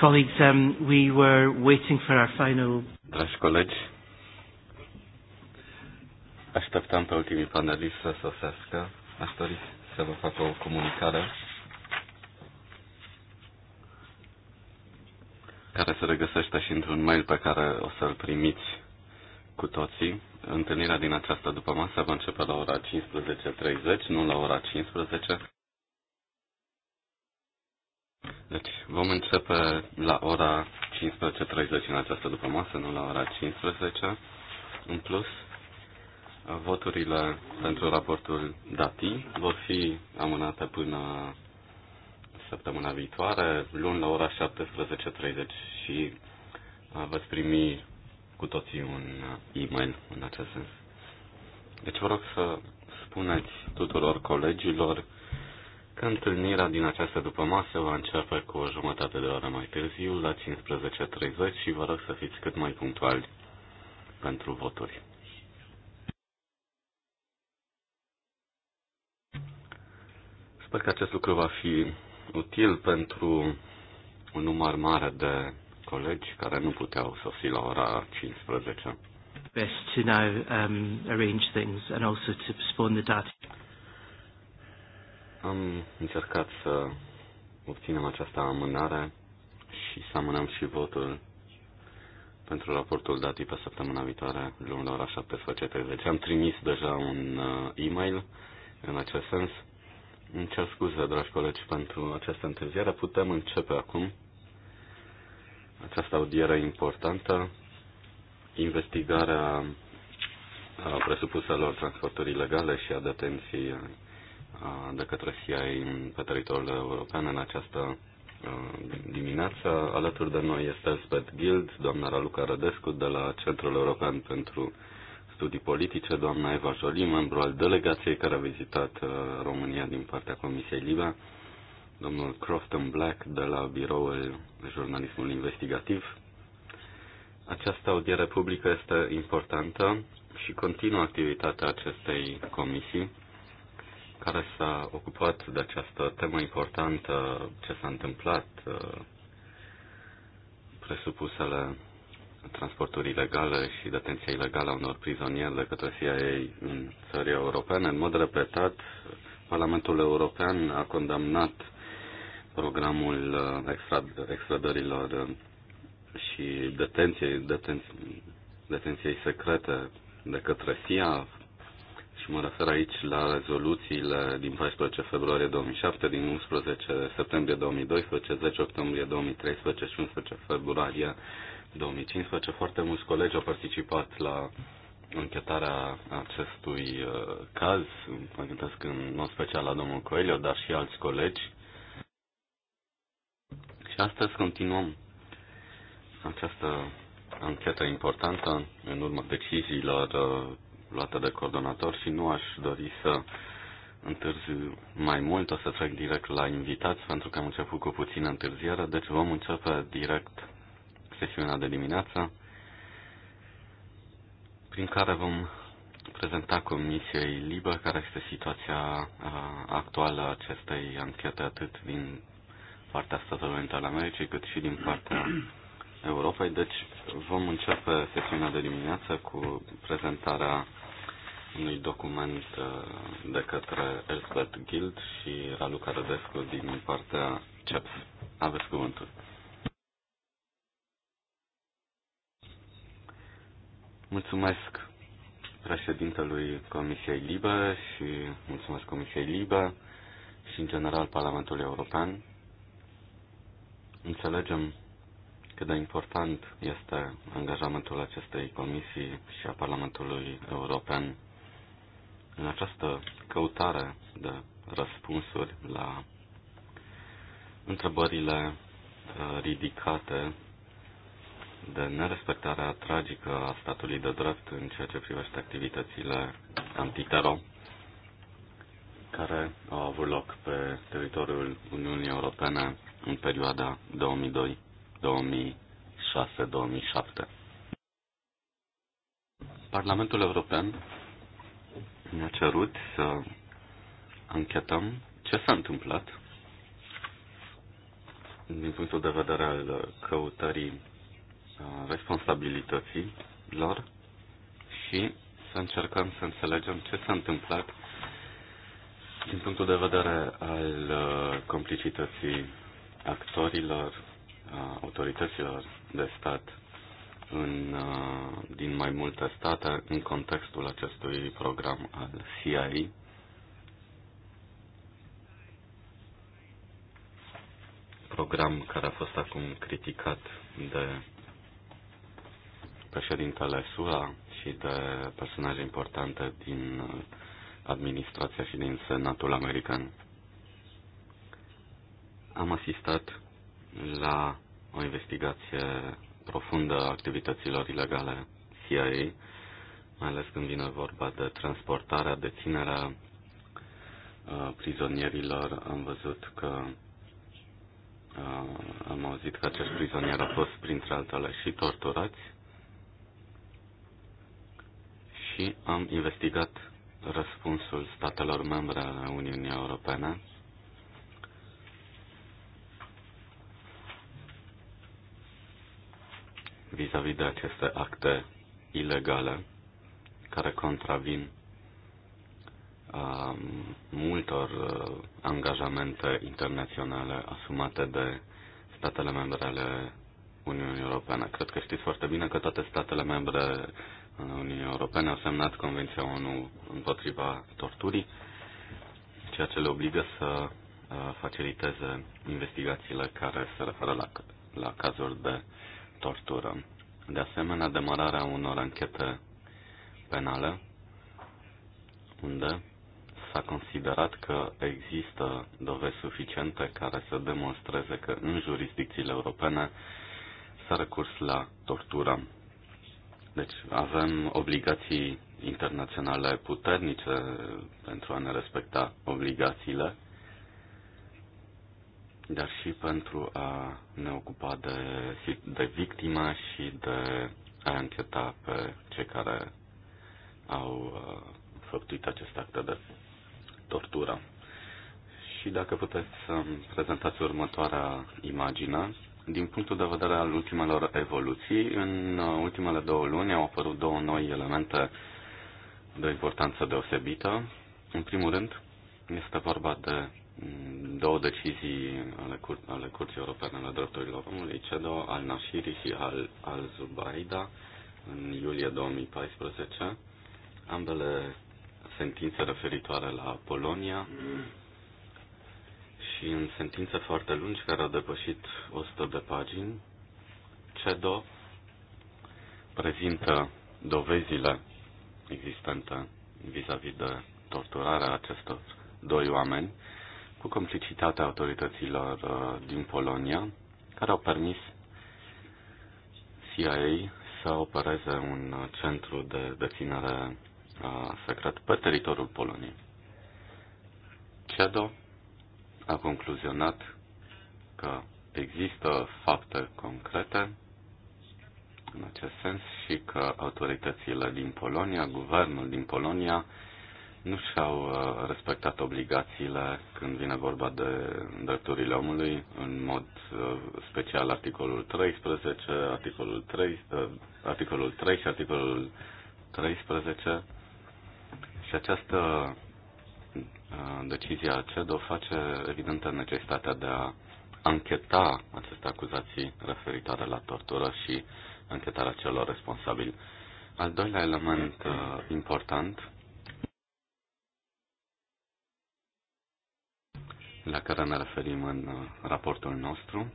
Colleagues, um, we were waiting for our final... Dragi colegi, așteptam pe ultimii paneliști să sosească. Aș dori să vă fac o comunicare care se regăsește și într-un mail pe care o să-l primiți cu toții. Întâlnirea din această după masă va începe la ora 15.30, nu la ora 15. Deci vom începe la ora 15.30 în această după masă, nu la ora 15. În plus, voturile pentru raportul DATI vor fi amânate până săptămâna viitoare, luni la ora 17.30 și uh, veți primi cu toții un uh, e-mail în acest sens. Deci vă rog să spuneți tuturor colegilor Întâlnirea din această dupămasă va începe cu o jumătate de oră mai târziu, la 15.30 și vă rog să fiți cât mai punctuali pentru voturi. Sper că acest lucru va fi util pentru un număr mare de colegi care nu puteau sosi la ora 15. Best to now um, arrange things and also to postpone the data. Am încercat să obținem această amânare și să amânăm și votul pentru raportul dat pe săptămâna viitoare, luni la ora 17.30. Am trimis deja un uh, e-mail în acest sens. Îmi cer scuze, dragi colegi, pentru această întârziere. Putem începe acum această audiere importantă, investigarea uh, presupuselor transporturii ilegale și a detenției de către CIA pe teritoriul european în această dimineață. Alături de noi este Elspeth Guild, doamna Raluca Rădescu de la Centrul European pentru Studii Politice, doamna Eva Joli, membru al delegației care a vizitat România din partea Comisiei Libe, domnul Crofton Black de la Biroul Jurnalismul Investigativ. Această audiere publică este importantă și continuă activitatea acestei comisii care s-a ocupat de această temă importantă, ce s-a întâmplat, uh, presupusele transporturi ilegale și detenția ilegală a unor prizonieri de către CIA în țări europene. În mod repetat, Parlamentul European a condamnat programul uh, extradărilor uh, și detenției, deten, detenției secrete de către CIA, și mă refer aici la rezoluțiile din 14 februarie 2007, din 11 septembrie 2012, 10 octombrie 2013 și 11 februarie 2015. Foarte mulți colegi au participat la închetarea acestui uh, caz, mă gândesc în mod special la domnul Coelho, dar și alți colegi. Și astăzi continuăm această anchetă importantă în urma deciziilor uh, luată de coordonator și nu aș dori să întârziu mai mult, o să trec direct la invitați pentru că am început cu puțină întârziere, deci vom începe direct sesiunea de dimineață prin care vom prezenta Comisiei Libă care este situația actuală a acestei anchete atât din partea Statelor Unite ale Americii cât și din partea Europei. Deci vom începe sesiunea de dimineață cu prezentarea unui document uh, de către Elspeth Guild și Raluca Rădescu din partea CEPS. Aveți cuvântul. Mulțumesc președintelui Comisiei Libe și mulțumesc Comisiei Libe și în general Parlamentului European. Înțelegem cât de important este angajamentul acestei comisii și a Parlamentului European în această căutare de răspunsuri la întrebările uh, ridicate de nerespectarea tragică a statului de drept în ceea ce privește activitățile antitero care au avut loc pe teritoriul Uniunii Europene în perioada 2002 2006-2007. Parlamentul European ne-a cerut să anchetăm ce s-a întâmplat din punctul de vedere al căutării responsabilității lor și să încercăm să înțelegem ce s-a întâmplat din punctul de vedere al complicității actorilor, autorităților de stat în, uh, din mai multe state în contextul acestui program al CIA, Program care a fost acum criticat de președintele SUA și de personaje importante din uh, administrația și din Senatul American. Am asistat la o investigație profundă a activităților ilegale CIA, mai ales când vine vorba de transportarea, deținerea uh, prizonierilor. Am văzut că uh, am auzit că acești prizonieri au fost, printre altele, și torturați și am investigat răspunsul statelor membre ale Uniunii Europene vis-a-vis -vis de aceste acte ilegale care contravin a um, multor uh, angajamente internaționale asumate de statele membre ale Uniunii Europene. Cred că știți foarte bine că toate statele membre ale uh, Uniunii Europene au semnat Convenția ONU împotriva torturii, ceea ce le obligă să uh, faciliteze investigațiile care se referă la, la cazuri de uh, tortură. De asemenea, demararea unor anchete penale, unde s-a considerat că există dovezi suficiente care să demonstreze că în jurisdicțiile europene s-a recurs la tortură. Deci avem obligații internaționale puternice pentru a ne respecta obligațiile dar și pentru a ne ocupa de, de victima și de a încheta pe cei care au uh, făptuit acest act de tortură. Și dacă puteți să prezentați următoarea imagine, din punctul de vedere al ultimelor evoluții, în uh, ultimele două luni au apărut două noi elemente de importanță deosebită. În primul rând, este vorba de două decizii ale, cur- ale Curții Europene ale Drepturilor Omului, CEDO, al Nashiri și al, al Zubaida, în iulie 2014, ambele sentințe referitoare la Polonia și în sentințe foarte lungi care au depășit 100 de pagini, CEDO prezintă dovezile existente vis-a-vis -vis de torturarea acestor doi oameni cu complicitatea autorităților uh, din Polonia, care au permis CIA să opereze un centru de deținere uh, secret pe teritoriul Poloniei. CEDO a concluzionat că există fapte concrete în acest sens și că autoritățile din Polonia, guvernul din Polonia, nu și-au uh, respectat obligațiile când vine vorba de drepturile omului, în mod uh, special articolul 13, articolul 3, uh, articolul 3 și articolul 13. Și această decizie a CEDO face evidentă necesitatea de a ancheta aceste acuzații referitoare la tortură și anchetarea celor responsabili. Al doilea element important la care ne referim în uh, raportul nostru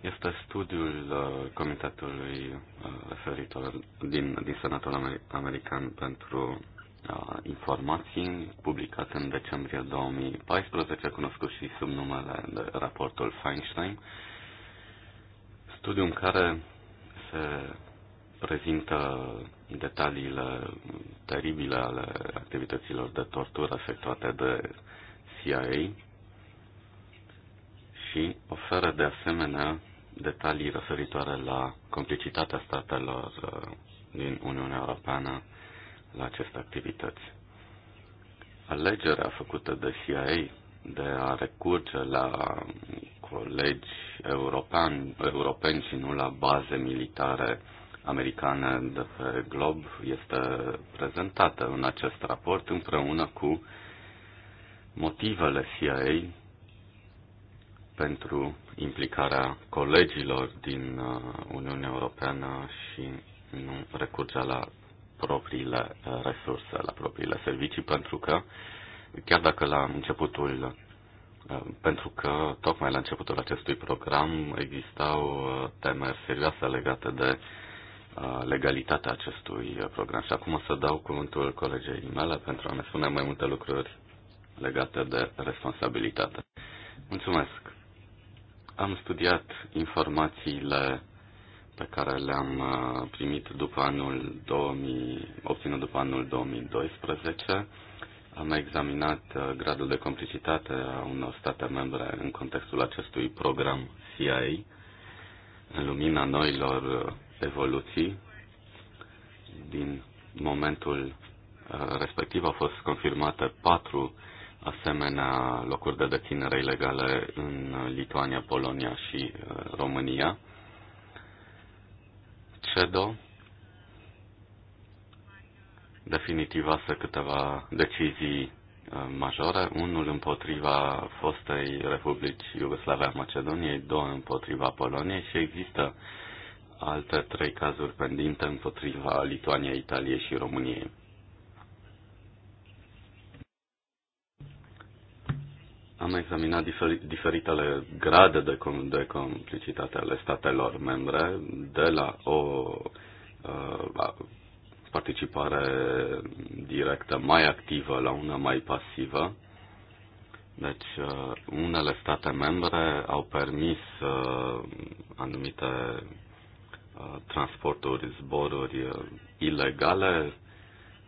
este studiul uh, Comitetului uh, referitor din, din Senatul American pentru informații publicat în decembrie 2014, cunoscut și sub numele de raportul Feinstein, studiul în care se prezintă detaliile teribile ale activităților de tortură efectuate de CIA și oferă de asemenea detalii referitoare la complicitatea statelor uh, din Uniunea Europeană la aceste activități. Alegerea făcută de CIA de a recurge la colegi european, europeni și nu la baze militare americane de pe glob este prezentată în acest raport împreună cu motivele CIA pentru implicarea colegilor din uh, Uniunea Europeană și nu recurgea la propriile uh, resurse, la propriile servicii, pentru că chiar dacă la începutul uh, pentru că tocmai la începutul acestui program existau teme serioase legate de legalitatea acestui program. Și acum o să dau cuvântul colegei mele pentru a ne spune mai multe lucruri legate de responsabilitate. Mulțumesc! Am studiat informațiile pe care le-am uh, primit după anul 2000, obținut după anul 2012. Am examinat uh, gradul de complicitate a unor state membre în contextul acestui program CIA, în lumina noilor uh, evoluții. Din momentul respectiv au fost confirmate patru uh, asemenea locuri de deținere ilegale în Lituania, Polonia și uh, România. CEDO să câteva decizii uh, majore, unul împotriva fostei Republici Iugoslavia Macedoniei, două împotriva Poloniei și există alte trei cazuri pendinte împotriva Lituaniei, Italiei și României. Am examinat diferi, diferitele grade de, com, de complicitate ale statelor membre, de la o uh, participare directă mai activă la una mai pasivă. Deci, uh, unele state membre au permis uh, anumite uh, transporturi, zboruri uh, ilegale,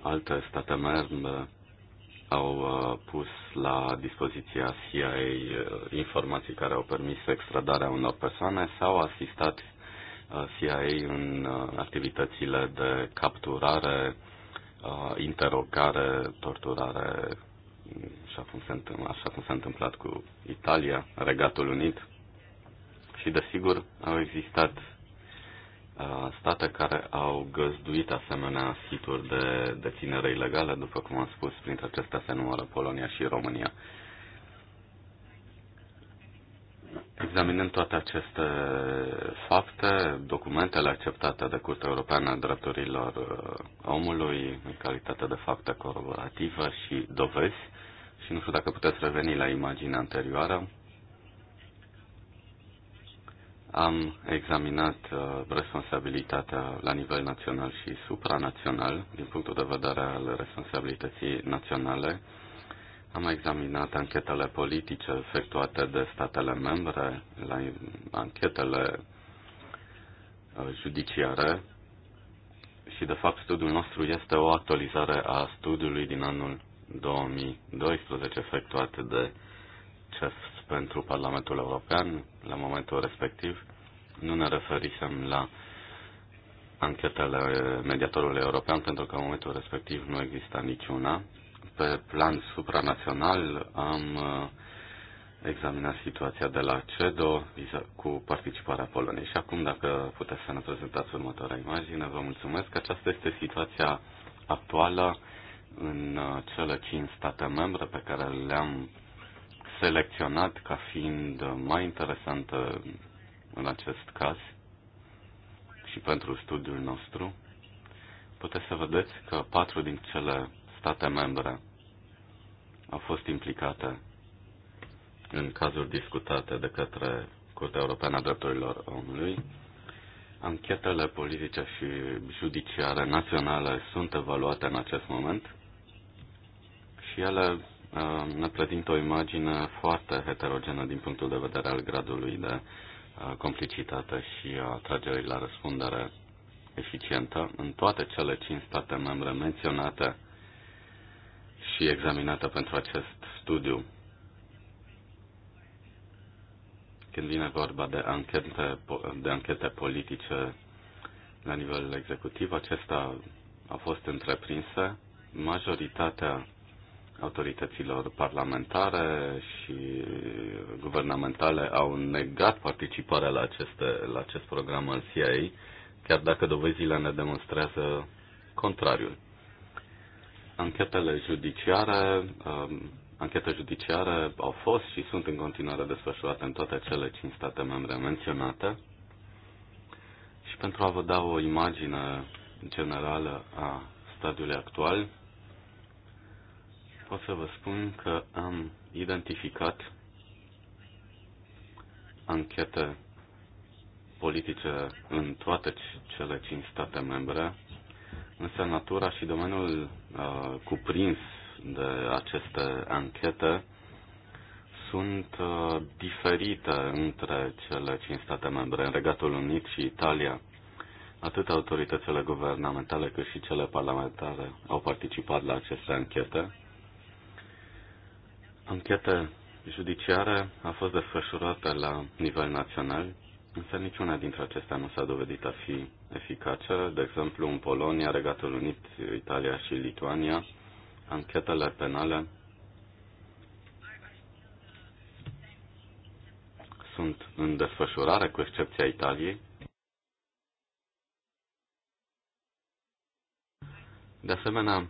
alte state membre au uh, pus la dispoziția CIA uh, informații care au permis extradarea unor persoane sau au asistat uh, CIA în activitățile de capturare, interogare, torturare, așa cum, se întâmpl- așa cum s-a întâmplat cu Italia, Regatul Unit. Și, desigur, au existat state care au găzduit asemenea situri de deținere ilegală, după cum am spus, printre acestea se numără Polonia și România. Examinând toate aceste fapte, documentele acceptate de Curtea Europeană a Drepturilor uh, Omului, în calitate de fapte corroborativă și dovezi, și nu știu dacă puteți reveni la imaginea anterioară, am examinat uh, responsabilitatea la nivel național și supranațional, din punctul de vedere al responsabilității naționale. Am examinat anchetele politice efectuate de statele membre, la anchetele uh, judiciare și, de fapt, studiul nostru este o actualizare a studiului din anul 2012 efectuat de CEF pentru Parlamentul European, la momentul respectiv nu ne referisem la anchetele mediatorului european, pentru că în momentul respectiv nu exista niciuna. Pe plan supranațional am uh, examinat situația de la CEDO cu participarea Poloniei. Și acum, dacă puteți să ne prezentați următoarea imagine, vă mulțumesc. Aceasta este situația actuală în uh, cele cinci state membre pe care le-am selecționat ca fiind mai interesantă în acest caz și pentru studiul nostru, puteți să vedeți că patru din cele state membre au fost implicate în cazuri discutate de către Curtea Europeană a Drepturilor Omului. Anchetele politice și judiciare naționale sunt evaluate în acest moment și ele ne prezintă o imagine foarte heterogenă din punctul de vedere al gradului de complicitate și a tragerii la răspundere eficientă în toate cele cinci state membre menționate și examinate pentru acest studiu. Când vine vorba de anchete, de anchete politice la nivel executiv, acestea au fost întreprinse. Majoritatea autorităților parlamentare și guvernamentale au negat participarea la, aceste, la acest program al CIA, chiar dacă dovezile ne demonstrează contrariul. Anchetele judiciare, um, anchete judiciare au fost și sunt în continuare desfășurate în toate cele cinci state membre menționate. Și pentru a vă da o imagine generală a stadiului actual, pot să vă spun că am identificat anchete politice în toate cele cinci state membre, însă natura și domeniul uh, cuprins de aceste anchete sunt uh, diferite între cele cinci state membre, în Regatul Unit și Italia. Atât autoritățile guvernamentale cât și cele parlamentare au participat la aceste anchete Anchetă judiciară a fost desfășurată la nivel național, însă niciuna dintre acestea nu s-a dovedit a fi eficace. De exemplu, în Polonia, Regatul Unit, Italia și Lituania, anchetele penale sunt în desfășurare, cu excepția Italiei. De asemenea,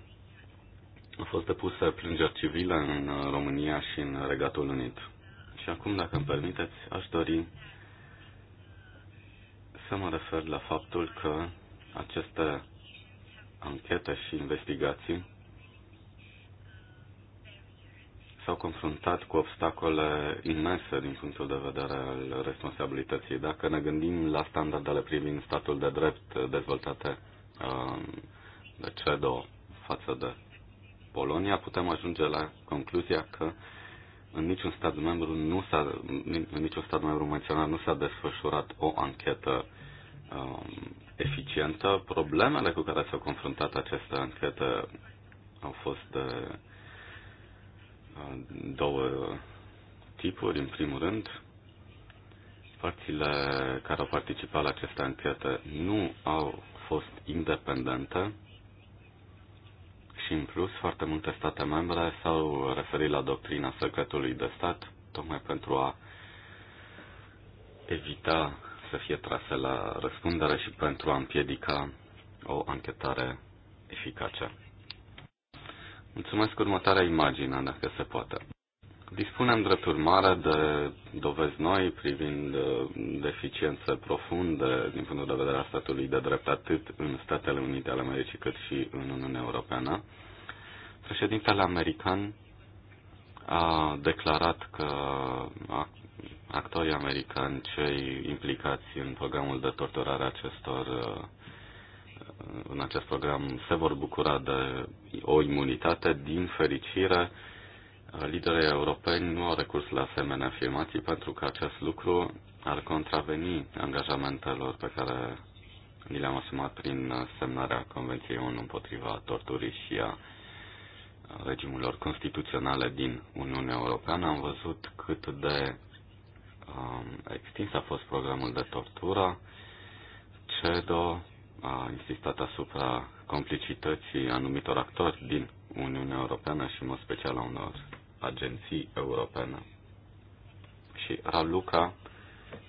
a fost depusă plângeri civile în uh, România și în Regatul Unit. Și acum, dacă îmi permiteți, aș dori să mă refer la faptul că aceste anchete și investigații s-au confruntat cu obstacole imense din punctul de vedere al responsabilității. Dacă ne gândim la standardele privind statul de drept dezvoltate uh, de CEDO față de Polonia, putem ajunge la concluzia că în niciun stat membru nu s-a, în niciun stat membru menționat nu s-a desfășurat o anchetă um, eficientă. Problemele cu care s-au confruntat aceste anchete au fost de uh, două tipuri. În primul rând, părțile care au participat la aceste anchete nu au fost independente și în plus, foarte multe state membre s-au referit la doctrina secretului de stat, tocmai pentru a evita să fie trase la răspundere și pentru a împiedica o anchetare eficace. Mulțumesc următoarea imagine, dacă se poate. Dispunem drept urmare de dovezi noi privind uh, deficiențe profunde din punctul de vedere a statului de drept atât în Statele Unite ale Americii cât și în Uniunea Europeană. Președintele american a declarat că actorii americani, cei implicați în programul de torturare acestor, în acest program, se vor bucura de o imunitate. Din fericire, liderii europeni nu au recurs la asemenea afirmații pentru că acest lucru ar contraveni angajamentelor pe care ni le-am asumat prin semnarea Convenției ONU împotriva torturii și a regimurilor constituționale din Uniunea Europeană, am văzut cât de um, extins a fost programul de tortură. CEDO a insistat asupra complicității anumitor actori din Uniunea Europeană și, în mod special, a unor agenții europene. Și Raluca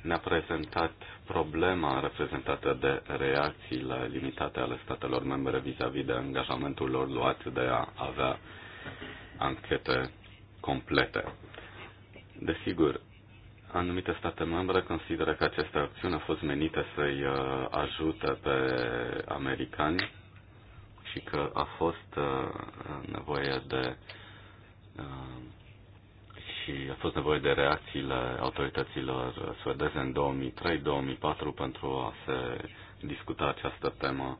ne-a prezentat problema reprezentată de reacțiile limitate ale statelor membre vis-a-vis -vis de angajamentul lor luat de a avea anchete complete. Desigur, anumite state membre consideră că această acțiune a fost menită să-i uh, ajute pe americani și că a fost uh, nevoie de uh, și a fost nevoie de reacțiile autorităților suedeze în 2003-2004 pentru a se discuta această temă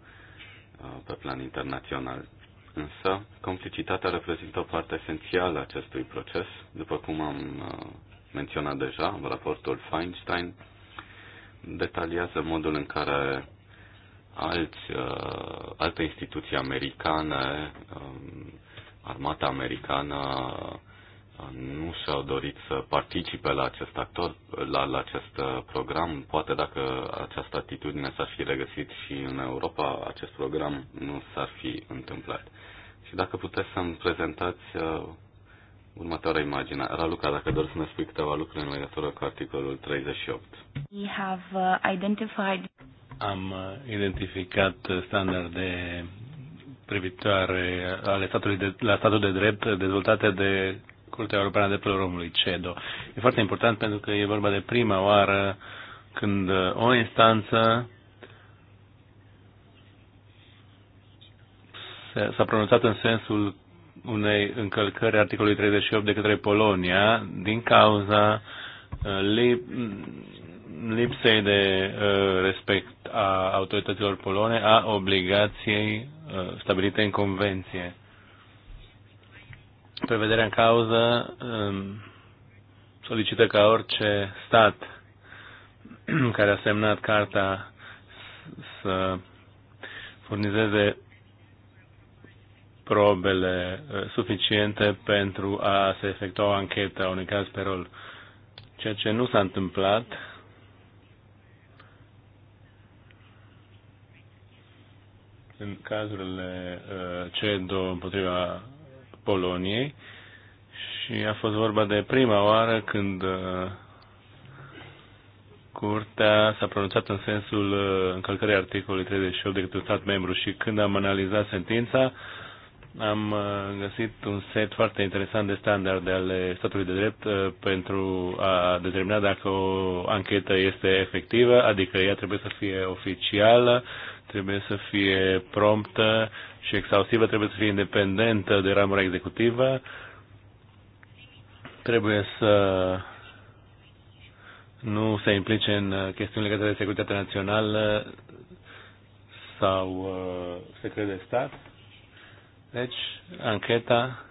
uh, pe plan internațional. Însă, complicitatea reprezintă o parte esențială a acestui proces. După cum am uh, menționat deja, raportul Feinstein detaliază modul în care alți, uh, alte instituții americane, um, armata americană, nu și-au dorit să participe la acest actor, la, la acest uh, program. Poate dacă această atitudine s-ar fi regăsit și în Europa, acest program nu s-ar fi întâmplat. Și dacă puteți să-mi prezentați uh, următoarea imagine. Raluca, dacă doriți să ne spui câteva lucruri în legătură cu articolul 38. We have uh, identified... Am uh, identificat standarde privitoare ale statului de, la statul de drept dezvoltate de Curtea Europeană de Drepturile Omului, CEDO. E foarte important pentru că e vorba de prima oară când uh, o instanță s-a pronunțat în sensul unei încălcări articolului 38 de către Polonia din cauza uh, lipsei de uh, respect a autorităților polone a obligației stabilite în convenție. Prevederea în cauză um, solicită ca orice stat care a semnat carta să furnizeze probele uh, suficiente pentru a se efectua o anchetă a unui caz pe rol. Ceea ce nu s-a întâmplat în cazurile uh, CEDO împotriva Poloniei și a fost vorba de prima oară când uh, Curtea s-a pronunțat în sensul uh, încălcării articolului 38 de către un stat membru și când am analizat sentința, am uh, găsit un set foarte interesant de standarde ale statului de drept pentru a determina dacă o anchetă este efectivă, adică ea trebuie să fie oficială, trebuie să fie promptă și exhaustivă, trebuie să fie independentă de ramura executivă, trebuie să nu se implice în chestiuni legate de securitate națională sau uh, secret de stat. Deci, ancheta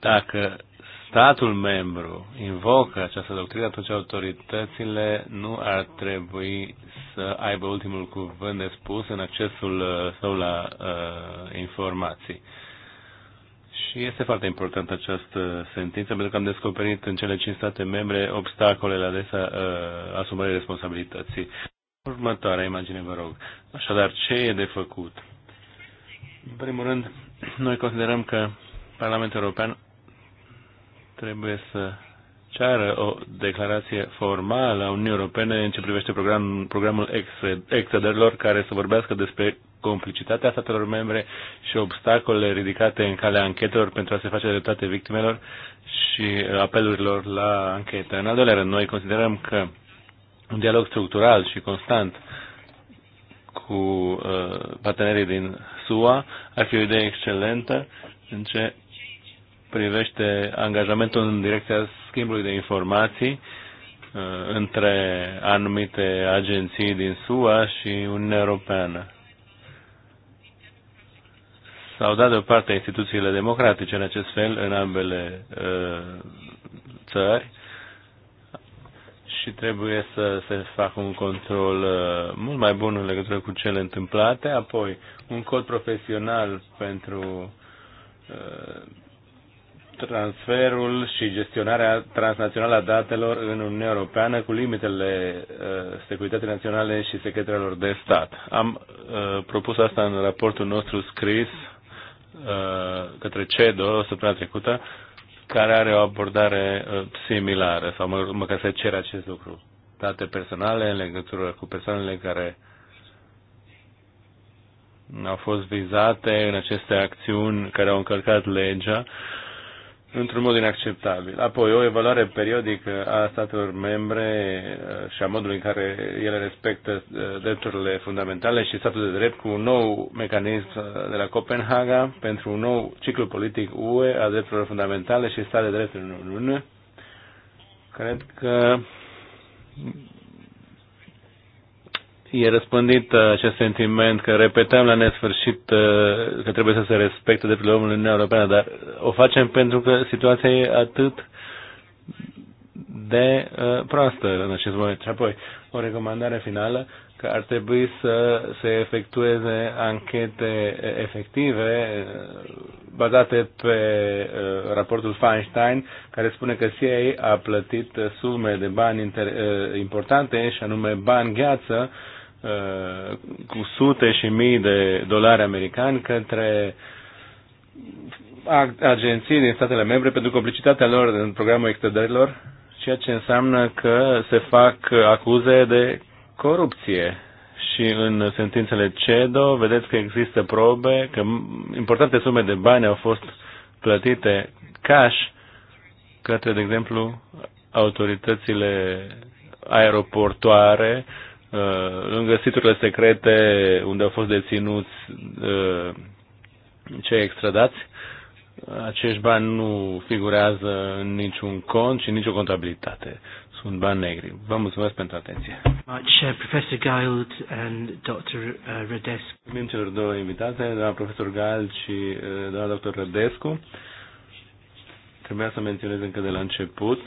dacă statul membru invocă această doctrină, atunci autoritățile nu ar trebui să aibă ultimul cuvânt de spus în accesul uh, său la uh, informații. Și este foarte importantă această sentință, pentru că am descoperit în cele cinci state membre obstacolele adesea uh, asumării responsabilității. Următoarea imagine, vă rog. Așadar, ce e de făcut? În primul rând, noi considerăm că Parlamentul European trebuie să ceară o declarație formală a Uniunii Europene în ce privește program, programul excederilor care să vorbească despre complicitatea statelor membre și obstacolele ridicate în calea anchetelor pentru a se face dreptate victimelor și apelurilor la anchetă. În al doilea rând, noi considerăm că un dialog structural și constant cu uh, partenerii din SUA ar fi o idee excelentă în ce privește angajamentul în direcția schimbului de informații uh, între anumite agenții din SUA și Uniunea Europeană. S-au dat deoparte instituțiile democratice în acest fel în ambele uh, țări și trebuie să se facă un control uh, mult mai bun în legătură cu cele întâmplate, apoi un cod profesional pentru transferul și gestionarea transnațională a datelor în Uniunea Europeană cu limitele uh, securității naționale și secretelor de stat. Am uh, propus asta în raportul nostru scris uh, către CEDO săptămâna trecută, care are o abordare uh, similară, sau mă, măcar se cere acest lucru. Date personale în legătură cu persoanele care au fost vizate în aceste acțiuni care au încălcat legea, uh, într-un mod inacceptabil. Apoi, o evaluare periodică a statelor membre uh, și a modului în care ele respectă uh, drepturile fundamentale și statul de drept cu un nou mecanism uh, de la Copenhaga pentru un nou ciclu politic UE a drepturilor fundamentale și stat de drept în Uniune. Cred că e răspândit uh, acest sentiment că repetăm la nesfârșit uh, că trebuie să se respecte drepturile omului în Uniunea Europeană, dar o facem pentru că situația e atât de uh, proastă în acest moment. Și apoi, o recomandare finală, că ar trebui să se efectueze anchete efective bazate pe raportul Feinstein, care spune că CIA a plătit sume de bani importante, și anume bani gheață, Uh, cu sute și mii de dolari americani către agenții din statele membre pentru complicitatea lor în programul extrădărilor, ceea ce înseamnă că se fac acuze de corupție. Și în sentințele CEDO vedeți că există probe, că importante sume de bani au fost plătite cash către, de exemplu, autoritățile aeroportoare Uh, lângă siturile secrete unde au fost deținuți uh, cei extradați, acești bani nu figurează în niciun cont și nicio contabilitate. Sunt bani negri. Vă mulțumesc pentru atenție. Much, uh, Professor Gild and Dr. Rădescu. Mulțumim celor două invitate, doamna profesor Gild și doamna dr. Rădescu. Trebuia să menționez încă de la început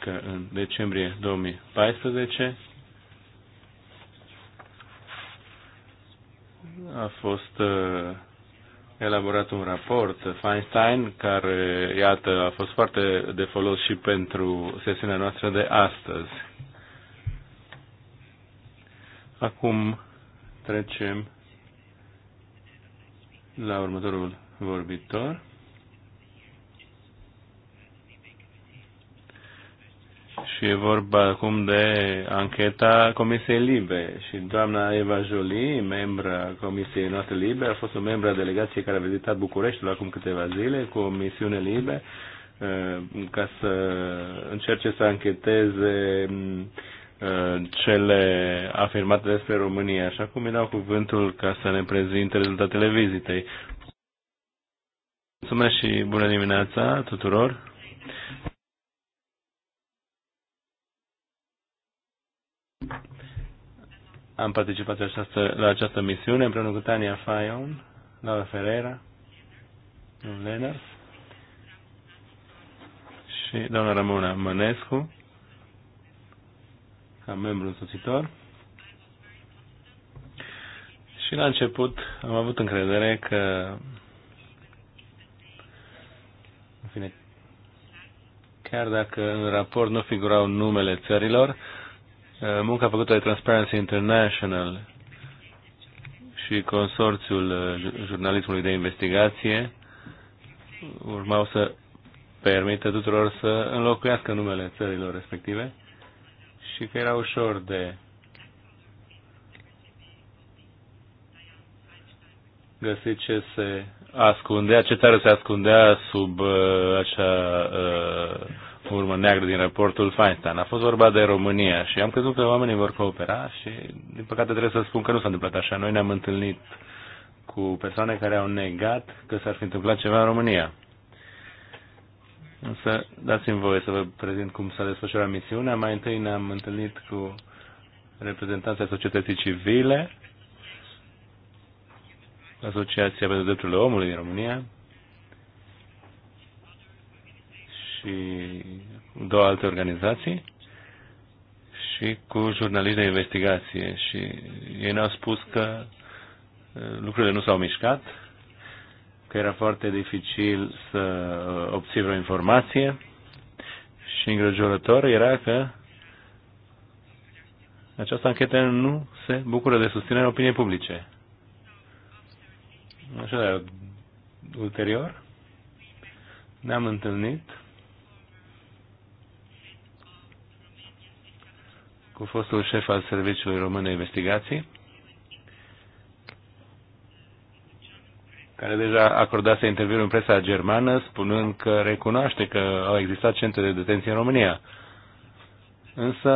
că în decembrie 2014 a fost uh, elaborat un raport, Feinstein, care, iată, a fost foarte de folos și pentru sesiunea noastră de astăzi. Acum trecem la următorul vorbitor. Și e vorba acum de ancheta Comisiei Libe. Și doamna Eva Jolie, membra Comisiei noastre Libe, a fost o membra a delegației care a vizitat Bucureștiul acum câteva zile cu o misiune Libe uh, ca să încerce să ancheteze mm, uh, cele afirmate despre România. Așa cum îi dau cuvântul ca să ne prezinte rezultatele vizitei. Mulțumesc și bună dimineața tuturor! Am participat la această, la această misiune împreună cu Tania Fayon, Laura Ferreira, Leonard și doamna Ramona Mănescu, ca membru însoțitor. Și la început am avut încredere că, în fine, chiar dacă în raport nu figurau numele țărilor, Uh, munca făcută de Transparency International și Consorțiul uh, Jurnalismului de Investigație urmau să permită tuturor să înlocuiască numele țărilor respective și că era ușor de găsit ce se ascundea, ce țară se ascundea sub uh, acea uh, urmă neagră din raportul Feinstein. A fost vorba de România și am crezut că oamenii vor coopera și, din păcate, trebuie să spun că nu s-a întâmplat așa. Noi ne-am întâlnit cu persoane care au negat că s-ar fi întâmplat ceva în România. Însă, dați-mi voie să vă prezint cum s-a desfășurat misiunea. Mai întâi ne-am întâlnit cu reprezentanții societății civile, Asociația pentru Drepturile Omului din România, și două alte organizații și cu jurnaliști de investigație și ei ne-au spus că uh, lucrurile nu s-au mișcat, că era foarte dificil să uh, obții vreo informație și îngrijorător era că această anchetă nu se bucură de susținerea opiniei publice. Așadar, ulterior ne-am întâlnit cu fostul șef al Serviciului Român de Investigații, care deja acordase interviuri în presa germană, spunând că recunoaște că au existat centre de detenție în România. Însă,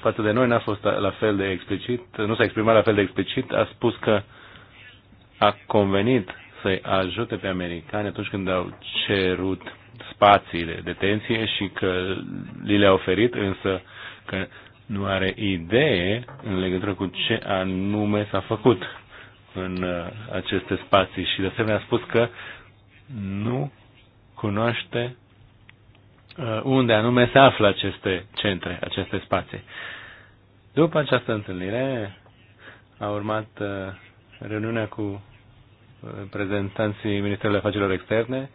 față de noi n-a fost la fel de explicit, nu s-a exprimat la fel de explicit, a spus că a convenit să-i ajute pe americani atunci când au cerut spații de detenție și că li le-a oferit, însă că nu are idee în legătură cu ce anume s-a făcut în uh, aceste spații și de asemenea a spus că nu cunoaște uh, unde anume se află aceste centre, aceste spații. După această întâlnire a urmat uh, reuniunea cu reprezentanții Ministerului Afacerilor Externe,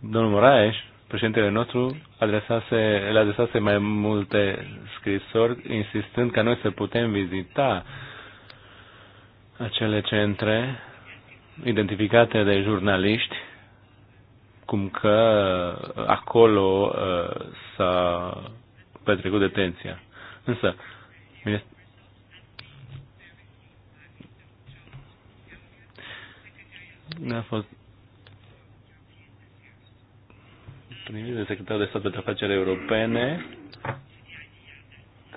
domnul Moraes președintele nostru adresase, le adresase mai multe scrisori, insistând ca noi să putem vizita acele centre identificate de jurnaliști, cum că acolo uh, s-a petrecut detenția. Însă, a fost întâlnire de secretar de stat pentru afaceri europene,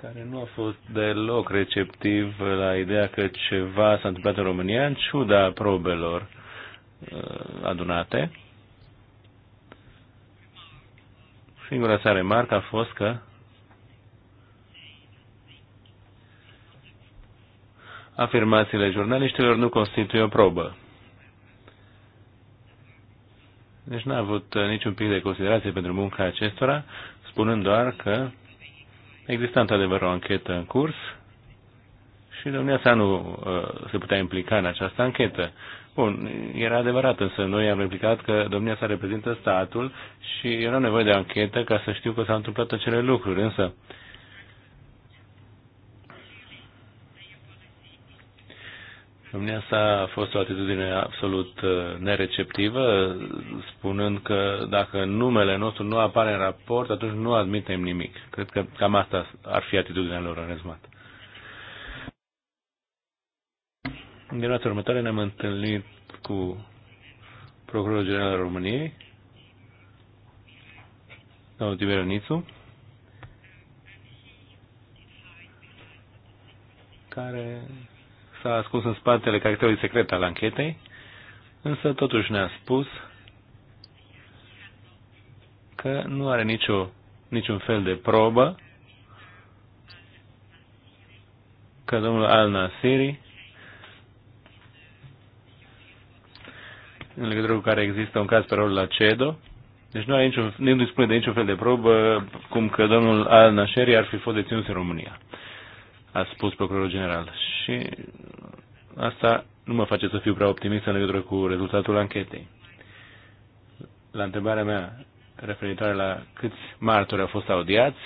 care nu a fost deloc receptiv la ideea că ceva s-a întâmplat în România, în ciuda probelor uh, adunate. Singura sa remarcă a fost că afirmațiile jurnaliștilor nu constituie o probă. Deci n-a avut uh, niciun pic de considerație pentru munca acestora, spunând doar că exista într-adevăr o anchetă în curs și domnia sa nu uh, se putea implica în această anchetă. Bun, era adevărat, însă noi am implicat că domnia sa reprezintă statul și era nevoie de anchetă ca să știu că s-au întâmplat acele lucruri, însă uh, Domnia sa a fost o atitudine absolut uh, nereceptivă, spunând că dacă numele nostru nu apare în raport, atunci nu admitem nimic. Cred că cam asta ar fi atitudinea lor în rezumat. În dimineața următoare ne-am întâlnit cu Procurorul General al României, domnul Tiberiu Nițu, care s-a ascuns în spatele caracterului secret al anchetei, însă totuși ne-a spus că nu are nicio, niciun fel de probă că domnul al-Nasiri, în legătură cu care există un caz pe rolul la CEDO, deci nu, are niciun, nu spune de niciun fel de probă cum că domnul al-Nasiri ar fi fost deținut în România a spus procurorul general. Și asta nu mă face să fiu prea optimist în legătură cu rezultatul anchetei. La întrebarea mea referitoare la câți martori au fost audiați,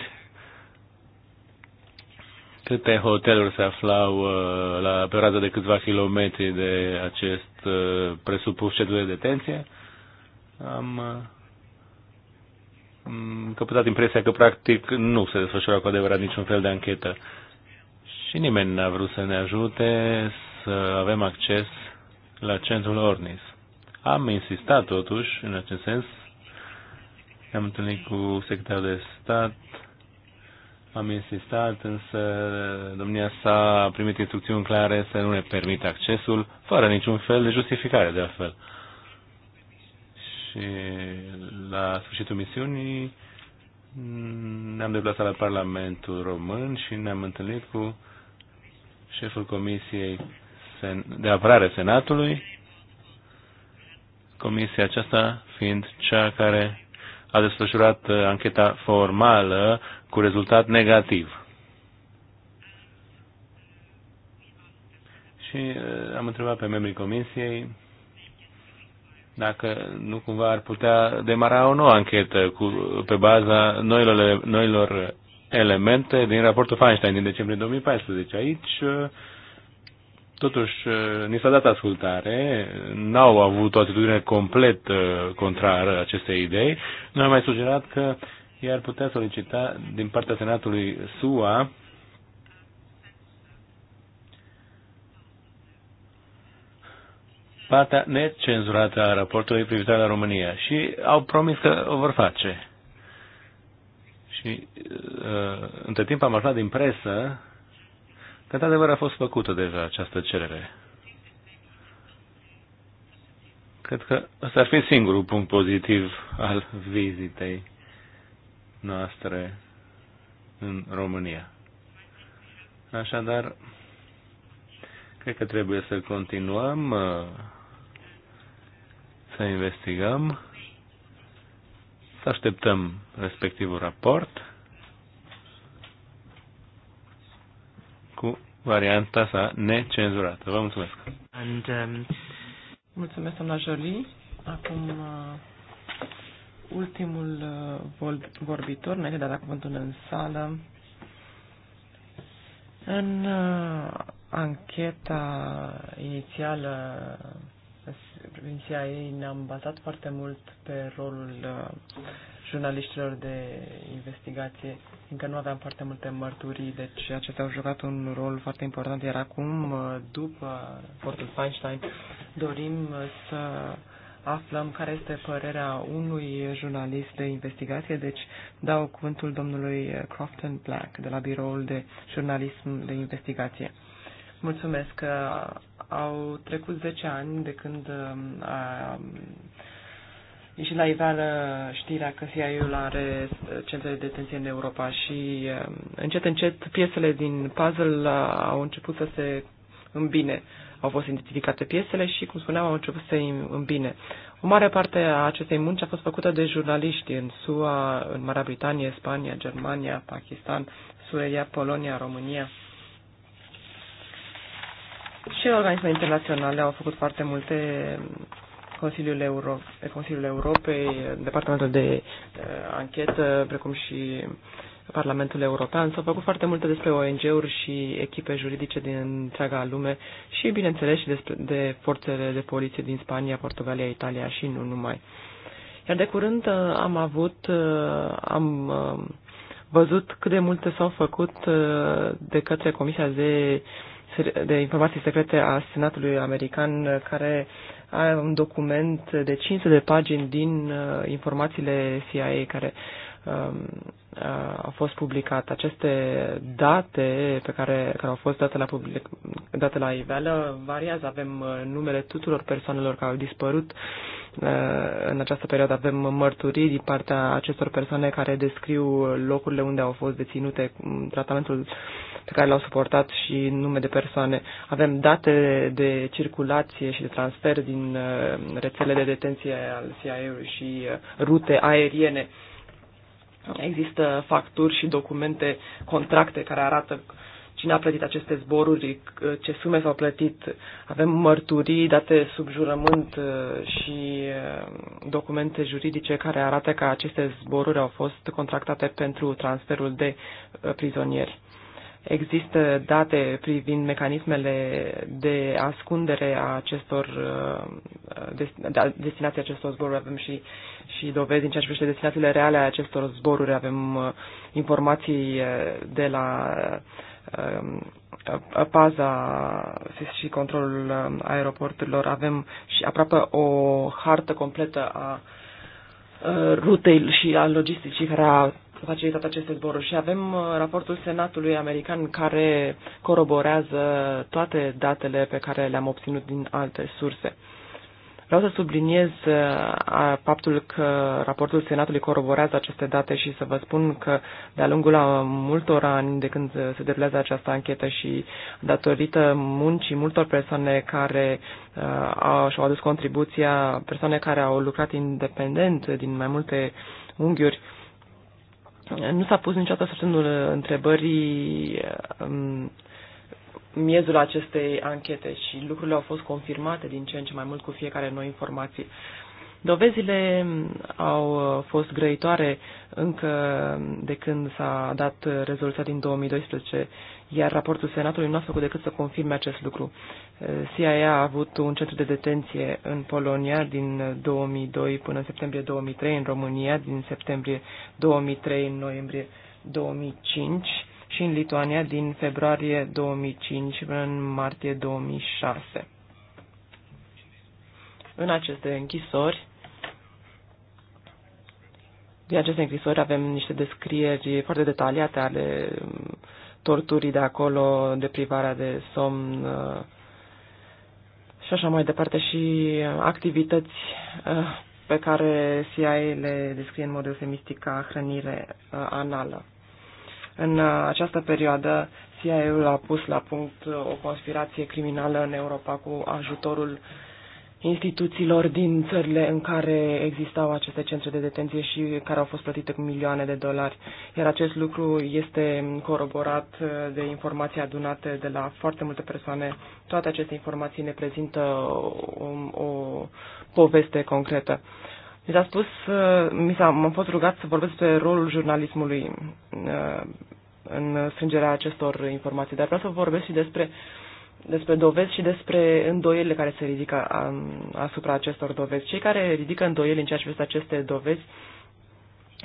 câte hoteluri se aflau uh, la, pe rază de câțiva kilometri de acest uh, presupus centru de detenție, am uh, căpătat impresia că practic nu se desfășura cu adevărat niciun fel de anchetă. Uh, și nimeni n-a vrut să ne ajute să avem acces la centrul Ornis. Am insistat totuși, în acest sens, am întâlnit cu secretarul de stat, am insistat, însă domnia sa a primit instrucțiuni clare să nu ne permită accesul, fără niciun fel de justificare, de altfel. Și la sfârșitul misiunii ne-am deplasat la Parlamentul Român și ne-am întâlnit cu șeful Comisiei de Apărare Senatului, comisia aceasta fiind cea care a desfășurat uh, ancheta formală cu rezultat negativ. Și uh, am întrebat pe membrii comisiei dacă nu cumva ar putea demara o nouă anchetă cu, pe baza noilor, noilor elemente din raportul Feinstein din decembrie 2014. Aici, uh, totuși, uh, ni s-a dat ascultare, n-au avut o atitudine complet uh, contrară acestei idei. Noi am mai sugerat că i ar putea solicita din partea Senatului SUA partea necenzurată a raportului privitoare la România și au promis că o vor face. Și uh, între timp am aflat din presă că într-adevăr a fost făcută deja această cerere. Cred că ăsta ar fi singurul punct pozitiv al vizitei noastre în România. Așadar, cred că trebuie să continuăm uh, să investigăm să așteptăm respectivul raport cu varianta sa necenzurată. Vă mulțumesc! And, um... Mulțumesc, doamna Jolie. Acum uh, ultimul uh, vorbitor, înainte de a da cuvântul în sală, în uh, ancheta inițială prevenția ei ne-am bazat foarte mult pe rolul uh, jurnaliștilor de investigație, Încă nu aveam foarte multe mărturii, deci acestea au jucat un rol foarte important, iar acum, uh, după portul Feinstein, dorim uh, să aflăm care este părerea unui jurnalist de investigație, deci dau cuvântul domnului Crofton Black de la Biroul de Jurnalism de Investigație. Mulțumesc că au trecut 10 ani de când um, a ieșit la iveală știrea că CIA-ul are centre de detenție în Europa și um, încet, încet piesele din puzzle uh, au început să se îmbine. Au fost identificate piesele și, cum spuneam, au început să se îmbine. O mare parte a acestei munci a fost făcută de jurnaliști în SUA, în Marea Britanie, Spania, Germania, Pakistan, Suedia, Polonia, România și organisme internaționale au făcut foarte multe Consiliul, Euro, Consiliul Europei, Departamentul de uh, Anchetă, precum și Parlamentul European. S-au făcut foarte multe despre ONG-uri și echipe juridice din întreaga lume și, bineînțeles, și despre, de forțele de poliție din Spania, Portugalia, Italia și nu numai. Iar de curând uh, am avut, uh, am uh, văzut cât de multe s-au făcut uh, de către Comisia de uh, de informații secrete a Senatului American, care are un document de 500 de pagini din uh, informațiile CIA care um, Uh, au fost publicate. Aceste date pe care, care au fost date la, public, date la iveală variază. Avem uh, numele tuturor persoanelor care au dispărut uh, în această perioadă. Avem mărturii din partea acestor persoane care descriu locurile unde au fost deținute, mm, tratamentul pe care l-au suportat și nume de persoane. Avem date de circulație și de transfer din rețele de detenție al CIA-ului și rute aeriene. Există facturi și documente, contracte care arată cine a plătit aceste zboruri, ce sume s-au plătit. Avem mărturii date sub jurământ uh, și uh, documente juridice care arată că aceste zboruri au fost contractate pentru transferul de uh, prizonieri. Există date privind mecanismele de ascundere a acestor uh, destinații acestor zboruri. Avem și, și dovezi în ceea ce privește destinațiile reale a acestor zboruri. Avem uh, informații uh, de la paza și controlul aeroporturilor. Avem și aproape o hartă completă a rutei și a logisticii care a facilitat aceste zboruri. Și avem uh, raportul Senatului American care coroborează toate datele pe care le-am obținut din alte surse. Vreau să subliniez uh, faptul că raportul Senatului coroborează aceste date și să vă spun că de-a lungul a multor ani de când se derulează această anchetă și datorită muncii multor persoane care uh, au, și-au adus contribuția, persoane care au lucrat independent din mai multe unghiuri, nu s-a pus niciodată sub semnul întrebării um, miezul acestei anchete și lucrurile au fost confirmate din ce în ce mai mult cu fiecare noi informație. Dovezile au uh, fost grăitoare încă de când s-a dat rezoluția din 2012, iar raportul Senatului nu a făcut decât să confirme acest lucru. Uh, CIA a avut un centru de detenție în Polonia din 2002 până în septembrie 2003, în România din septembrie 2003 în noiembrie 2005 și în Lituania din februarie 2005 până în martie 2006. În aceste închisori, din aceste încrisori avem niște descrieri foarte detaliate ale um, torturii de acolo, de privarea de somn uh, și așa mai departe și uh, activități uh, pe care CIA le descrie în mod eufemistic ca hrănire anală. În această perioadă, CIA-ul a pus la punct o conspirație criminală în Europa cu ajutorul uh, instituțiilor din țările în care existau aceste centre de detenție și care au fost plătite cu milioane de dolari. Iar acest lucru este coroborat uh, de informații adunate de la foarte multe persoane. Toate aceste informații ne prezintă o, o poveste concretă. Mi s-a spus, uh, mi s-a, m-am fost rugat să vorbesc despre rolul jurnalismului uh, în strângerea acestor informații, dar vreau să vorbesc și despre uh, despre dovezi și despre îndoielile care se ridică um, asupra acestor dovezi. Cei care ridică îndoieli în ceea ce aceste dovezi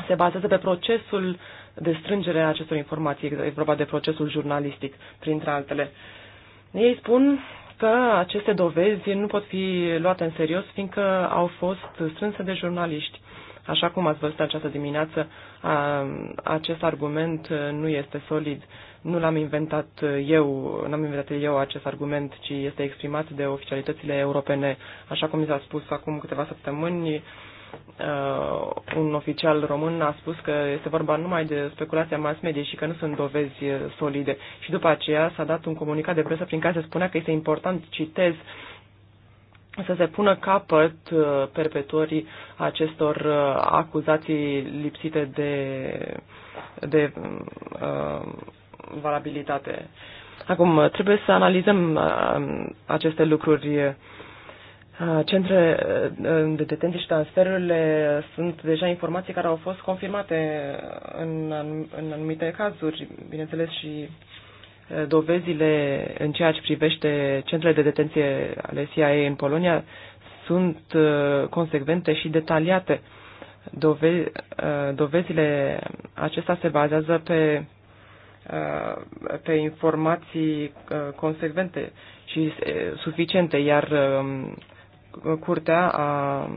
se bazează pe procesul de strângere a acestor informații, e vorba de procesul jurnalistic, printre altele. Ei spun că aceste dovezi nu pot fi luate în serios, fiindcă au fost strânse de jurnaliști. Așa cum ați văzut această dimineață, um, acest argument nu este solid nu l-am inventat eu, n-am inventat eu acest argument, ci este exprimat de oficialitățile europene. Așa cum mi s-a spus acum câteva săptămâni, uh, un oficial român a spus că este vorba numai de speculația mass media și că nu sunt dovezi solide. Și după aceea s-a dat un comunicat de presă prin care se spunea că este important, citez, să se pună capăt uh, perpetuării acestor uh, acuzații lipsite de, de uh, valabilitate. Acum, trebuie să analizăm uh, aceste lucruri. Uh, centre uh, de detenție și transferurile sunt deja informații care au fost confirmate în, în anumite cazuri, bineînțeles și dovezile în ceea ce privește centrele de detenție ale CIA în Polonia sunt consecvente și detaliate. Dove, dovezile acestea se bazează pe pe informații uh, consecvente și uh, suficiente, iar um, curtea, a,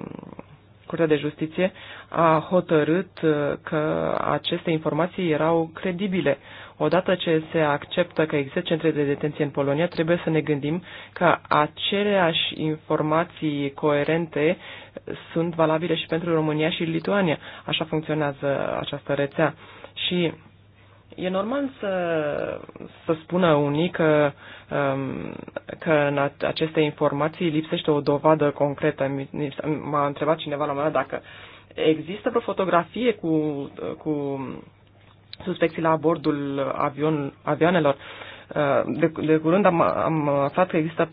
curtea de justiție a hotărât uh, că aceste informații erau credibile. Odată ce se acceptă că există centre de detenție în Polonia, trebuie să ne gândim că aceleași informații coerente sunt valabile și pentru România și Lituania. Așa funcționează această rețea. Și E normal să, să spună unii că, um, că în aceste informații lipsește o dovadă concretă. M-a întrebat cineva la un moment dat dacă există vreo fotografie cu, cu suspecții la bordul avion, avioanelor. Uh, de, de curând am, am aflat că există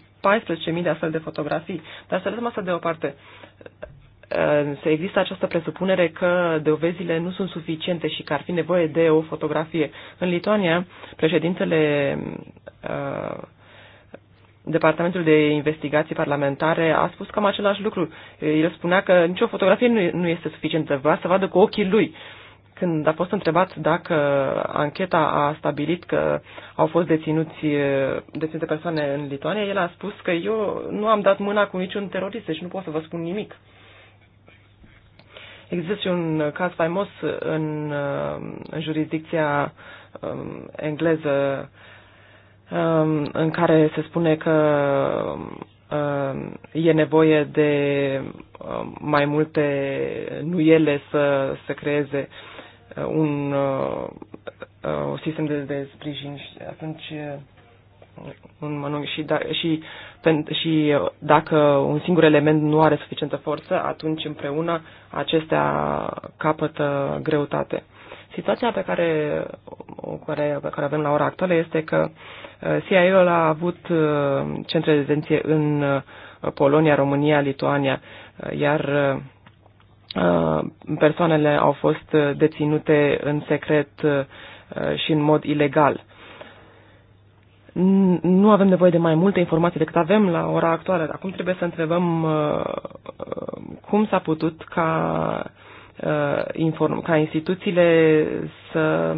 14.000 de astfel de fotografii, dar să lăsăm asta deoparte să există această presupunere că dovezile nu sunt suficiente și că ar fi nevoie de o fotografie. În Lituania, președintele uh, Departamentul de Investigații Parlamentare a spus cam același lucru. El spunea că nicio fotografie nu este suficientă, vrea să vadă cu ochii lui. Când a fost întrebat dacă ancheta a stabilit că au fost deținuți, uh, deținute persoane în Lituania, el a spus că eu nu am dat mâna cu niciun terorist, deci nu pot să vă spun nimic. Există și un caz faimos în, uh, în jurisdicția um, engleză um, în care se spune că um, uh, e nevoie de mai multe nuiele să se creeze uh, un un sistem de, de sprijin și atunci un mănunchi și, da, și, pen, și uh, dacă un singur element nu are suficientă forță, atunci împreună acestea capătă greutate. Situația pe care, care, pe care avem la ora actuală este că uh, CIA-ul a avut uh, centre de detenție în Polonia, România, Lituania, iar persoanele au fost deținute în secret și în mod ilegal nu avem nevoie de mai multe informații decât avem la ora actuală. Acum trebuie să întrebăm uh, uh, cum s-a putut ca, uh, inform, ca instituțiile să,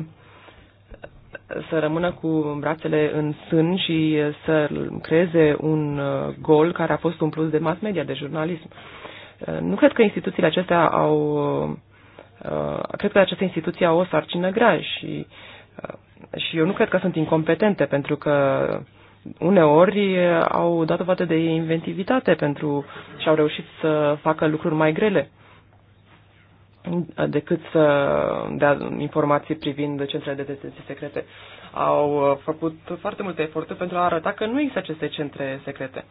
să rămână cu brațele în sân și să creeze un gol care a fost un plus de mass media, de jurnalism. Nu cred că instituțiile acestea au. Cred că aceste instituții au o sarcină grea și și eu nu cred că sunt incompetente, pentru că uneori au dat o dovadă de inventivitate pentru și au reușit să facă lucruri mai grele decât să dea informații privind centrele de detenție secrete. Au făcut foarte multe eforturi pentru a arăta că nu există aceste centre secrete.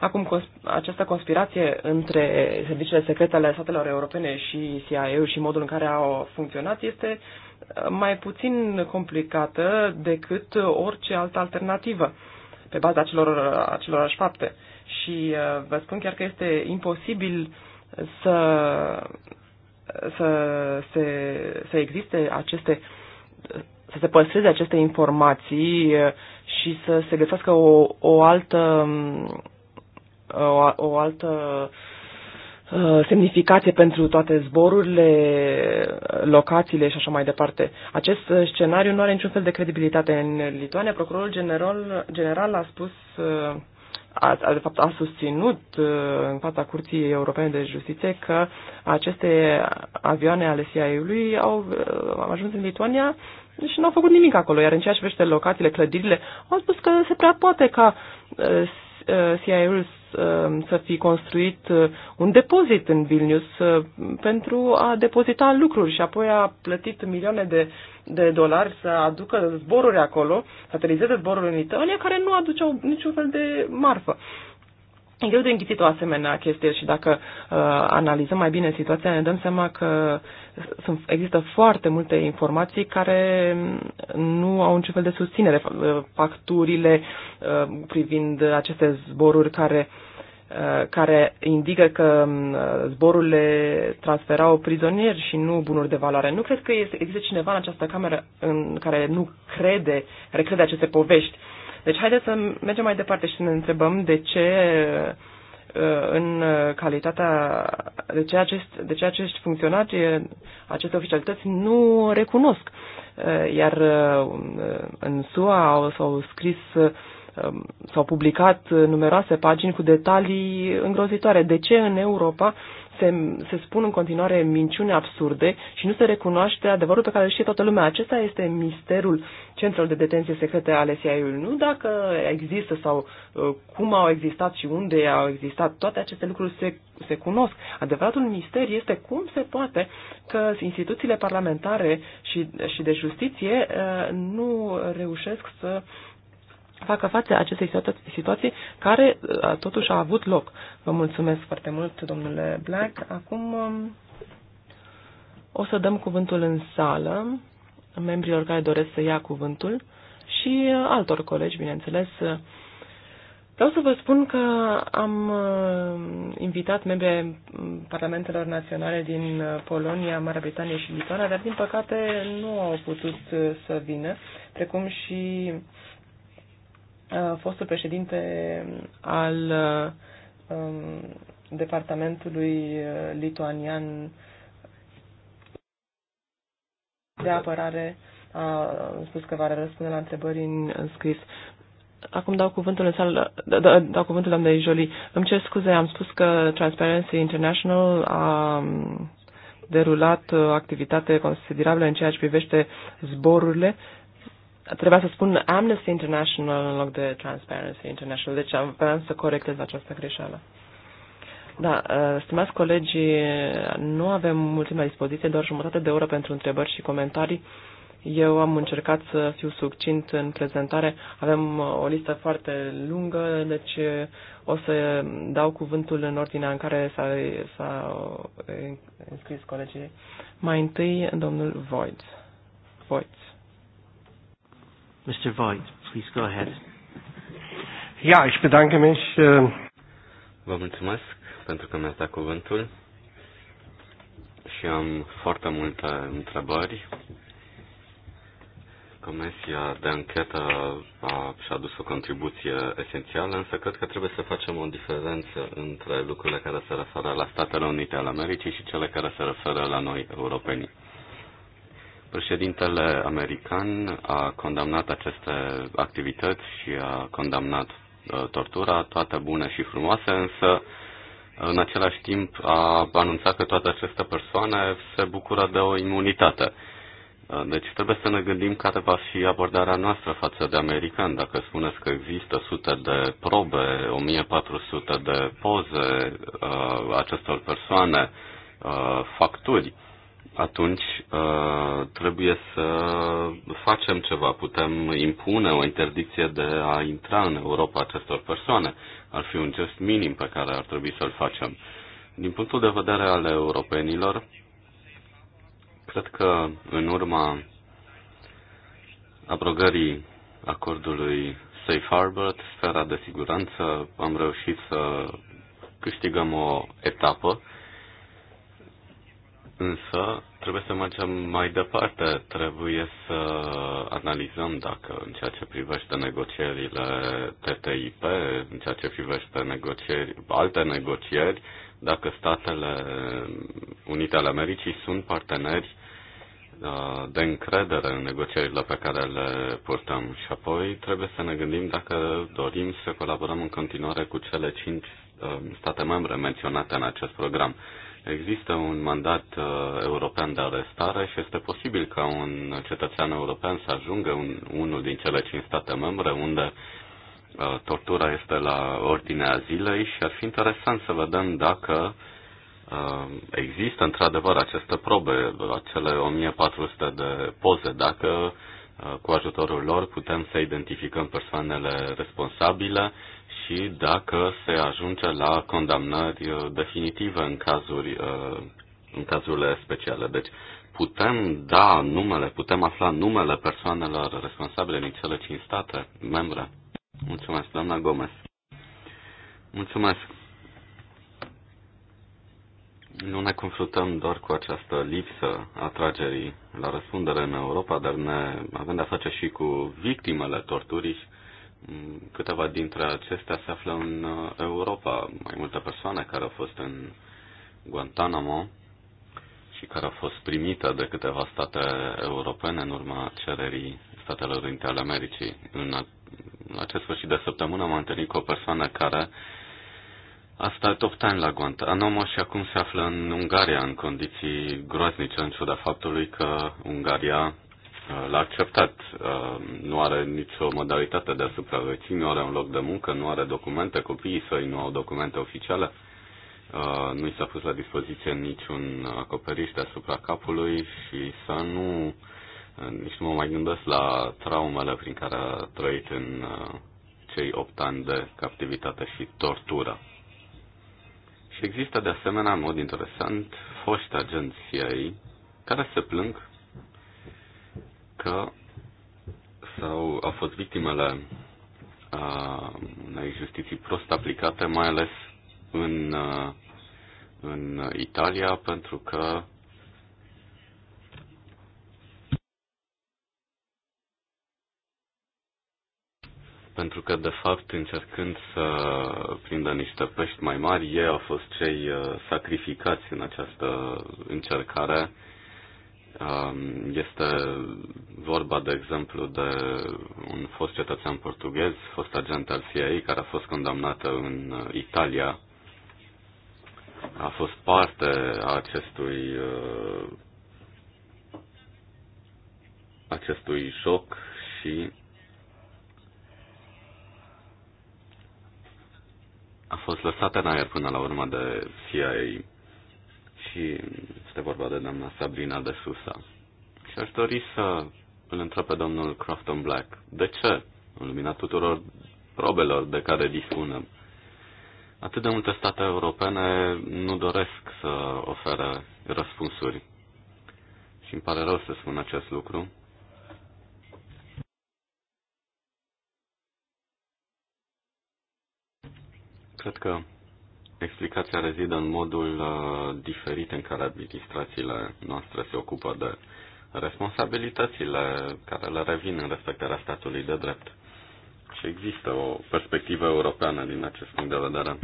Acum, cons- această conspirație între serviciile secrete ale statelor europene și CIA și modul în care au funcționat este uh, mai puțin complicată decât orice altă alternativă pe baza acelor, uh, acelorași fapte. Și uh, vă spun chiar că este imposibil să, să, să, să existe aceste să se păstreze aceste informații uh, și să se găsească o, o altă um, o, o altă uh, semnificație pentru toate zborurile, locațiile și așa mai departe. Acest uh, scenariu nu are niciun fel de credibilitate în Lituania. Procurorul general, general a spus, uh, a, a, de fapt a susținut în fața Curții Europene de Justiție că aceste avioane ale CIA-ului au, au ajuns în Lituania și nu au făcut nimic acolo. Iar în ceea ce vește locațiile, clădirile, au spus că se prea poate ca Uh, CIA-ul uh, să fi construit uh, un depozit în Vilnius pentru a depozita lucruri și apoi a plătit milioane de, de dolari să aducă zboruri acolo, să aterizeze zboruri în Italia, care nu aduceau niciun fel de marfă. Uh, E greu de înghițit o asemenea chestie și dacă uh, analizăm mai bine situația, ne dăm seama că sunt, există foarte multe informații care nu au niciun fel de susținere. Uh, facturile uh, privind aceste zboruri care uh, care indică că um, zborurile transferau prizonieri și nu bunuri de valoare. Nu cred că există cineva în această cameră în care nu crede, recrede aceste povești. Uh, deci haideți să mergem mai departe și să ne întrebăm de ce uh, în calitatea de ce, acest, de ce acești funcționari, aceste oficialități nu recunosc. Uh, iar uh, în SUA s-au scris s-au publicat numeroase pagini cu detalii îngrozitoare. De ce în Europa se, se spun în continuare minciuni absurde și nu se recunoaște adevărul pe care îl știe toată lumea. Acesta este misterul centrul de detenție secrete ale CIA-ului. Nu dacă există sau uh, cum au existat și unde au existat, toate aceste lucruri se, se cunosc. Adevăratul mister este cum se poate că instituțiile parlamentare și, și de justiție uh, nu reușesc să uh, facă față acestei situații care uh, totuși a avut loc. Vă mulțumesc foarte mult, domnule Black. Acum um, o să dăm cuvântul în sală membrilor care doresc să ia cuvântul și uh, altor colegi, bineînțeles. Vreau să vă spun că am uh, invitat membrii Parlamentelor Naționale din Polonia, Marea Britanie și Lituania, dar din păcate nu au putut să vină, precum și Uh, fostul președinte al um, departamentului uh, lituanian de apărare a spus că va răspunde la întrebări în, în scris. Acum dau cuvântul în sală, da, da dau cuvântul doamnei Jolie. Îmi cer scuze, am spus că Transparency International a um, derulat uh, activitate considerabilă în ceea ce privește zborurile Trebuia să spun Amnesty International în loc de Transparency International, deci am vrea să corectez această greșeală. Da, uh, stimați colegi, nu avem mult la dispoziție, doar jumătate de oră pentru întrebări și comentarii. Eu am încercat să fiu succint în prezentare. Avem uh, o listă foarte lungă, deci uh, o să dau cuvântul în ordinea în care s-au înscris colegii. Mai întâi, domnul Void. Voids. Mr. Voigt, please go ahead. Ja, ich bedanke mich. Äh, Vă mulțumesc pentru că mi-ați dat cuvântul și am foarte multe întrebări. Comisia de anchetă a, și-a adus o contribuție esențială, însă cred că trebuie să facem o diferență între lucrurile care se referă la Statele Unite ale Americii și cele care se referă la noi, europenii. Președintele american a condamnat aceste activități și a condamnat uh, tortura, toate bune și frumoase, însă în același timp a anunțat că toate aceste persoane se bucură de o imunitate. Uh, deci trebuie să ne gândim care va fi abordarea noastră față de americani. Dacă spuneți că există sute de probe, 1400 de poze uh, acestor persoane, uh, facturi, uh, atunci uh, trebuie să facem ceva. Putem impune o interdicție de a intra în Europa acestor persoane. Ar fi un gest minim pe care ar trebui să-l facem. Din punctul de vedere al europenilor, cred că în urma abrogării acordului Safe Harbor, sfera de siguranță, am reușit să câștigăm o etapă, însă Trebuie să mergem mai departe, trebuie să analizăm dacă în ceea ce privește negocierile TTIP, în ceea ce privește negocieri, alte negocieri, dacă Statele Unite ale Americii sunt parteneri uh, de încredere în negocierile pe care le purtăm și apoi trebuie să ne gândim dacă dorim să colaborăm în continuare cu cele cinci uh, state membre menționate în acest program. Există un mandat uh, european de arestare și este posibil ca un cetățean european să ajungă în unul din cele cinci state membre unde uh, tortura este la ordinea zilei și ar fi interesant să vedem dacă uh, există într-adevăr aceste probe, acele 1400 de poze, dacă uh, cu ajutorul lor putem să identificăm persoanele responsabile și dacă se ajunge la condamnări uh, definitive în cazuri, uh, în cazurile speciale. Deci putem da numele, putem afla numele persoanelor responsabile din cele cinci state membre. Mulțumesc, doamna Gomez. Mulțumesc. Nu ne confruntăm doar cu această lipsă a tragerii la răspundere în Europa, dar ne avem de-a face și cu victimele torturii Câteva dintre acestea se află în uh, Europa. Mai multe persoane care au fost în Guantanamo și care a fost primită de câteva state europene în urma cererii Statelor Unite ale Americii. În acest sfârșit de săptămână m-am întâlnit cu o persoană care a stat 8 ani la Guantanamo și acum se află în Ungaria în condiții groaznice, în ciuda faptului că Ungaria l-a acceptat. Uh, nu are nicio modalitate de a supraviețui, nu are un loc de muncă, nu are documente, copiii săi nu au documente oficiale, uh, nu i s-a pus la dispoziție niciun acoperiș deasupra capului și să nu, uh, nici nu mă mai gândesc la traumele prin care a trăit în cei opt ani de captivitate și tortură. Și există de asemenea, în mod interesant, foști agenți CIA care se plâng că sau au fost victimele a unei justiții prost aplicate, mai ales în, în Italia, pentru că pentru că, de fapt, încercând să prindă niște pești mai mari, ei au fost cei sacrificați în această încercare Um, este vorba, de exemplu, de un fost cetățean portughez, fost agent al CIA, care a fost condamnată în Italia. A fost parte a acestui uh, acestui șoc și a fost lăsată în aer până la urmă de CIA și este vorba de doamna Sabrina de Susa. Și aș dori să îl întreb pe domnul Crofton Black. De ce, în lumina tuturor probelor de care dispunem, atât de multe state europene nu doresc să ofere răspunsuri? Și îmi pare rău să spun acest lucru, cred că explicația rezidă în modul uh, diferit în care administrațiile noastre se ocupă de responsabilitățile care le revin în respectarea statului de drept. Și există o perspectivă europeană din acest punct de vedere.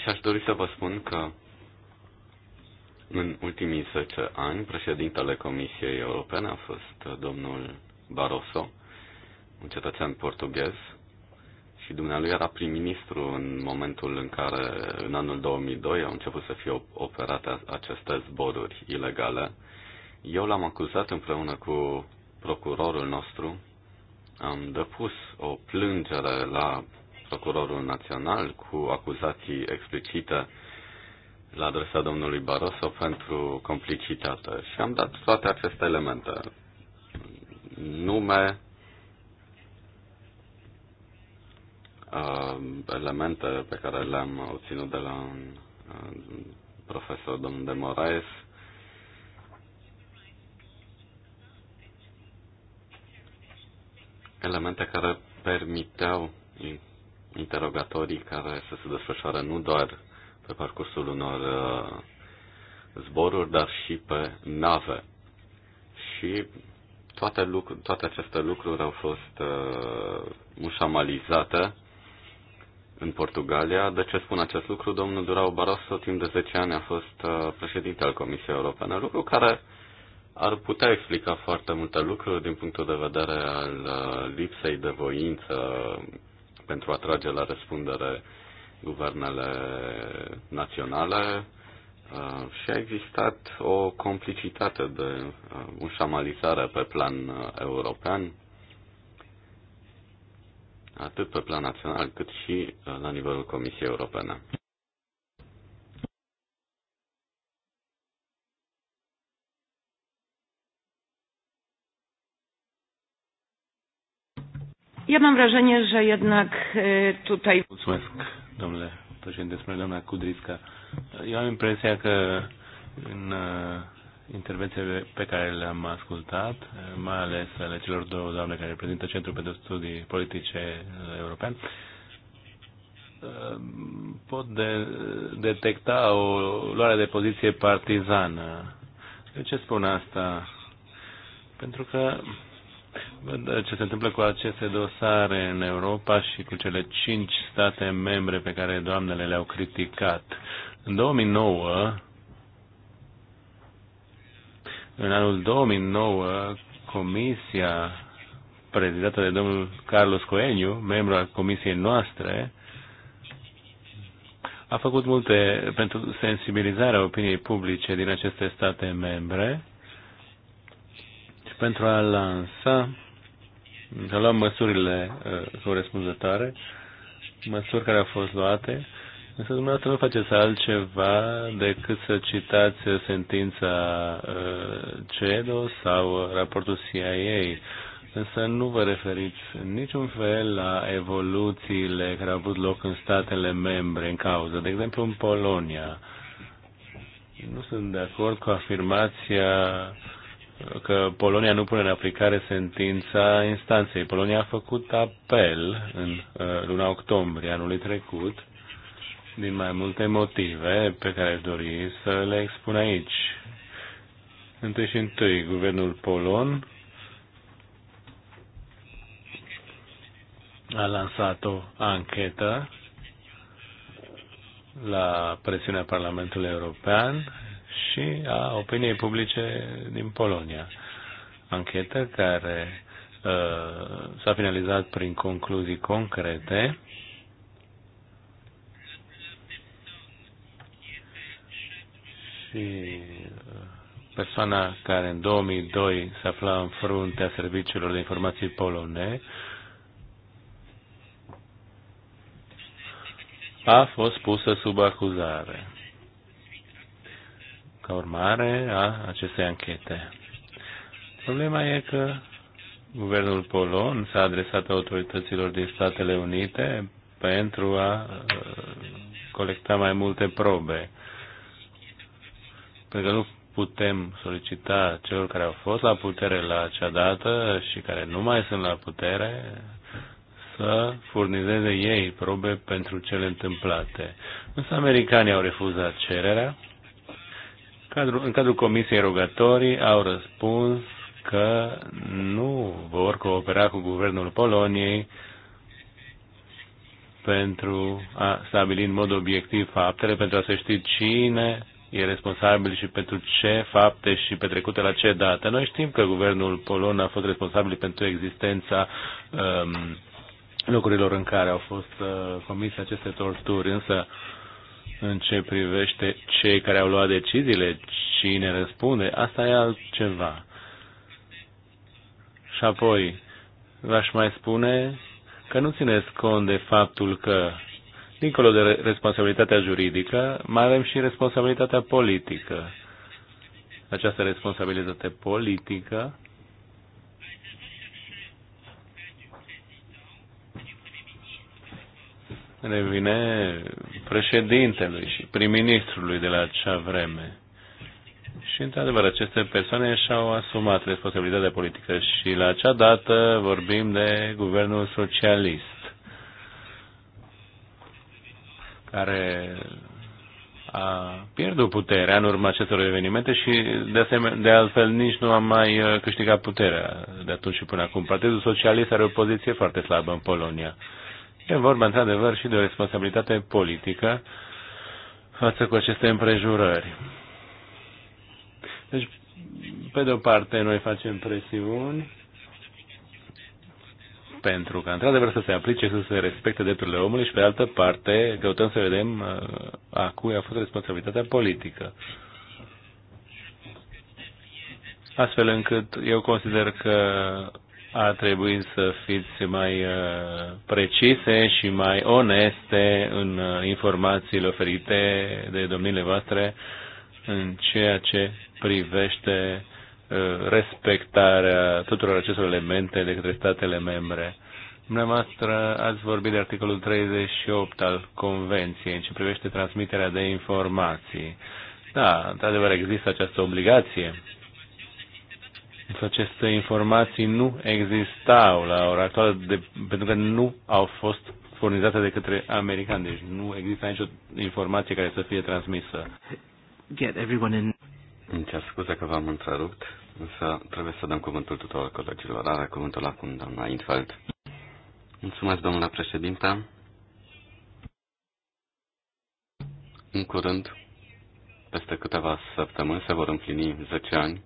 Și aș dori să vă spun că în ultimii 10 ani, președintele Comisiei Europene a fost domnul Barroso, un cetățean portughez, și dumnealui era prim-ministru în momentul în care, în anul 2002, au început să fie operate aceste zboruri ilegale. Eu l-am acuzat împreună cu procurorul nostru, am depus o plângere la procurorul național cu acuzații explicite la adresa domnului Barroso pentru complicitate și am dat toate aceste elemente. Nume, Um, elemente pe care le-am obținut de la un profesor, domnul de Moraes, elemente care permiteau interogatorii care să se desfășoare nu doar pe parcursul unor uh, zboruri, dar și pe nave. Și toate, lucru, toate aceste lucruri au fost uh, mușamalizate în Portugalia. De ce spun acest lucru? Domnul Durau Barroso timp de 10 ani a fost uh, președinte al Comisiei Europene, lucru care ar putea explica foarte multe lucruri din punctul de vedere al uh, lipsei de voință pentru a trage la răspundere guvernele naționale uh, și a existat o complicitate de înșamalizare pe plan european atât pe plan național cât și uh, la nivelul Comisiei Europene. Ja mam wrażenie, że jednak tutaj... Mulțumesc, domnule președinte, spune doamna Kudrițca. Eu am impresia că în intervențiile pe care le-am ascultat, mai ales ale celor două doamne care reprezintă Centrul pentru Studii Politice European, pot de, detecta o luare de poziție partizană. De ce spun asta? Pentru că văd ce se întâmplă cu aceste dosare în Europa și cu cele cinci state membre pe care doamnele le-au criticat. În 2009, în anul 2009, comisia prezidată de domnul Carlos Coeniu, membru al comisiei noastre, a făcut multe pentru sensibilizarea opiniei publice din aceste state membre și pentru a lansa, a lua măsurile uh, corespunzătoare, măsuri care au fost luate Însă dumneavoastră nu faceți altceva decât să citați sentința uh, CEDO sau raportul CIA, însă nu vă referiți în niciun fel la evoluțiile care au avut loc în statele membre în cauză, de exemplu în Polonia. Nu sunt de acord cu afirmația că Polonia nu pune în aplicare sentința instanței. Polonia a făcut apel în uh, luna octombrie anului trecut din mai multe motive pe care aș dori să le expun aici. Întâi și întâi, guvernul polon a lansat o anchetă la presiunea Parlamentului European și a opiniei publice din Polonia. Anchetă care uh, s-a finalizat prin concluzii concrete și uh, persoana care în 2002 se afla în fruntea serviciilor de informații polone a fost pusă sub acuzare ca urmare a acestei anchete. Problema e că guvernul polon s-a adresat autorităților din Statele Unite pentru a uh, colecta mai multe probe pentru că nu putem solicita celor care au fost la putere la acea dată și care nu mai sunt la putere să furnizeze ei probe pentru cele întâmplate. Însă americanii au refuzat cererea. În cadrul Comisiei Rogatorii au răspuns că nu vor coopera cu guvernul Poloniei pentru a stabili în mod obiectiv faptele, pentru a se ști cine e responsabil și pentru ce fapte și petrecute la ce dată. Noi știm că guvernul polon a fost responsabil pentru existența um, locurilor în care au fost uh, comise aceste torturi, însă în ce privește cei care au luat deciziile, cine răspunde, asta e altceva. Și apoi, v-aș mai spune că nu țineți cont de faptul că Dincolo de responsabilitatea juridică, mai avem și responsabilitatea politică. Această responsabilitate politică revine președintelui și prim-ministrului de la acea vreme. Și, într-adevăr, aceste persoane și-au asumat responsabilitatea politică și la acea dată vorbim de guvernul socialist. care a pierdut puterea în urma acestor evenimente și de, asemenea, de altfel nici nu a mai uh, câștigat puterea de atunci și până acum. Partidul Socialist are o poziție foarte slabă în Polonia. E vorba, într-adevăr, și de o responsabilitate politică față cu aceste împrejurări. Deci, pe de o parte, noi facem presiuni pentru că într-adevăr să se aplice să se respecte drepturile omului și pe de altă parte căutăm să vedem uh, a cui a fost responsabilitatea politică. Astfel încât eu consider că a trebui să fiți mai uh, precise și mai oneste în uh, informațiile oferite de domnile voastre în ceea ce privește uh, respectarea tuturor acestor elemente de către statele membre. Dumneavoastră ați vorbit de articolul 38 al Convenției în ce privește transmiterea de informații. Da, într-adevăr există această obligație. aceste informații nu existau la ora actuală de, pentru că nu au fost furnizate de către americani, deci nu există nicio informație care să fie transmisă. Get everyone in. Îmi cer scuze că v-am întrerupt. Însă trebuie să dăm cuvântul tuturor colegilor. Are cuvântul acum doamna Infeld. Mulțumesc, domnule președinte. În curând, peste câteva săptămâni, se vor împlini 10 ani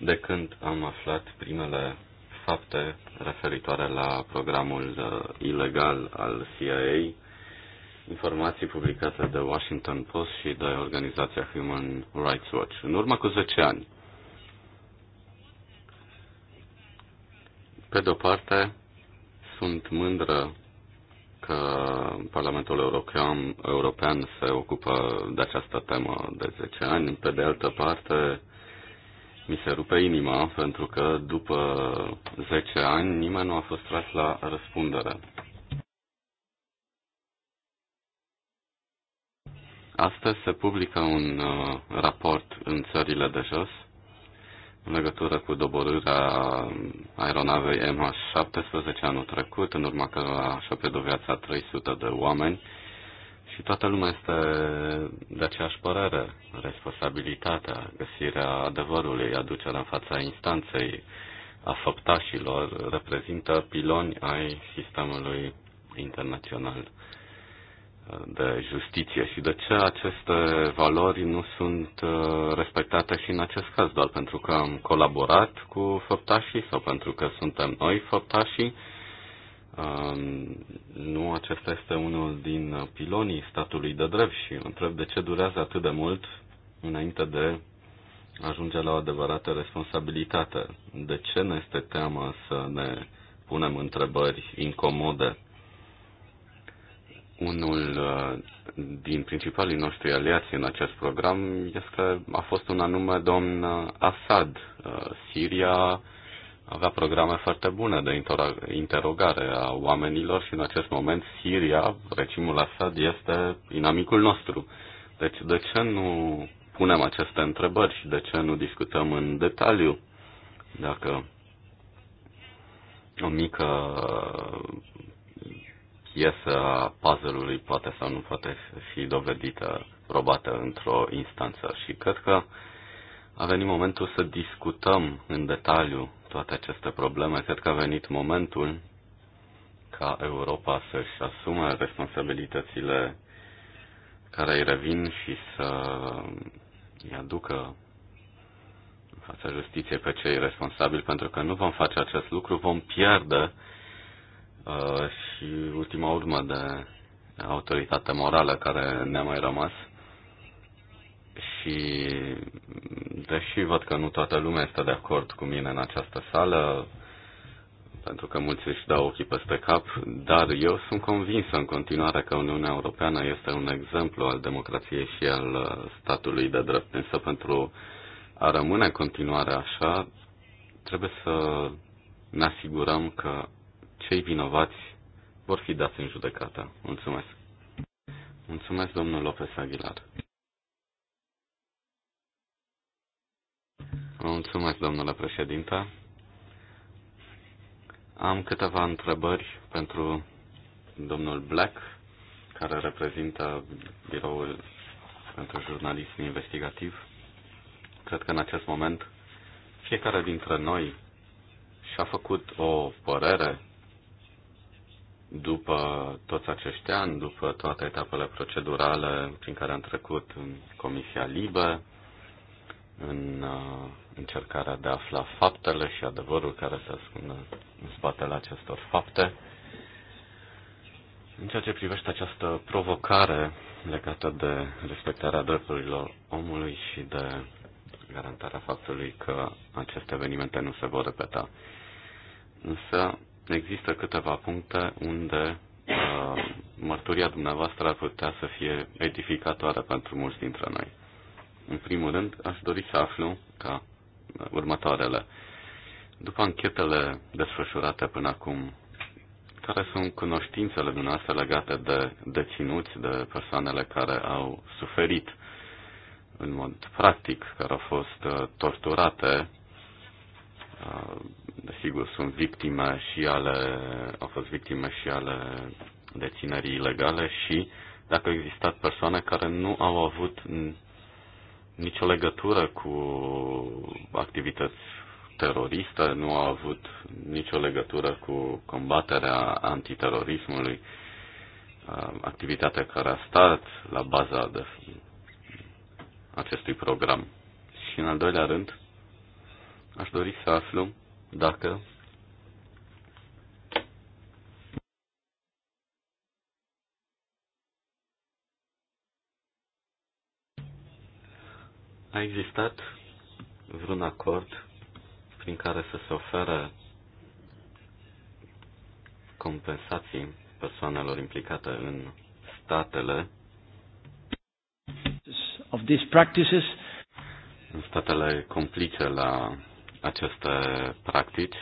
de când am aflat primele fapte referitoare la programul uh, ilegal al CIA informații publicate de Washington Post și de organizația Human Rights Watch. În urmă cu 10 ani, pe de-o parte, sunt mândră că Parlamentul European, European se ocupă de această temă de 10 ani. Pe de altă parte, mi se rupe inima pentru că după 10 ani nimeni nu a fost tras la răspundere Astăzi se publică un uh, raport în țările de jos în legătură cu doborârea aeronavei MH17 anul trecut, în urma cărora și-a pierdut viața 300 de oameni și toată lumea este de aceeași părere. Responsabilitatea, găsirea adevărului, aducerea în fața instanței a făptașilor reprezintă piloni ai sistemului internațional de justiție și de ce aceste valori nu sunt uh, respectate și în acest caz, doar pentru că am colaborat cu făptașii sau pentru că suntem noi făptașii. Um, nu, acesta este unul din pilonii statului de drept și întreb de ce durează atât de mult înainte de a ajunge la o adevărată responsabilitate. De ce ne este teamă să ne punem întrebări incomode unul uh, din principalii noștri aliați în acest program este, a fost un anume domn Assad. Uh, Siria avea programe foarte bune de interogare a oamenilor și în acest moment Siria, regimul Assad, este inamicul nostru. Deci de ce nu punem aceste întrebări și de ce nu discutăm în detaliu dacă o mică piesă a puzzle-ului poate sau nu poate fi dovedită, probată într-o instanță. Și cred că a venit momentul să discutăm în detaliu toate aceste probleme. Cred că a venit momentul ca Europa să-și asume responsabilitățile care îi revin și să îi aducă în fața justiției pe cei responsabili, pentru că nu vom face acest lucru, vom pierde uh, Uh, și ultima urmă de autoritate morală care ne-a mai rămas. Și deși văd că nu toată lumea este de acord cu mine în această sală, pentru că mulți își dau ochii peste cap, dar eu sunt convins în continuare că Uniunea Europeană este un exemplu al democrației și al uh, statului de drept. Însă pentru a rămâne în continuare așa, trebuie să ne asigurăm că cei vinovați vor fi dați în judecată. Mulțumesc. Mulțumesc, domnul Lopez Aguilar. Mulțumesc, domnule președinte. Am câteva întrebări pentru domnul Black, care reprezintă biroul pentru jurnalism investigativ. Cred că în acest moment fiecare dintre noi și-a făcut o părere după toți acești ani, după toate etapele procedurale prin care am trecut în Comisia Libă, în uh, încercarea de a afla faptele și adevărul care se ascunde în spatele acestor fapte. În ceea ce privește această provocare legată de respectarea drepturilor omului și de garantarea faptului că aceste evenimente nu se vor repeta. Însă, există câteva puncte unde uh, mărturia dumneavoastră ar putea să fie edificatoare pentru mulți dintre noi. În primul rând, aș dori să aflu ca următoarele. După anchetele desfășurate până acum, care sunt cunoștințele dumneavoastră legate de deținuți, de persoanele care au suferit în mod practic, care au fost uh, torturate uh, desigur, sunt victime și ale, au fost victime și ale deținerii ilegale și dacă au existat persoane care nu au avut nicio legătură cu activități teroriste, nu au avut nicio legătură cu combaterea antiterorismului, uh, activitatea care a stat la baza de acestui program. Și în al doilea rând, aș dori să aflu dacă a existat vreun acord prin care să se ofere compensații persoanelor implicate în statele of these practices în statele complice la aceste practici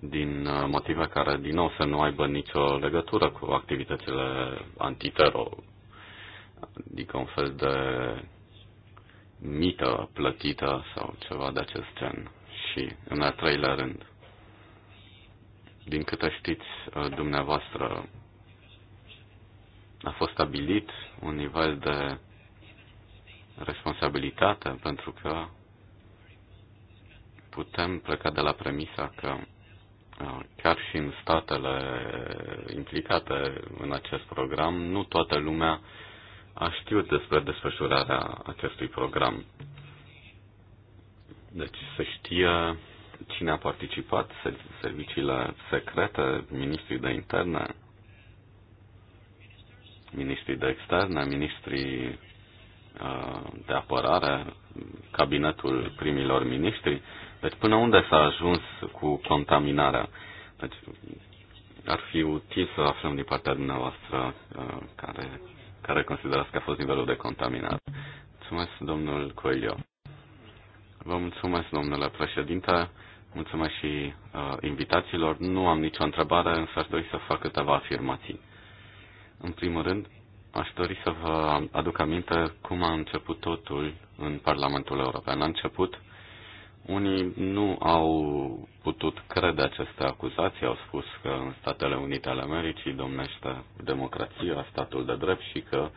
din uh, motive care, din nou, să nu aibă nicio legătură cu activitățile antitero, adică un fel de mită plătită sau ceva de acest gen. Și, în al treilea rând, din câte știți uh, dumneavoastră, a fost stabilit un nivel de responsabilitate pentru că putem pleca de la premisa că chiar și în statele implicate în acest program, nu toată lumea a știut despre desfășurarea acestui program. Deci să știe cine a participat, serviciile secrete, ministrii de interne, ministrii de externe, ministrii de apărare, cabinetul primilor ministri. Deci până unde s-a ajuns cu contaminarea? Deci ar fi util să aflăm din partea dumneavoastră uh, care, care considerați că a fost nivelul de contaminare. Mulțumesc, domnul Coelho. Vă mulțumesc, domnule președinte. Mulțumesc și uh, invitațiilor. Nu am nicio întrebare, însă aș dori să fac câteva afirmații. În primul rând, aș dori să vă aduc aminte cum a început totul în Parlamentul European. A început, unii nu au putut crede aceste acuzații, au spus că în Statele Unite ale Americii domnește democrația, statul de drept și că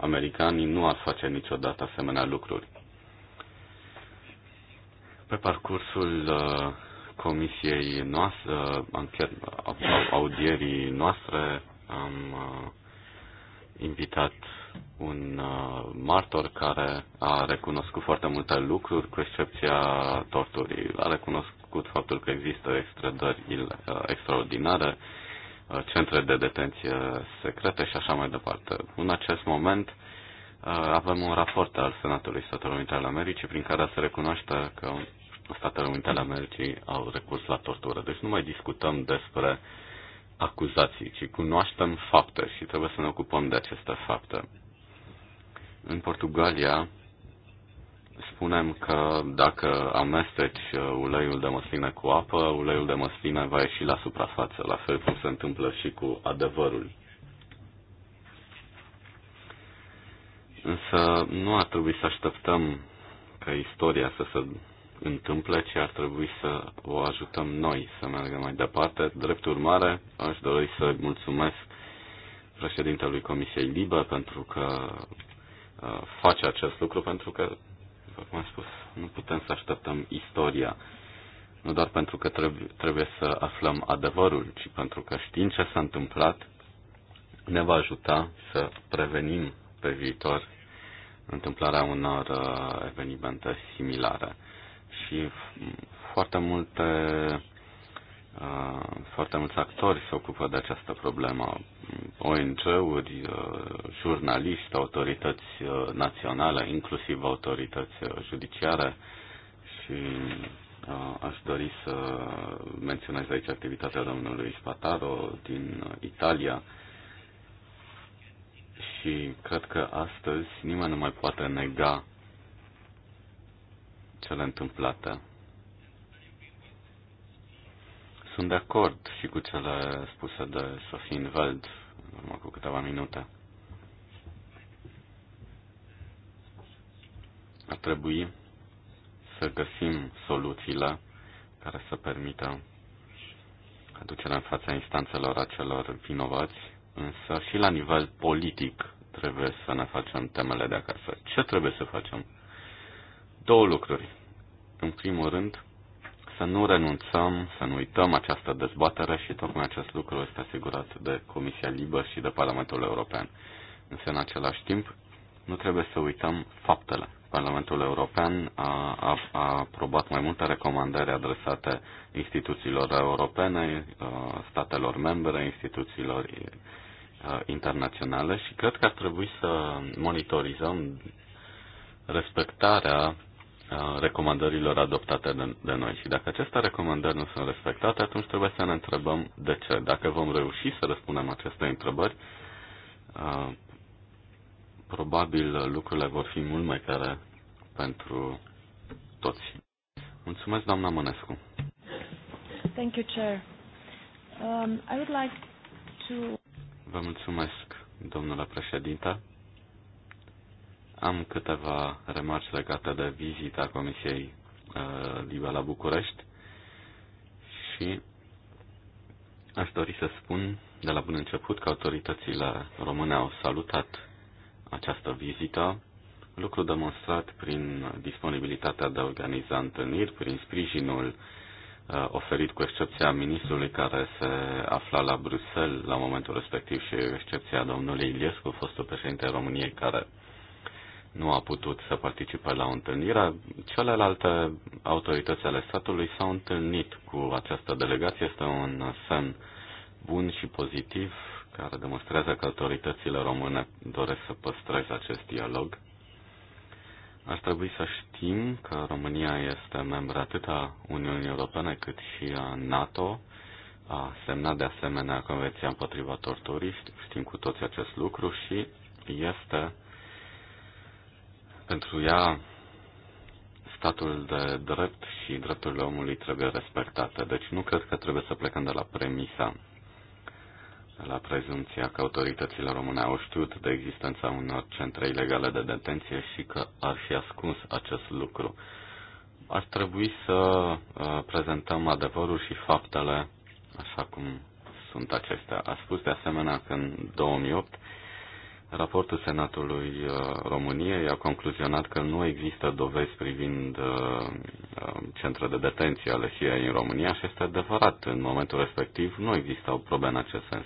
americanii nu ar face niciodată asemenea lucruri. Pe parcursul uh, comisiei noastre, uh, audierii noastre, am uh, invitat un uh, martor care a recunoscut foarte multe lucruri, cu excepția torturii. A recunoscut faptul că există extrădări uh, extraordinare, uh, centre de detenție secrete și așa mai departe. În acest moment avem un raport al Senatului Statelor Unite ale Americii prin care se recunoaște că Statele Unite ale Americii au recurs la tortură. Deci nu mai discutăm despre acuzații, ci cunoaștem fapte și trebuie să ne ocupăm de aceste fapte. În Portugalia spunem că dacă amesteci uh, uleiul de măsline cu apă, uleiul de măsline va ieși la suprafață, la fel cum se întâmplă și cu adevărul. Însă nu ar trebui să așteptăm ca istoria să se întâmple, ci ar trebui să o ajutăm noi să meargă mai departe. Drept urmare, aș dori să mulțumesc președintelui Comisiei Libe pentru că Uh, face acest lucru pentru că, cum am spus, nu putem să așteptăm istoria. Nu doar pentru că trebuie, trebuie să aflăm adevărul, ci pentru că știind ce s-a întâmplat, ne va ajuta să prevenim pe viitor întâmplarea unor uh, evenimente similare. Și foarte multe uh, foarte mulți actori se ocupă de această problemă. ONG-uri, uh, jurnaliști, autorități uh, naționale, inclusiv autorități uh, judiciare și aș dori să menționez aici activitatea domnului Spataro din Italia și cred că astăzi nimeni nu mai poate nega cele întâmplate sunt de acord și cu cele spuse de Sofie Veld în urmă cu câteva minute. Ar trebui să găsim soluțiile care să permită aducerea în fața instanțelor acelor vinovați, însă și la nivel politic trebuie să ne facem temele de acasă. Ce trebuie să facem? Două lucruri. În primul rând, să nu renunțăm, să nu uităm această dezbatere și tocmai acest lucru este asigurat de Comisia Libă și de Parlamentul European. Însă, în același timp, nu trebuie să uităm faptele. Parlamentul European a, a, a aprobat mai multe recomandări adresate instituțiilor europene, statelor membre, instituțiilor internaționale și cred că ar trebui să monitorizăm respectarea recomandărilor adoptate de, de noi. Și dacă aceste recomandări nu sunt respectate, atunci trebuie să ne întrebăm de ce. Dacă vom reuși să răspundem aceste întrebări, probabil lucrurile vor fi mult mai clare pentru toți. Mulțumesc, doamna Mănescu. Thank you, Chair. Um, I would like to... Vă mulțumesc, domnule președinte. Am câteva remarci legate de vizita Comisiei uh, Libe la București și aș dori să spun de la bun început că autoritățile române au salutat această vizită, lucru demonstrat prin disponibilitatea de a organiza întâlniri, prin sprijinul uh, oferit cu excepția ministrului care se afla la Bruxelles la momentul respectiv și excepția domnului Iliescu, fostul președinte României, care nu a putut să participe la o întâlnire. Celelalte autorități ale statului s-au întâlnit cu această delegație. Este un semn bun și pozitiv care demonstrează că autoritățile române doresc să păstreze acest dialog. Ar trebui să știm că România este membră atât a Uniunii Europene cât și a NATO, a semnat de asemenea Convenția împotriva torturii, știm cu toți acest lucru și este pentru ea, statul de drept și drepturile omului trebuie respectate. Deci nu cred că trebuie să plecăm de la premisa, de la prezumția că autoritățile române au știut de existența unor centre ilegale de detenție și că ar fi ascuns acest lucru. Ar trebui să uh, prezentăm adevărul și faptele așa cum sunt acestea. A spus de asemenea că în 2008 Raportul Senatului uh, României a concluzionat că nu există dovezi privind uh, uh, centre de detenție ale CIA în România și este adevărat. În momentul respectiv nu existau probe în acest sens.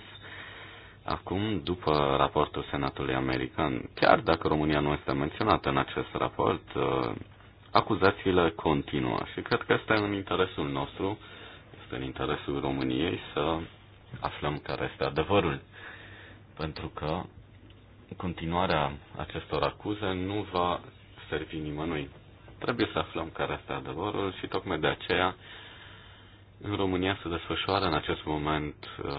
Acum, după raportul Senatului American, chiar dacă România nu este menționată în acest raport, acuzațiile continuă și cred că este în interesul nostru, este în interesul României să aflăm care este adevărul. Pentru că continuarea acestor acuze nu va servi nimănui. Trebuie să aflăm care este adevărul și tocmai de aceea în România se desfășoară în acest moment uh,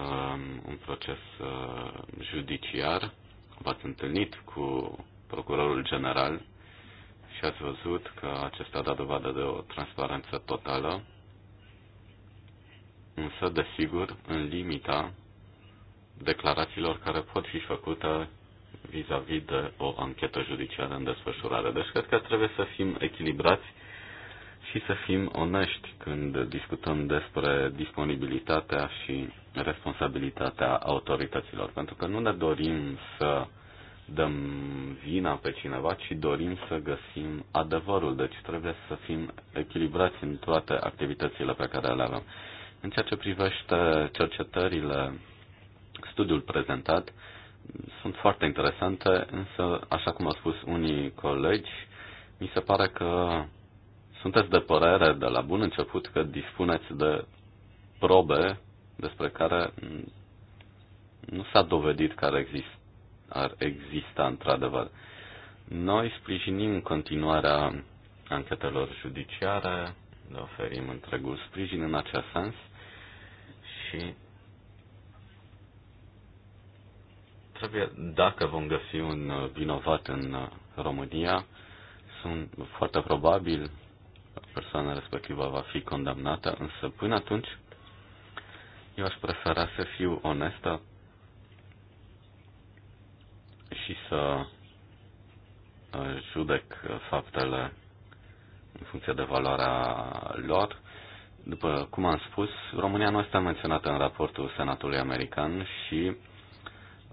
un proces uh, judiciar. V-ați întâlnit cu procurorul general și ați văzut că acesta a dat dovadă de o transparență totală, însă, desigur, în limita declarațiilor care pot fi făcute vis-a-vis -vis de o anchetă judiciară în desfășurare. Deci cred că trebuie să fim echilibrați și să fim onești când discutăm despre disponibilitatea și responsabilitatea autorităților, pentru că nu ne dorim să dăm vina pe cineva, ci dorim să găsim adevărul. Deci trebuie să fim echilibrați în toate activitățile pe care le avem. În ceea ce privește cercetările, studiul prezentat, sunt foarte interesante, însă, așa cum au spus unii colegi, mi se pare că sunteți de părere de la bun început că dispuneți de probe despre care nu s-a dovedit că ar exista, ar exista într-adevăr. Noi sprijinim continuarea anchetelor judiciare, le oferim întregul sprijin în acest sens și trebuie, dacă vom găsi un uh, vinovat în uh, România, sunt foarte probabil persoana respectivă va fi condamnată, însă până atunci eu aș prefera să fiu onestă și să uh, judec faptele în funcție de valoarea lor. După cum am spus, România nu este menționată în raportul Senatului American și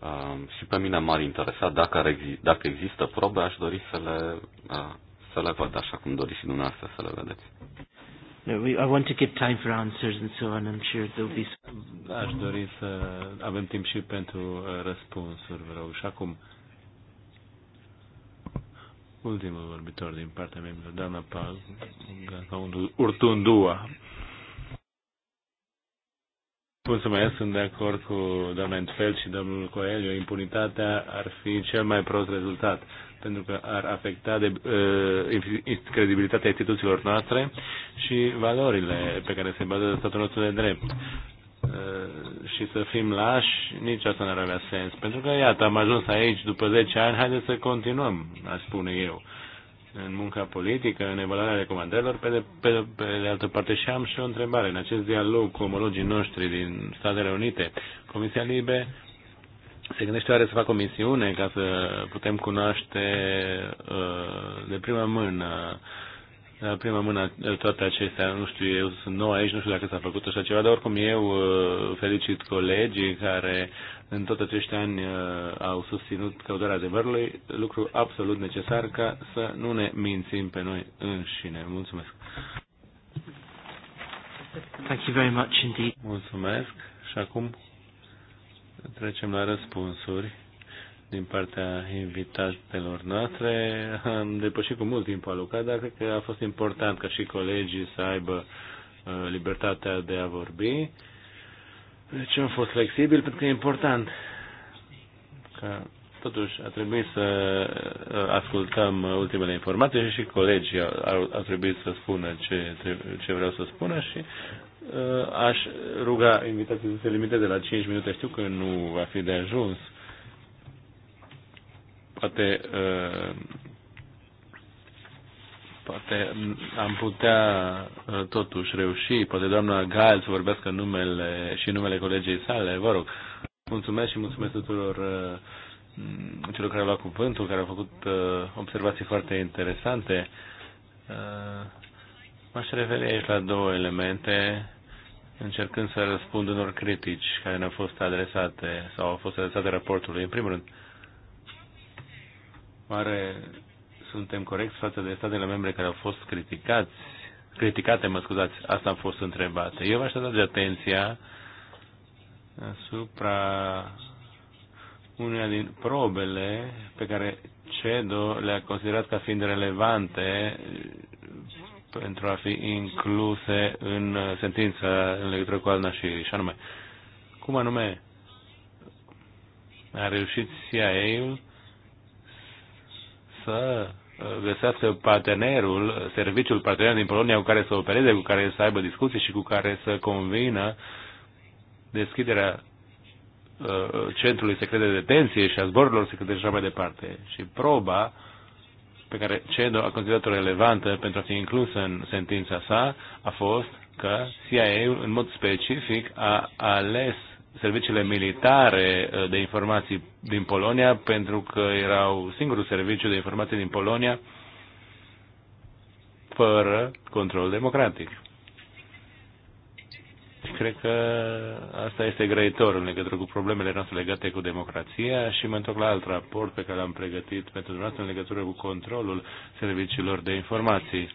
Um, și pe mine m-ar interesa dacă, ar exi- dacă există probe, aș dori să le, uh, să le văd așa cum doriți și dumneavoastră să le vedeți. I want to give time for answers and so on. I'm sure there'll be. Aș dori să avem timp și pentru uh, răspunsuri, vă rog. Și acum, ultimul vorbitor din partea mea, doamna Paz, Urtundua. Mulțumesc, sunt de acord cu doamna Entfeld și domnul Coelho. Impunitatea ar fi cel mai prost rezultat, pentru că ar afecta de, uh, credibilitatea instituțiilor noastre și valorile pe care se bazează statul nostru de drept. Uh, și să fim lași, nici asta n-ar avea sens. Pentru că, iată, am ajuns aici după 10 ani, haideți să continuăm, aș spune eu în munca politică, în evaluarea recomandărilor. Pe de, pe, pe de altă parte și am și o întrebare. În acest dialog cu omologii noștri din Statele Unite, Comisia Libe se gândește oare să facă o misiune ca să putem cunoaște uh, de prima mână uh, la prima mână toate acestea, nu știu, eu sunt nou aici, nu știu dacă s-a făcut așa ceva, dar oricum eu uh, felicit colegii care în tot acești ani uh, au susținut căutarea adevărului, lucru absolut necesar ca să nu ne mințim pe noi înșine. Mulțumesc! Thank you very much indeed. Mulțumesc și acum trecem la răspunsuri din partea invitatelor noastre. Am depășit cu mult timp alocat, dar cred că a fost important ca și colegii să aibă uh, libertatea de a vorbi. Deci am fost flexibil pentru că e important că totuși a trebuit să uh, ascultăm ultimele informații și colegii au, au trebuit să spună ce, ce vreau să spună și uh, aș ruga invitații să se limiteze la 5 minute. Știu că nu va fi de ajuns uh, Poate, poate am putea totuși reuși, poate doamna Gal să vorbească numele și numele colegei sale, vă rog. Mulțumesc și mulțumesc tuturor celor care au luat cuvântul, care au făcut observații foarte interesante. M-aș referi aici la două elemente, încercând să răspund unor critici care ne-au fost adresate sau au fost adresate raportului. În primul rând, Oare suntem corecți față de statele membre care au fost criticați, criticate, mă scuzați, asta am fost întrebate. Eu v-aș de atenția asupra uneia din probele pe care CEDO le-a considerat ca fiind relevante pentru a fi incluse în sentința în legătură cu Alna și așa anume, cum anume a reușit CIA-ul să uh, găsească partenerul, serviciul partener din Polonia cu care să opereze, cu care să aibă discuții și cu care să convină deschiderea uh, centrului secret de detenție și a zborurilor secrete și așa mai departe. Și proba pe care CEDO a considerat-o relevantă pentru a fi inclusă în sentința sa a fost că CIA-ul în mod specific a ales serviciile militare uh, de informații din Polonia, pentru că erau singurul serviciu de informații din Polonia fără control democratic. Și cred că asta este grăitor în legătură cu problemele noastre legate cu democrația și mă întorc la alt raport pe care l-am pregătit pentru dumneavoastră în legătură cu controlul serviciilor de informații.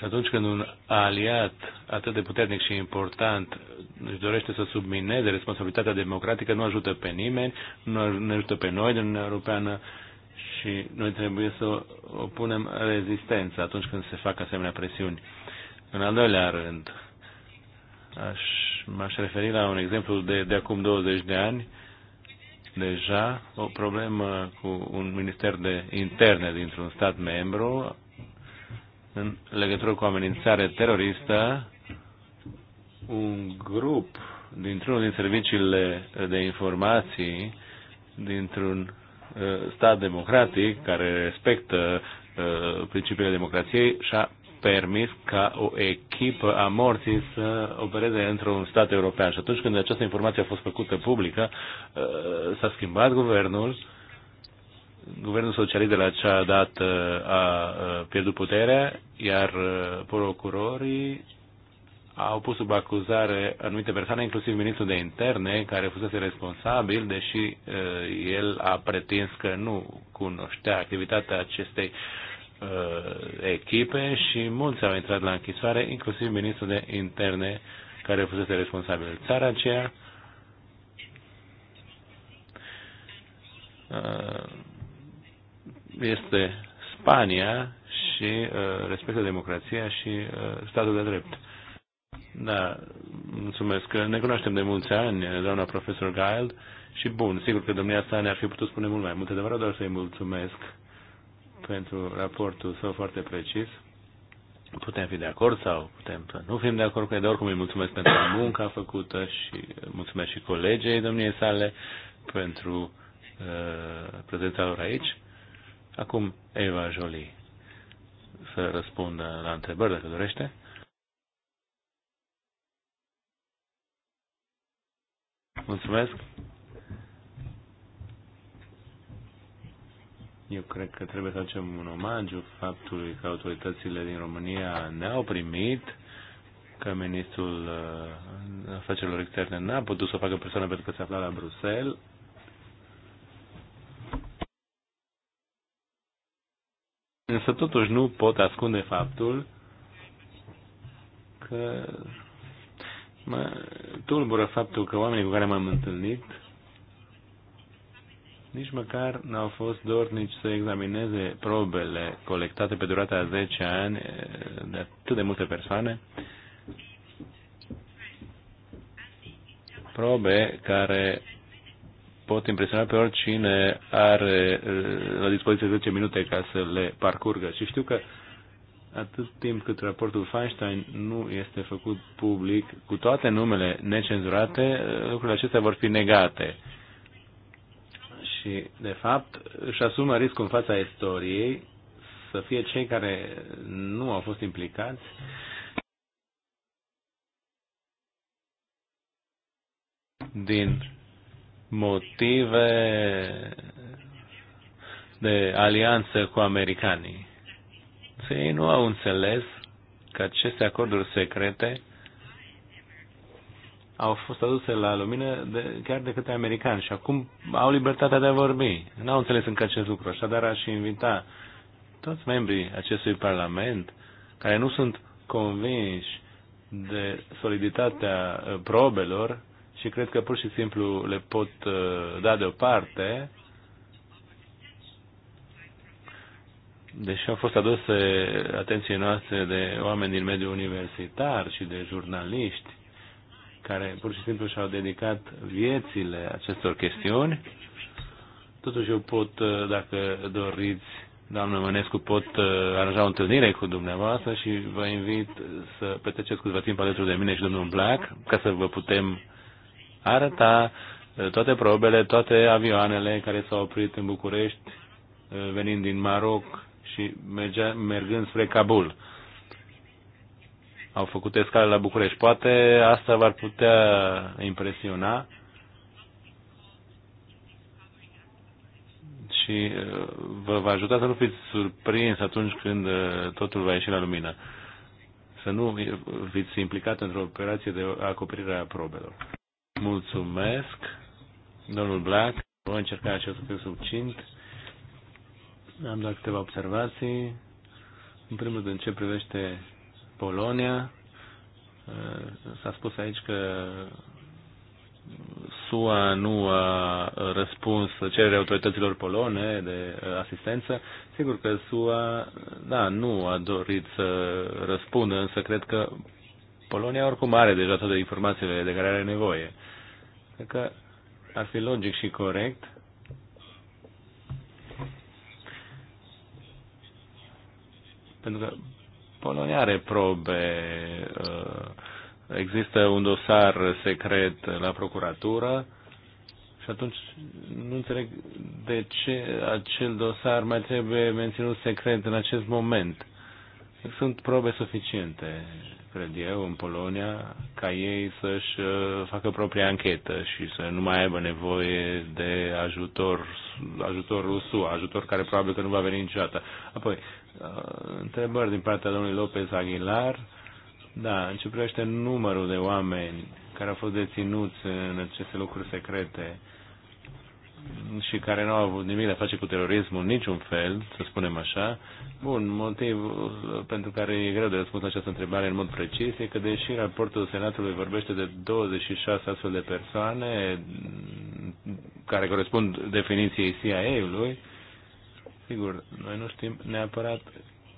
Și atunci când un aliat atât de puternic și important își dorește să submineze responsabilitatea democratică, nu ajută pe nimeni, nu ne ajută pe noi din Uniunea Europeană și noi trebuie să opunem rezistență atunci când se fac asemenea presiuni. În al doilea rând, aș, m-aș referi la un exemplu de, de acum 20 de ani, deja o problemă cu un minister de interne dintr-un stat membru în legătură cu o amenințare teroristă, un grup dintr-unul din serviciile de informații dintr-un uh, stat democratic care respectă uh, principiile democrației și-a permis ca o echipă a morții să opereze într-un stat european. Și atunci când această informație a fost făcută publică, uh, s-a schimbat guvernul guvernul socialist de la acea dată a pierdut puterea, iar uh, procurorii au pus sub acuzare anumite persoane, inclusiv ministrul de interne, care fusese responsabil, deși uh, el a pretins că nu cunoștea activitatea acestei uh, echipe și mulți au intrat la închisoare, inclusiv ministrul de interne, care fusese responsabil. Țara aceea este Spania și uh, respectă democrația și uh, statul de drept. Da, mulțumesc. Ne cunoaștem de mulți ani, doamna profesor Gild, și bun, sigur că domnia sa ne-ar fi putut spune mult mai multe, dar vreau doar să-i mulțumesc pentru raportul său foarte precis. Putem fi de acord sau putem să nu fim de acord cu ea dar oricum îi mulțumesc pentru munca făcută și mulțumesc și colegei domniei sale pentru uh, prezența lor aici. Acum Eva Jolie să răspundă la întrebări, dacă dorește. Mulțumesc. Eu cred că trebuie să facem un omagiu faptului că autoritățile din România ne-au primit, că ministrul uh, afacerilor externe n-a putut să o facă persoană pentru că se afla la Bruxelles, Însă totuși nu pot ascunde faptul că mă tulbură faptul că oamenii cu care m-am întâlnit nici măcar n-au fost dornici să examineze probele colectate pe durata a 10 ani eh, de atât de multe persoane, probe care pot impresiona pe oricine are uh, la dispoziție 10 minute ca să le parcurgă. Și știu că atât timp cât raportul Feinstein nu este făcut public, cu toate numele necenzurate, uh, lucrurile acestea vor fi negate. Și, de fapt, își asumă riscul în fața istoriei să fie cei care nu au fost implicați din motive de alianță cu americanii. Ei nu au înțeles că aceste acorduri secrete au fost aduse la lumină de, chiar de către americani și acum au libertatea de a vorbi. N-au înțeles încă acest lucru, așadar aș invita toți membrii acestui Parlament care nu sunt convinși de soliditatea uh, probelor și cred că pur și simplu le pot uh, da deoparte, deși au fost aduse atenție noastre de oameni din mediul universitar și de jurnaliști, care pur și simplu și-au dedicat viețile acestor chestiuni. Totuși eu pot, uh, dacă doriți, doamnă Mănescu, pot uh, aranja o întâlnire cu dumneavoastră și vă invit să petreceți câtva timp alături de mine și domnul Black, ca să vă putem arăta uh, toate probele, toate avioanele care s-au oprit în București uh, venind din Maroc și mergea, mergând spre Kabul. Au făcut escale la București. Poate asta v-ar putea impresiona și uh, vă va ajuta să nu fiți surprins atunci când totul va ieși la lumină. Să nu fiți implicat într-o operație de acoperire a probelor. Mulțumesc, domnul Black. Voi încerca acest lucru subțint. Am doar câteva observații. În primul rând, în ce privește Polonia, eh, s-a spus aici că SUA nu a răspuns cererii autorităților polone de eh, asistență. Sigur că SUA da, nu a dorit să răspundă, însă cred că Polonia oricum are deja toate informațiile de care are nevoie. Cred că ar fi logic și corect pentru că Polonia are probe, uh, există un dosar secret la procuratură și atunci nu înțeleg de ce acel dosar mai trebuie menținut secret în acest moment. Sunt probe suficiente cred eu, în Polonia, ca ei să-și uh, facă propria anchetă și să nu mai aibă nevoie de ajutor, ajutorul SUA, ajutor care probabil că nu va veni niciodată. Apoi, uh, întrebări din partea domnului Lopez Aguilar. Da, în ce privește numărul de oameni care au fost deținuți în aceste lucruri secrete, și care nu au avut nimic de a face cu terorismul, niciun fel, să spunem așa. Bun, motivul pentru care e greu de răspuns la această întrebare în mod precis e că deși raportul Senatului vorbește de 26 astfel de persoane care corespund definiției CIA-ului, sigur, noi nu știm neapărat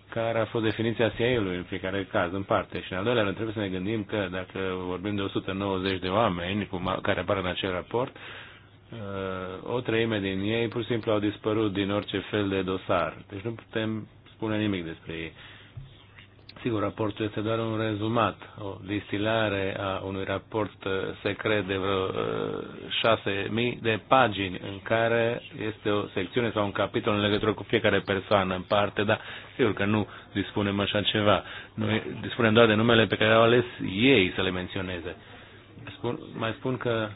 care a fost definiția CIA-ului în fiecare caz, în parte. Și în al doilea rând trebuie să ne gândim că dacă vorbim de 190 de oameni care apar în acel raport, Uh, o treime din ei pur și simplu au dispărut din orice fel de dosar. Deci nu putem spune nimic despre ei. Sigur, raportul este doar un rezumat, o distilare a unui raport uh, secret de vreo 6.000 uh, de pagini, în care este o secțiune sau un capitol în legătură cu fiecare persoană în parte, dar sigur că nu dispunem așa ceva. Noi dispunem doar de numele pe care au ales ei să le menționeze. Spun, mai spun că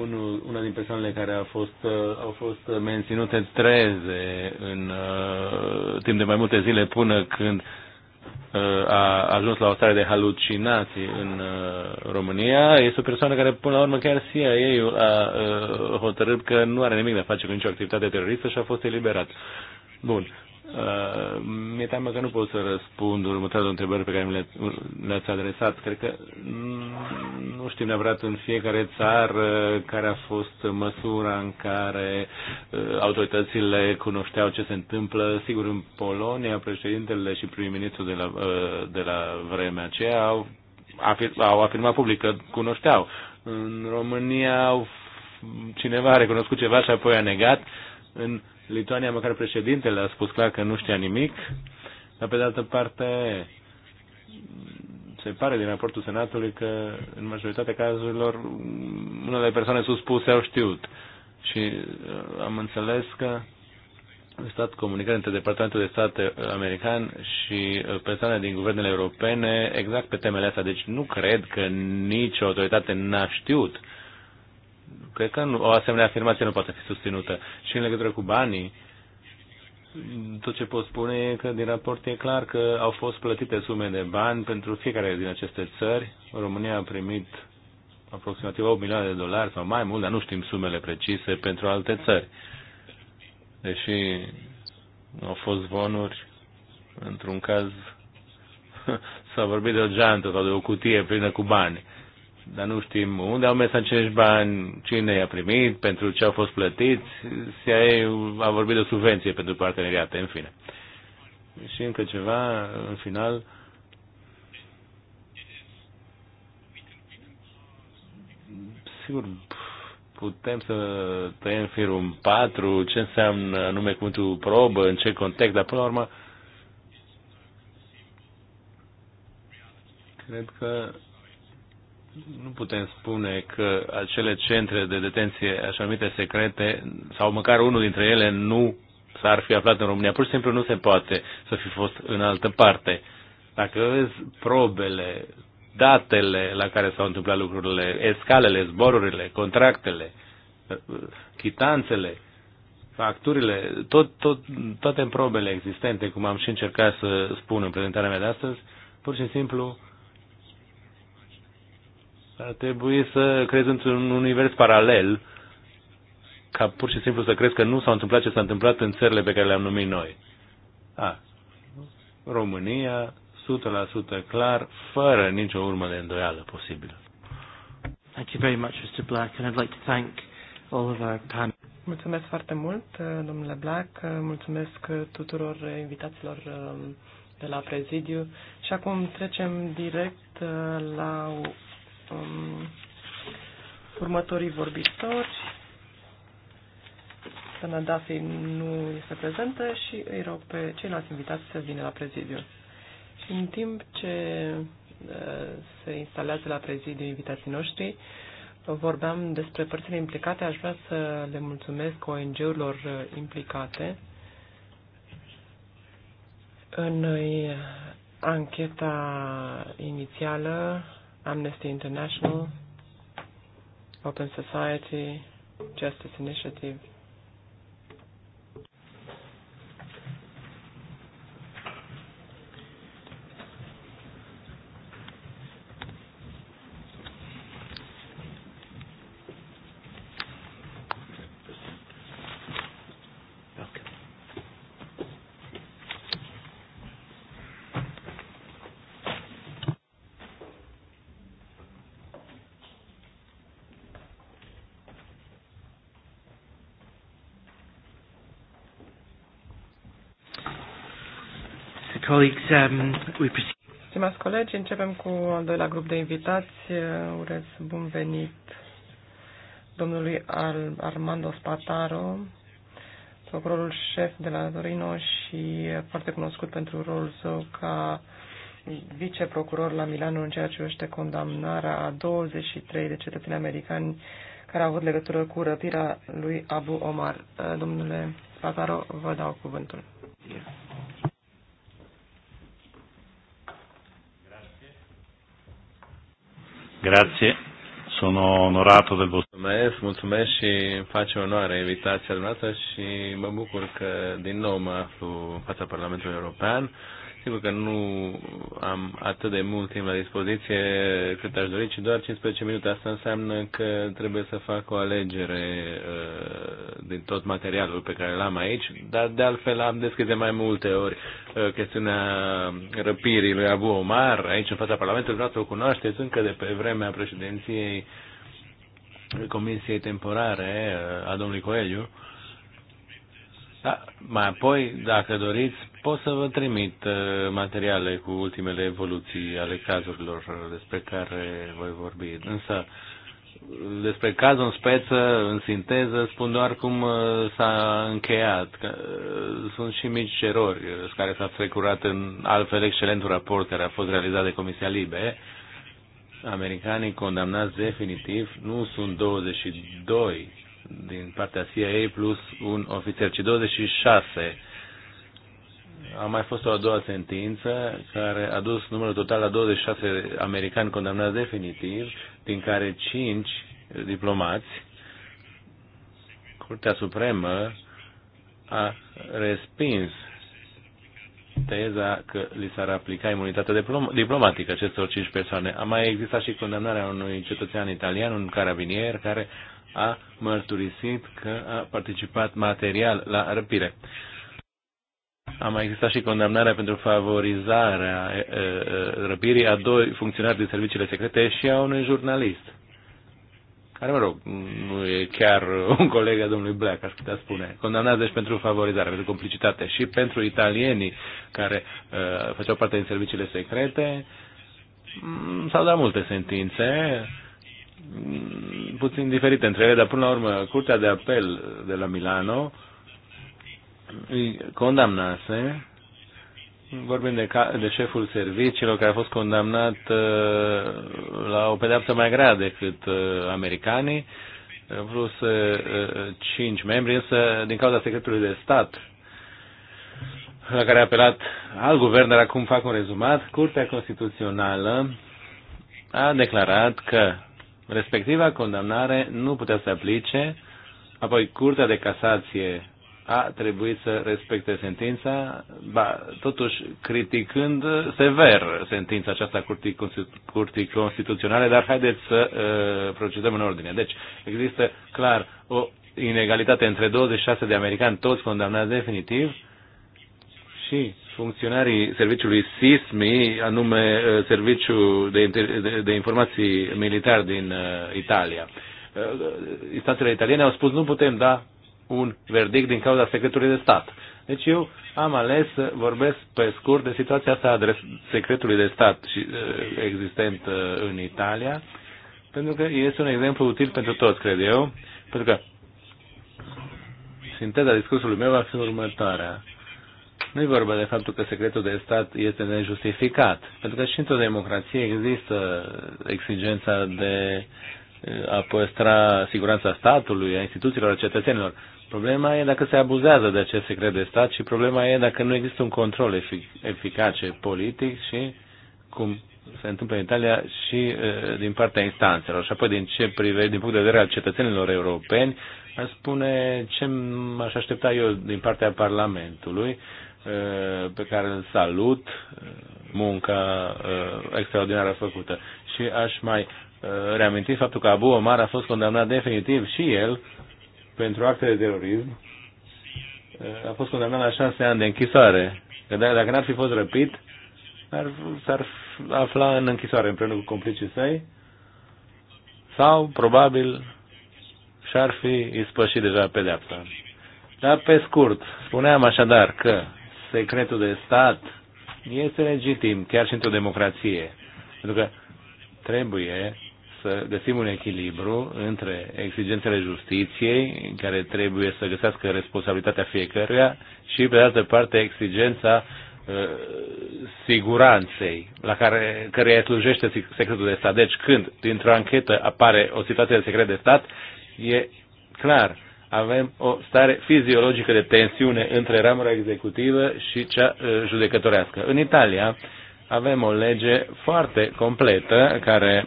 unul, una din persoanele care a fost, uh, au fost menținute treze în uh, timp de mai multe zile până când uh, a ajuns la o stare de halucinații în uh, România. Este o persoană care, până la urmă, chiar CIA a uh, hotărât că nu are nimic de a face cu nicio activitate teroristă și a fost eliberat. Bun. Uh, mi-e teamă că nu pot să răspund următoarele întrebări pe care mi le-ați adresat. Cred că nu știm neapărat în fiecare țară care a fost măsura în care uh, autoritățile cunoșteau ce se întâmplă. Sigur, în Polonia, președintele și prim ministru de la, uh, de la vremea aceea au, au afirmat public că cunoșteau. În România au, cineva a recunoscut ceva și apoi a negat. În Lituania, măcar președintele, a spus clar că nu știa nimic, dar pe de altă parte se pare din raportul Senatului că în majoritatea cazurilor unele persoane suspuse au știut. Și uh, am înțeles că a stat comunicare între Departamentul de Stat uh, american și uh, persoane din guvernele europene exact pe temele astea. Deci nu cred că nicio autoritate n-a știut Cred că o asemenea afirmație nu poate fi susținută. Și în legătură cu banii, tot ce pot spune e că din raport e clar că au fost plătite sume de bani pentru fiecare din aceste țări. România a primit aproximativ 8 milioane de dolari sau mai mult, dar nu știm sumele precise pentru alte țări. Deși au fost zvonuri, într-un caz s-a vorbit de o geantă sau de o cutie plină cu bani dar nu știm unde au mers acești bani, cine i-a primit, pentru ce au fost plătiți. CIA a vorbit de subvenție pentru parteneriate, în fine. Și încă ceva, în final, sigur, putem să tăiem firul în patru, ce înseamnă anume cuvântul probă, în ce context, dar până la urmă, cred că nu putem spune că acele centre de detenție, așa numite secrete, sau măcar unul dintre ele, nu s-ar fi aflat în România. Pur și simplu nu se poate să fi fost în altă parte. Dacă vezi probele, datele la care s-au întâmplat lucrurile, escalele, zborurile, contractele, chitanțele, facturile, tot, tot, toate probele existente, cum am și încercat să spun în prezentarea mea de astăzi, pur și simplu ar trebui să crezi într-un univers paralel, ca pur și simplu să crezi că nu s-a întâmplat ce s-a întâmplat în țările pe care le-am numit noi. A, România, 100% clar, fără nicio urmă de îndoială posibilă. Thank you very much, Mr. Black, and I'd like to thank all of our panel. Mulțumesc foarte mult, domnule Black, mulțumesc tuturor invitaților um, de la prezidiu și acum trecem direct uh, la um, următorii vorbitori. Doamna Dafi nu este prezentă și îi rog pe ceilalți invitați să vină la prezidiu. Și în timp ce uh, se instalează la prezidiu invitații noștri, vorbeam despre părțile implicate. Aș vrea să le mulțumesc ONG-urilor uh, implicate în uh, ancheta inițială Amnesty International, Open Society, Justice Initiative, Um, Stimați colegi, începem cu al doilea grup de invitați. Urez bun venit domnului Armando Spataro, procurorul șef de la Torino și foarte cunoscut pentru rolul său ca viceprocuror la Milano în ceea ce privește condamnarea a 23 de cetățeni americani care au avut legătură cu răpirea lui Abu Omar. Domnule Spataro, vă dau cuvântul. Yeah. Grazie. Sono onorato del vostro. Mulțumesc, mulțumesc și face onoare invitația dumneavoastră și mă bucur că din nou mă aflu în fața Parlamentului European. Sigur că nu am atât de mult timp la dispoziție cât aș dori, ci doar 15 minute. Asta înseamnă că trebuie să fac o alegere uh, din tot materialul pe care l-am aici, dar de altfel am deschis de mai multe ori uh, chestiunea răpirii lui Abu Omar aici în fața Parlamentului. Vreau să o cunoașteți încă de pe vremea președinției Comisiei Temporare uh, a domnului Coeliu. Uh, da, mai apoi, dacă doriți, pot să vă trimit uh, materiale cu ultimele evoluții ale cazurilor despre care voi vorbi. Însă, despre cazul în speță, în sinteză, spun doar cum uh, s-a încheiat. Uh, sunt și mici erori care s-au strecurat în altfel excelentul raport care a fost realizat de Comisia Libe. Americanii condamnați definitiv nu sunt 22 din partea CIA plus un ofițer, ci 26. A mai fost o a doua sentință care a dus numărul total la 26 americani condamnați definitiv, din care 5 diplomați. Curtea Supremă a respins teza că li s-ar aplica imunitatea diplomatică acestor cinci persoane. A mai existat și condamnarea unui cetățean italian, un carabinier, care a mărturisit că a participat material la răpire. A mai existat și condamnarea pentru favorizarea răpirii a doi funcționari din serviciile secrete și a unui jurnalist. Care, mă rog, nu e chiar un coleg al domnului Black, aș putea spune. Condamnați deci pentru favorizare, pentru complicitate și pentru italienii care uh, făceau parte din serviciile secrete. Mm, s-au dat multe sentințe Mm, puțin diferite între ele, dar până la urmă Curtea de Apel de la Milano îi condamnase Vorbim de, ca, de șeful serviciilor care a fost condamnat uh, la o pedeapsă mai grea decât uh, americanii, plus uh, cinci membri, însă din cauza secretului de stat la care a apelat al guvern, dar acum fac un rezumat, Curtea Constituțională a declarat că respectiva condamnare nu putea să aplice, apoi Curtea de Casație a trebuit să respecte sentința, ba, totuși criticând sever sentința aceasta curții, curții constituționale, dar haideți să uh, procedăm în ordine. Deci există clar o inegalitate între 26 de americani, toți condamnați definitiv, și funcționarii serviciului SISMI, anume uh, Serviciul de, de, de Informații Militar din uh, Italia. Uh, instanțele italiene au spus nu putem da un verdict din cauza secretului de stat. Deci eu am ales să vorbesc pe scurt de situația asta a secretului de stat uh, existent uh, în Italia, pentru că este un exemplu util pentru toți, cred eu, pentru că sinteza discursului meu va fi următoarea. Nu e vorba de faptul că secretul de stat este nejustificat, pentru că și într-o democrație există exigența de eh, a păstra siguranța statului, a instituțiilor, a cetățenilor. Problema e dacă se abuzează de acest secret de stat și problema e dacă nu există un control efic- eficace politic și, cum se întâmplă în Italia, și uh, din partea instanțelor. Și apoi, din ce prive din punct de vedere al cetățenilor europeni, aș spune ce m-aș aștepta eu din partea Parlamentului Uh, pe care îl salut, uh, munca uh, extraordinară făcută. Și aș mai reaminti faptul că Abu Omar a fost condamnat definitiv și el pentru acte de terorism. A fost condamnat la șase ani de închisoare. Că da, dacă n-ar fi fost răpit, s-ar afla în închisoare împreună cu complicii săi sau probabil și-ar fi ispășit deja pedeapsa. Dar pe scurt, spuneam așadar că secretul de stat este legitim, chiar și într-o democrație. Pentru că trebuie să găsim un echilibru între exigențele justiției, care trebuie să găsească responsabilitatea fiecăruia, și, pe de altă parte, exigența uh, siguranței, la care, care îi slujește secretul de stat. Deci când dintr-o anchetă apare o situație de secret de stat, e clar avem o stare fiziologică de tensiune între ramura executivă și cea eh, judecătorească. În Italia avem o lege foarte completă care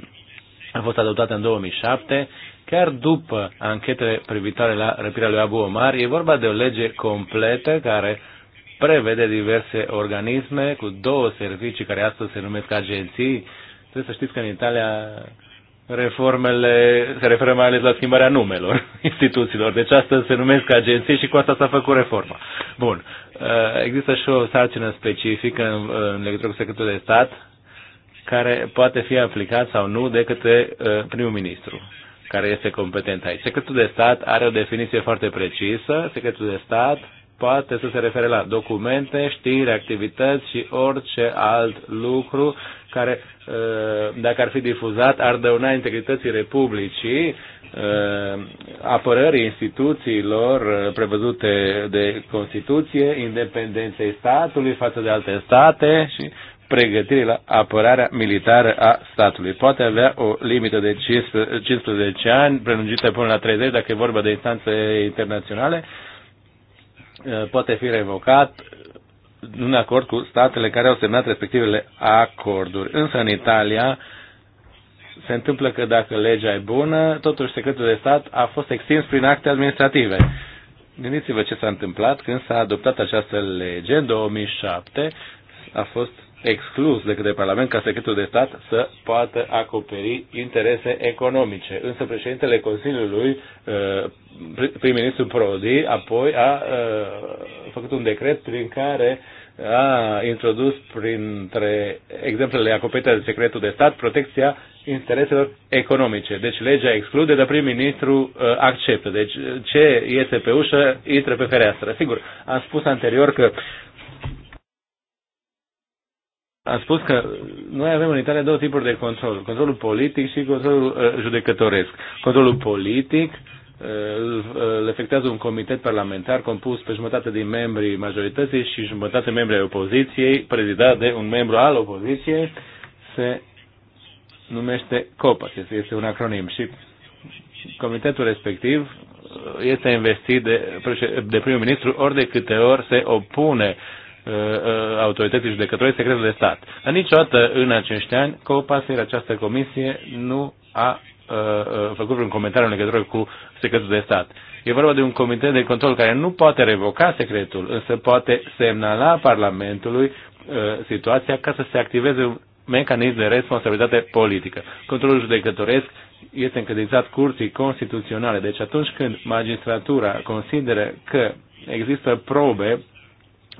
a fost adoptată în 2007, chiar după anchetele privitoare la răpirea lui Abu Omar. E vorba de o lege completă care prevede diverse organisme cu două servicii care astăzi se numesc agenții. Trebuie să știți că în Italia reformele se referă mai ales la schimbarea numelor instituțiilor. Deci astăzi se numesc agenții și cu asta s-a făcut reforma. Bun. Uh, există și o sarcină specifică în legătură cu secretul de stat care poate fi aplicat sau nu de către uh, primul ministru care este competent aici. Secretul de stat are o definiție foarte precisă. Secretul de stat poate să se refere la documente, știri, activități și orice alt lucru care, uh, dacă ar fi difuzat, ar dăuna integrității Republicii, uh, apărării instituțiilor uh, prevăzute de Constituție, independenței statului față de alte state și pregătirii la apărarea militară a statului. Poate avea o limită de 15 ani, prelungită până la 30 dacă e vorba de instanțe internaționale, Eh, poate fi revocat în acord cu statele care au semnat respectivele acorduri. Însă în Italia se întâmplă că dacă legea e bună, totuși secretul de stat a fost extins prin acte administrative. Gândiți-vă ce s-a întâmplat când s-a adoptat această lege în 2007. A fost exclus de către Parlament ca secretul de stat să poată acoperi interese economice. Însă președintele Consiliului, uh, prim-ministru Prodi, apoi a uh, făcut un decret prin care a introdus printre exemplele acoperite de secretul de stat protecția intereselor economice. Deci legea exclude, dar prim-ministru uh, acceptă. Deci ce iese pe ușă, intră pe fereastră. Sigur, am spus anterior că a spus că noi avem în Italia două tipuri de control. Controlul politic și controlul uh, judecătoresc. Controlul politic uh, îl efectează un comitet parlamentar compus pe jumătate din membrii majorității și jumătate membri ai opoziției, prezidat de un membru al opoziției, se numește COPAS, este un acronim. Și comitetul respectiv uh, este investit de, de primul ministru ori de câte ori se opune Uh, uh, autorității judecătorii secrete de stat. Dar niciodată în acești ani, COPASER, această comisie, nu a uh, făcut un comentariu în legătură cu secretul de stat. E vorba de un comitet de control care nu poate revoca secretul, însă poate semnala Parlamentului situația ca să se activeze un mecanism de responsabilitate politică. Controlul judecătoresc este încredințat curții constituționale. Deci atunci când magistratura consideră că există probe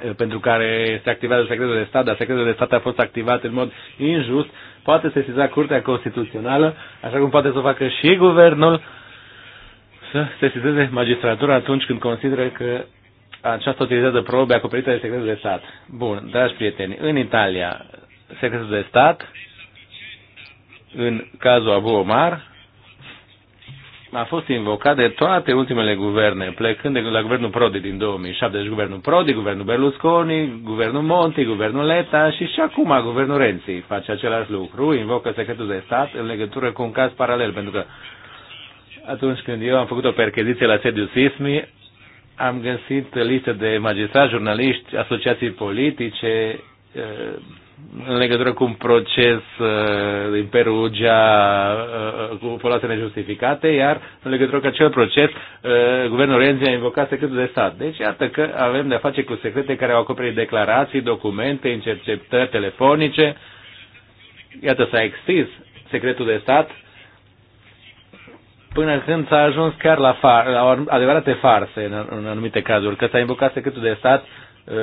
Eh, pentru care se activează secretul de stat, dar secretul de stat a fost activat în mod injust, poate sesiza Curtea Constituțională, așa cum poate să o facă și guvernul, să sesizeze magistratura atunci când consideră că aceasta utilizează probe acoperite de secretul de stat. Bun, dragi prieteni, în Italia, secretul de stat, în cazul Abu Omar, a fost invocat de toate ultimele guverne, plecând de la guvernul Prodi din 2007, deci guvernul Prodi, guvernul Berlusconi, guvernul Monti, guvernul Leta și și acum guvernul Renzi face același lucru, invocă secretul de stat în legătură cu un caz paralel, pentru că atunci când eu am făcut o percheziție la sediul SISMI, am găsit liste de magistrați, jurnaliști, asociații politice, eh, în legătură cu un proces uh, din Perugia uh, cu folate nejustificate, iar în legătură cu acel proces, uh, guvernul Renzi a invocat secretul de stat. Deci, iată că avem de-a face cu secrete care au acoperit declarații, documente, interceptări telefonice. Iată, s-a extins secretul de stat până când s-a ajuns chiar la, far, la adevărate farse în, în anumite cazuri, că s-a invocat secretul de stat Uh,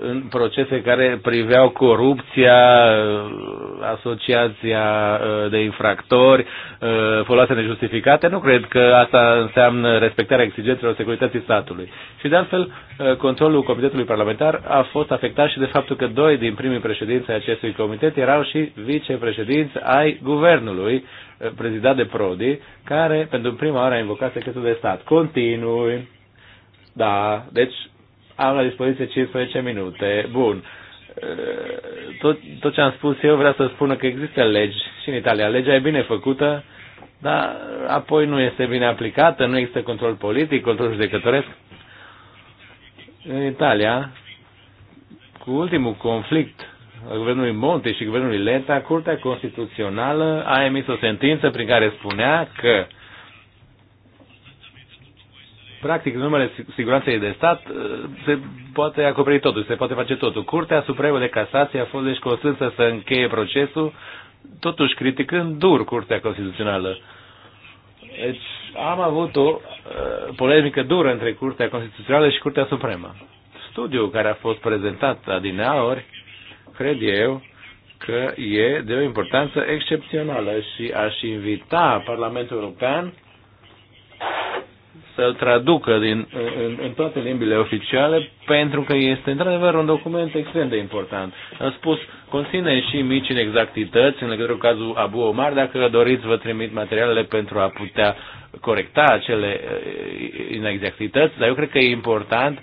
în procese care priveau corupția, uh, asociația uh, de infractori, foloase nejustificate. Nu cred că asta înseamnă respectarea exigențelor securității statului. Și de altfel, controlul Comitetului Parlamentar a fost afectat și de faptul că doi din primii președinți ai acestui comitet erau și vicepreședinți ai guvernului, prezidat de Prodi, care pentru prima oară a invocat secretul de stat. Continui. Da, deci am la dispoziție 15 minute. Bun. Tot, tot ce am spus eu vreau să spună că există legi și în Italia. Legea e bine făcută, dar apoi nu este bine aplicată, nu există control politic, control judecătoresc. În Italia, cu ultimul conflict al guvernului Monte și guvernului Leta, Curtea Constituțională a emis o sentință prin care spunea că practic, în numele siguranței de stat, uh, se poate acoperi totul, se poate face totul. Curtea Supremă de Casație a fost deci constrânsă să încheie procesul, totuși criticând dur Curtea Constituțională. Deci am avut o uh, polemică dură între Curtea Constituțională și Curtea Supremă. Studiul care a fost prezentat adineaori, cred eu, că e de o importanță excepțională și aș invita Parlamentul European să-l traducă din, în, în toate limbile oficiale, pentru că este într-adevăr un document extrem de important. Am spus, conține și mici inexactități în legătură cu cazul Abu Omar, dacă doriți vă trimit materialele pentru a putea corecta acele eh, inexactități, dar eu cred că e important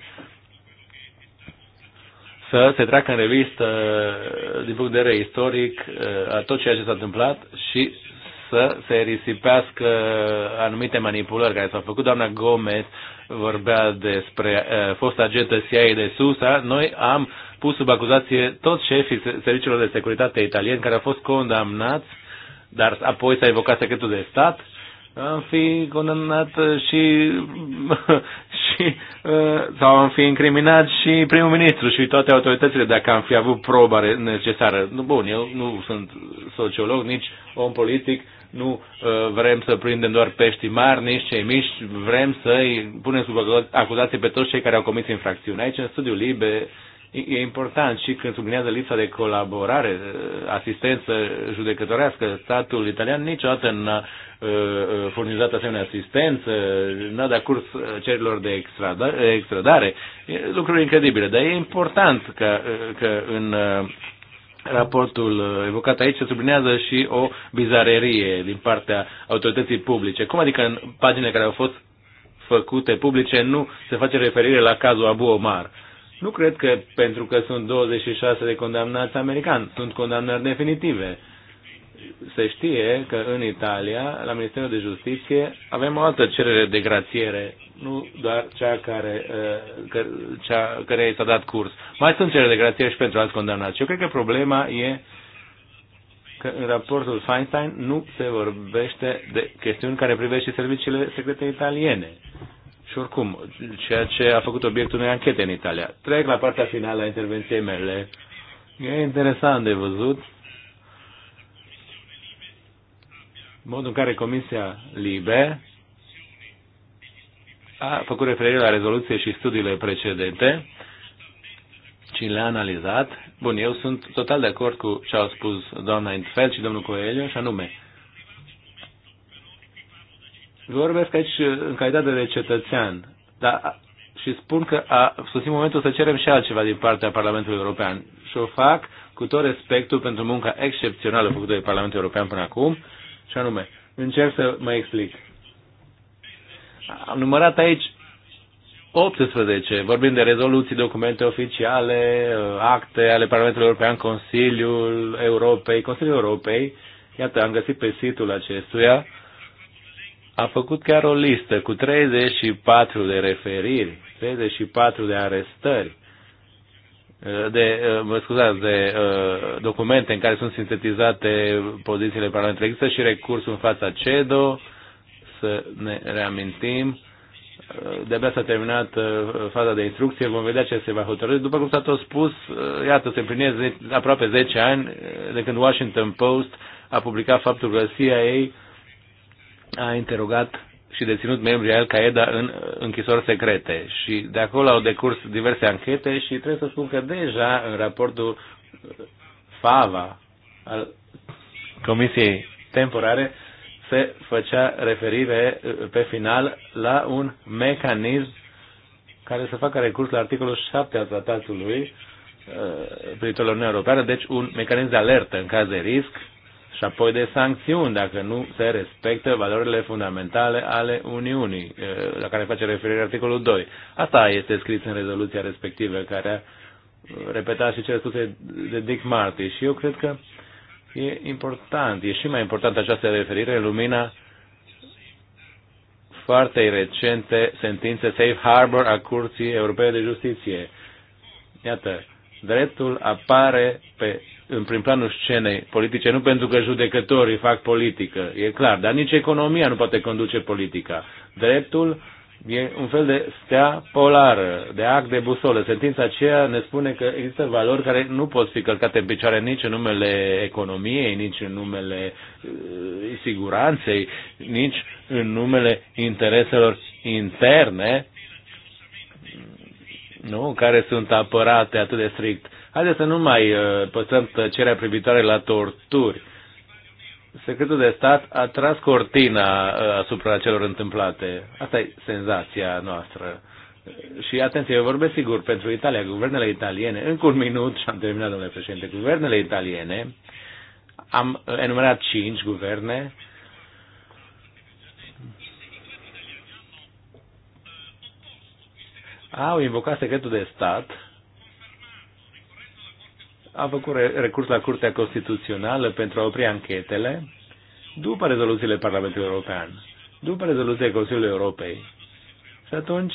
să se treacă în revistă, eh, din punct de vedere istoric, eh, a tot ceea ce s-a întâmplat și să se risipească anumite manipulări care s-au făcut. Doamna Gomez vorbea despre uh, fost agentă CIA de SUSA. Noi am pus sub acuzație toți șefii serviciilor de securitate italieni care au fost condamnați, dar apoi s-a evocat secretul de stat. Am fi condamnat și, și eh, sau am fi incriminat și primul ministru și toate autoritățile dacă am fi avut proba necesară. Bun, eu nu sunt sociolog, nici om politic, nu uh, vrem să prindem doar pești mari, nici cei mici, vrem să-i punem sub acuzație pe toți cei care au comis infracțiuni. Aici, în studiul LIBE, e important și când sublinează lipsa de colaborare, uh, asistență judecătorească, statul italian niciodată n-a uh, furnizat asemenea asistență, n-a dat curs cerilor de extradare, lucruri incredibile, dar e important că, că în raportul uh, evocat aici se sublinează și o bizarerie din partea autorității publice. Cum adică în paginile care au fost făcute publice nu se face referire la cazul Abu Omar? Nu cred că pentru că sunt 26 de condamnați americani, sunt condamnări definitive se știe că în Italia, la Ministerul de Justiție, avem o altă cerere de grațiere, nu doar cea care, uh, că, cea care i s-a dat curs. Mai sunt cereri de grațiere și pentru alți condamnați. Eu cred că problema e că în raportul Feinstein nu se vorbește de chestiuni care privește serviciile secrete italiene. Și oricum, ceea ce a făcut obiectul unei anchete în Italia. Trec la partea finală a intervenției mele. E interesant de văzut modul în care Comisia Libe a făcut referire la rezoluție și studiile precedente și le-a analizat. Bun, eu sunt total de acord cu ce au spus doamna Intfel și domnul Coelho, și anume, vorbesc aici în calitate de cetățean, dar și spun că a susțin momentul să cerem și altceva din partea Parlamentului European. Și o fac cu tot respectul pentru munca excepțională făcută de Parlamentul European până acum, și anume, încerc să mă explic. Am numărat aici 18. Vorbim de rezoluții, documente oficiale, uh, acte ale Parlamentului European, Consiliul Europei, Consiliul Europei. Iată, am găsit pe situl acestuia. A făcut chiar o listă cu 34 de referiri, 34 de arestări de, eh, mă scuzați, de eh, documente în care sunt sintetizate pozițiile Parlamentului. Există și recursul în fața CEDO, să ne reamintim. Eh, de-abia s-a terminat faza de instrucție, vom vedea ce se va hotărâi. După cum s-a tot spus, iată, se împlinesc aproape 10 ani de când Washington Post a publicat faptul că CIA a interogat și deținut membrii Al-Qaeda în uh, închisori secrete. Și de acolo au decurs diverse anchete și trebuie să spun că deja în raportul uh, FAVA al Comisiei Temporare se făcea referire uh, pe final la un mecanism care să facă recurs la articolul 7 al tratatului privitor la Uniunea Europeană, deci un mecanism de alertă în caz de risc și apoi de sancțiuni dacă nu se respectă valorile fundamentale ale Uniunii, eh, la care face referire articolul 2. Asta este scris în rezoluția respectivă, care a eh, repetat și cele spuse de Dick Marty. Și eu cred că e important, e și mai important această referire lumina foarte recente sentințe Safe Harbor a Curții Europene de Justiție. Iată, dreptul apare pe în prin planul scenei politice, nu pentru că judecătorii fac politică, e clar, dar nici economia nu poate conduce politica. Dreptul e un fel de stea polară, de act de busolă. Sentința aceea ne spune că există valori care nu pot fi călcate în picioare nici în numele economiei, nici în numele uh, siguranței, nici în numele intereselor interne, nu? care sunt apărate atât de strict. Haideți să nu mai uh, păstrăm tăcerea privitoare la torturi. Secretul de stat a tras cortina uh, asupra celor întâmplate. Asta e senzația noastră. Și atenție, eu vorbesc sigur pentru Italia, guvernele italiene, încă un minut și am terminat, domnule președinte, guvernele italiene, am enumerat cinci guverne, au invocat secretul de stat a făcut recurs la Curtea Constituțională pentru a opri anchetele după rezoluțiile Parlamentului European, după rezoluția Consiliului Europei. Și atunci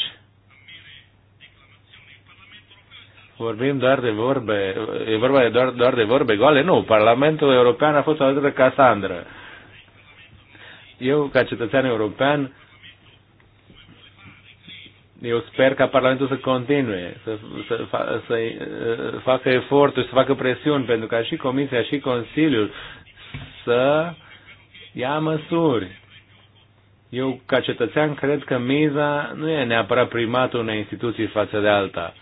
vorbim doar de vorbe, e vorba de doar, doar de vorbe goale? Nu, Parlamentul European a fost o altă Casandră. Eu, ca cetățean european, eu sper ca Parlamentul să continue, să, să, fa, să uh, facă eforturi, să facă presiuni, pentru ca și Comisia și Consiliul să ia măsuri. Eu, ca cetățean, cred că miza nu e neapărat primatul unei instituții față de alta.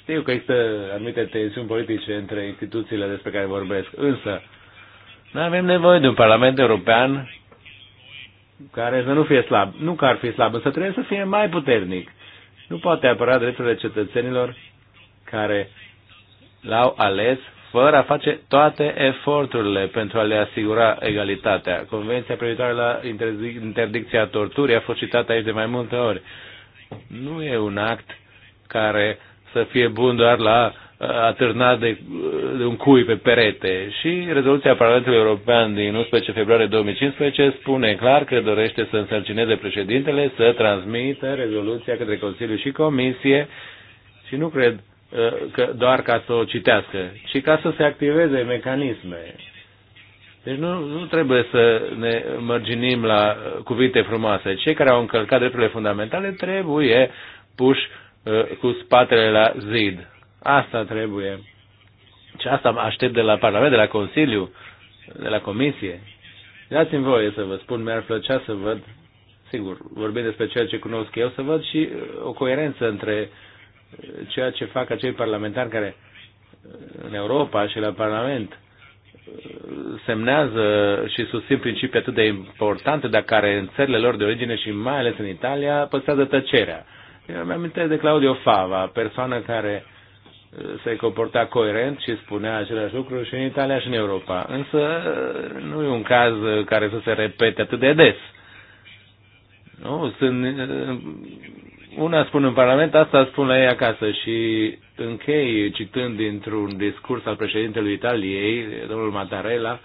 Știu că există anumite tensiuni politice între instituțiile despre care vorbesc, însă noi avem nevoie de un Parlament European care să nu fie slab. Nu că ar fi slab, însă trebuie să fie mai puternic. Nu poate apăra drepturile cetățenilor care l-au ales fără a face toate eforturile pentru a le asigura egalitatea. Convenția privitoare la interdicția torturii a fost citată aici de mai multe ori. Nu e un act care să fie bun doar la atârnat de, de un cui pe perete și rezoluția Parlamentului European din 11 februarie 2015 spune clar că dorește să însărcineze președintele să transmită rezoluția către Consiliu și Comisie și nu cred uh, că doar ca să o citească, ci ca să se activeze mecanisme. Deci nu, nu trebuie să ne mărginim la cuvinte frumoase. Cei care au încălcat drepturile fundamentale trebuie puși uh, cu spatele la zid Asta trebuie. Și asta aștept de la Parlament, de la Consiliu, de la Comisie. Dați-mi voie să vă spun, mi-ar plăcea să văd, sigur, vorbim despre ceea ce cunosc eu, să văd și uh, o coerență între uh, ceea ce fac acei parlamentari care uh, în Europa și la Parlament semnează și susțin principii atât de importante, dar care în țările lor de origine și mai ales în Italia păstrează tăcerea. Eu mi-am de Claudio Fava, persoană care se comporta coerent și spunea același lucru și în Italia și în Europa. Însă nu e un caz care să se repete atât de des. Nu, sunt, una spun în Parlament, asta spun la ei acasă și închei citând dintr-un discurs al președintelui Italiei, domnul Mattarella,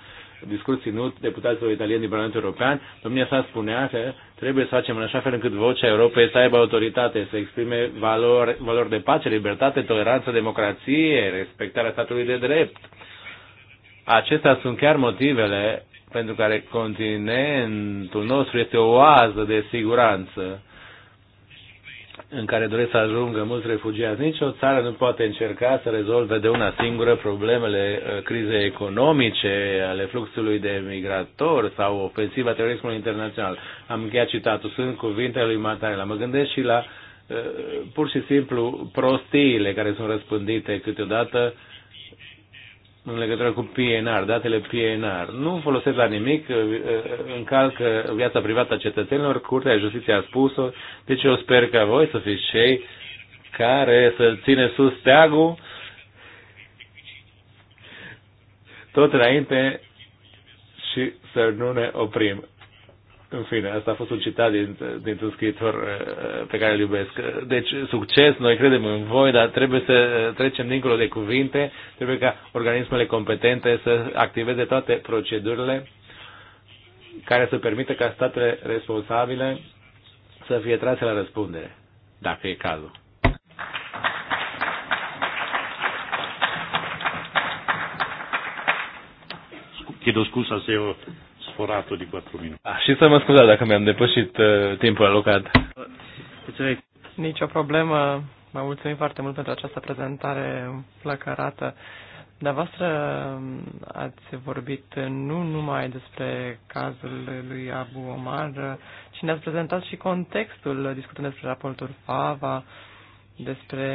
discurs ținut deputaților italieni din Parlamentul European, domnia sa spunea că Trebuie să facem în așa fel încât vocea Europei să aibă autoritate, să exprime valori, valori de pace, libertate, toleranță, democrație, respectarea statului de drept. Acestea sunt chiar motivele pentru care continentul nostru este o oază de siguranță în care doresc să ajungă mulți refugiați. Nici o țară nu poate încerca să rezolve de una singură problemele uh, crizei economice, ale fluxului de migratori sau ofensiva terorismului internațional. Am încheiat citatul, sunt cuvintele lui Matarela. Mă gândesc și la uh, pur și simplu prostiile care sunt răspândite câteodată uh, în legătură cu PNR, datele PNR. Nu folosesc la nimic, uh, uh, încalcă viața privată a cetățenilor, Curtea Justiției a spus-o, deci eu sper ca voi să fiți cei care să ține sus steagul tot înainte și să nu ne oprim. În fine, asta a fost un citat dintr-un scriitor uh, pe care îl iubesc. Deci, succes, noi credem în voi, dar trebuie să trecem dincolo de cuvinte, trebuie ca organismele competente să activeze toate procedurile care să permită ca statele responsabile să fie trase la răspundere, dacă e cazul. Chiedo scusa se ho sforatul de 4 minute. Ah, și să mă scuzați dacă mi-am depășit uh, timpul alocat. Nici o problemă. Mă mulțumim foarte mult pentru această prezentare plăcărată. voastră um, ați vorbit nu numai despre cazul lui Abu Omar, ci ne-ați prezentat și contextul, discutând despre raportul FAVA, despre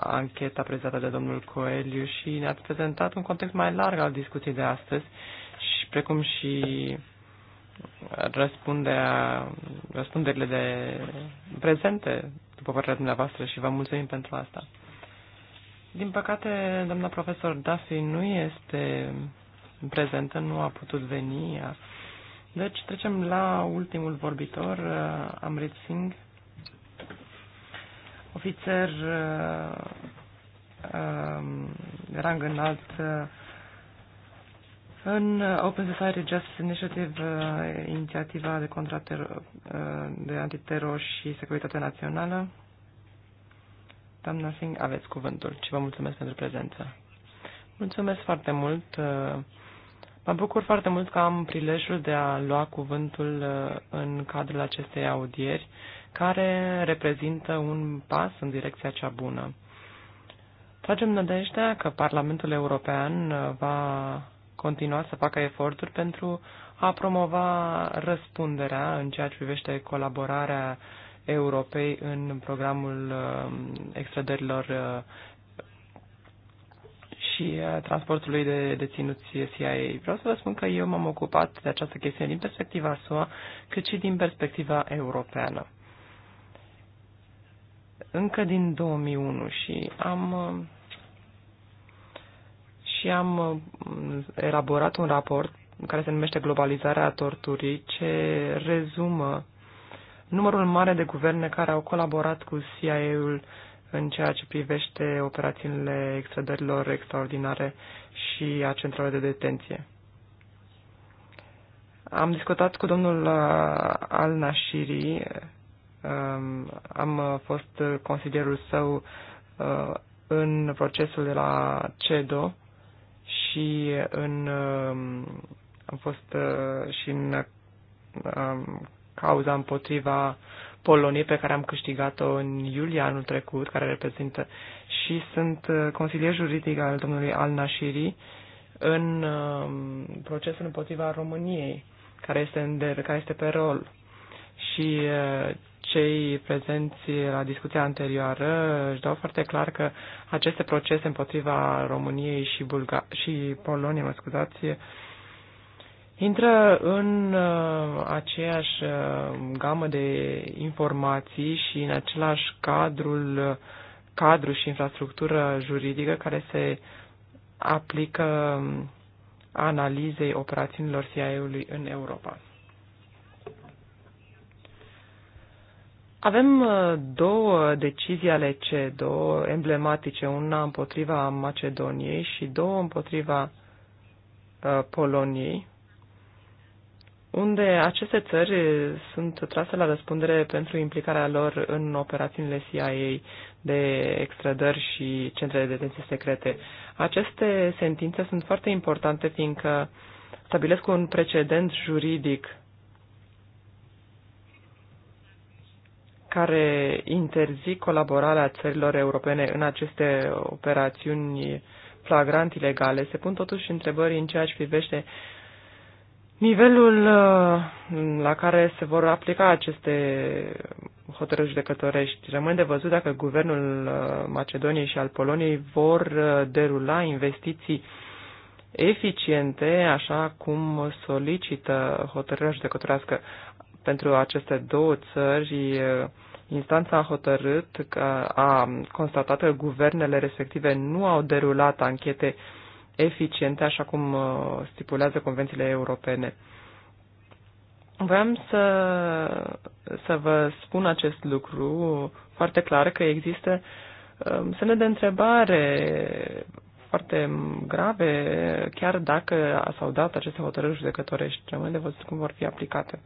ancheta prezentată de domnul Coeliu și ne-ați prezentat un context mai larg al discuției de astăzi și deci, precum și răspunderea, răspunderile de prezente, după părerea dumneavoastră, și vă mulțumim pentru asta. Din păcate, doamna profesor Duffy nu este prezentă, nu a putut veni. Deci trecem la ultimul vorbitor, uh, Amrit Singh, ofițer uh, um, rang înalt uh, în Open Society Justice Initiative, uh, inițiativa de, uh, de antiteror și securitate națională, doamna Singh, aveți cuvântul și vă mulțumesc pentru prezență. Mulțumesc foarte mult. Uh, mă bucur foarte mult că am prilejul de a lua cuvântul în cadrul acestei audieri, care reprezintă un pas în direcția cea bună. Tragem nădejdea că Parlamentul European va continua să facă eforturi pentru a promova răspunderea în ceea ce privește colaborarea Europei în programul uh, extrădărilor uh, și uh, transportului de deținuți CIA. Vreau să vă spun că eu m-am ocupat de această chestiune din perspectiva SUA, cât și din perspectiva europeană. Încă din 2001 și am și am uh, elaborat un raport care se numește Globalizarea torturii, ce rezumă numărul mare de guverne care au colaborat cu CIA-ul în ceea ce privește operațiunile extrădărilor extraordinare și a centrelor de detenție. Am discutat cu domnul uh, Al Nashiri, um, am fost consilierul său uh, în procesul de la CEDO și în, um, am fost uh, și în um, cauza împotriva Poloniei pe care am câștigat-o în iulie anul trecut, care reprezintă și sunt uh, consilier juridic al domnului Al Nashiri în um, procesul împotriva României, care este, în, care este pe rol. Și uh, cei prezenți la discuția anterioară își dau foarte clar că aceste procese împotriva României și, Bulga- și Poloniei, mă scuzați, intră în uh, aceeași uh, gamă de informații și în același cadrul, cadru și infrastructură juridică care se aplică um, analizei operațiunilor CIA-ului în Europa. Avem uh, două decizii ale C, emblematice, una împotriva Macedoniei și două împotriva uh, Poloniei, unde aceste țări sunt trase la răspundere pentru implicarea lor în operațiunile CIA de extrădări și centre de detenție secrete. Aceste sentințe sunt foarte importante fiindcă stabilesc un precedent juridic care interzic colaborarea țărilor europene în aceste operațiuni flagrant ilegale, se pun totuși întrebări în ceea ce privește nivelul uh, la care se vor aplica aceste hotărâri judecătorești. Rămâne de văzut dacă guvernul uh, Macedoniei și al Poloniei vor uh, derula investiții eficiente, așa cum solicită hotărârea judecătorească pentru aceste două țări, instanța a hotărât că a constatat că guvernele respective nu au derulat anchete eficiente, așa cum uh, stipulează convențiile europene. Vreau să, să vă spun acest lucru foarte clar, că există um, semne de întrebare foarte grave, chiar dacă s-au dat aceste hotărâri judecătorești. Rămâne de văzut cum vor fi aplicate.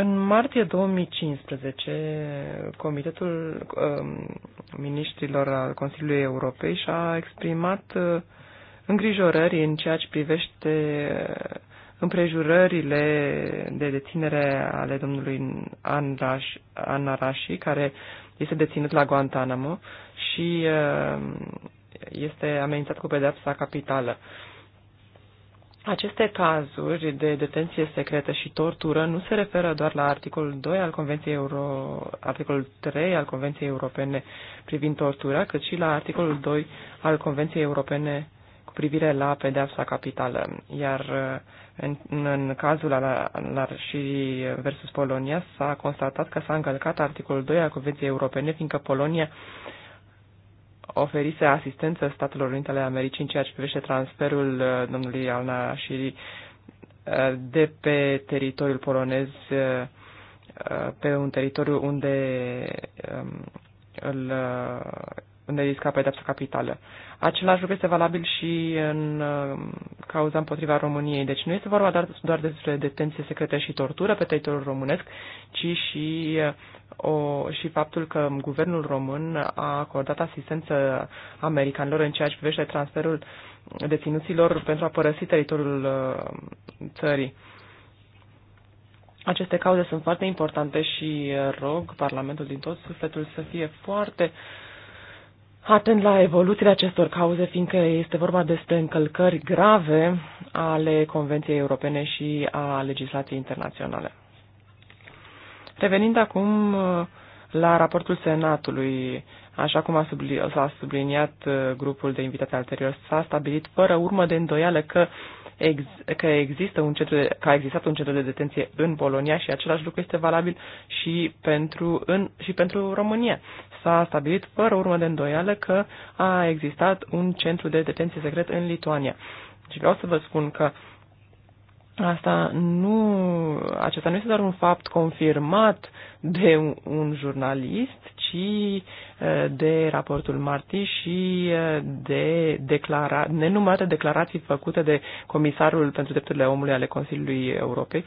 În martie 2015, Comitetul um, Ministrilor al Consiliului Europei și-a exprimat uh, îngrijorări în ceea ce privește împrejurările de deținere ale domnului Anraș, Anarashi, care este deținut la Guantanamo și uh, este amenințat cu pedepsa capitală. Aceste cazuri de detenție secretă și tortură nu se referă doar la articolul 2 al Convenției Euro, articolul 3 al Convenției Europene privind tortura, cât și la articolul 2 al Convenției Europene cu privire la pedeapsa capitală. Iar uh, în, în cazul la, la, și versus Polonia s-a constatat că s-a încălcat articolul 2 al Convenției Europene, fiindcă Polonia oferise asistență Statelor Unite ale Americii în ceea ce privește transferul uh, domnului Alna și uh, de pe teritoriul polonez uh, pe un teritoriu unde um, îl unde risca pedeapsa capitală. Același lucru este valabil și în um, cauza împotriva României. Deci nu este vorba doar, doar despre detenție secretă și tortură pe teritoriul românesc, ci și o, și faptul că guvernul român a acordat asistență americanilor în ceea ce privește transferul deținuților pentru a părăsi teritoriul uh, țării. Aceste cauze sunt foarte importante și uh, rog Parlamentul din tot sufletul să fie foarte atent la evoluțiile acestor cauze, fiindcă este vorba despre încălcări grave ale Convenției Europene și a legislației internaționale. Revenind acum uh, la raportul Senatului, așa cum a s-a subliniat uh, grupul de invitați anterior, s-a stabilit fără urmă de îndoială că, ex, că, există un centru de, că a existat un centru de detenție în Polonia și același lucru este valabil și pentru, în, și pentru România. S-a stabilit fără urmă de îndoială că a existat un centru de detenție secret în Lituania. Și vreau să vă spun că uh, Asta nu, acesta nu este doar un fapt confirmat de un jurnalist, ci de raportul Marti și de declara, nenumărate declarații făcute de Comisarul pentru Drepturile Omului ale Consiliului Europei,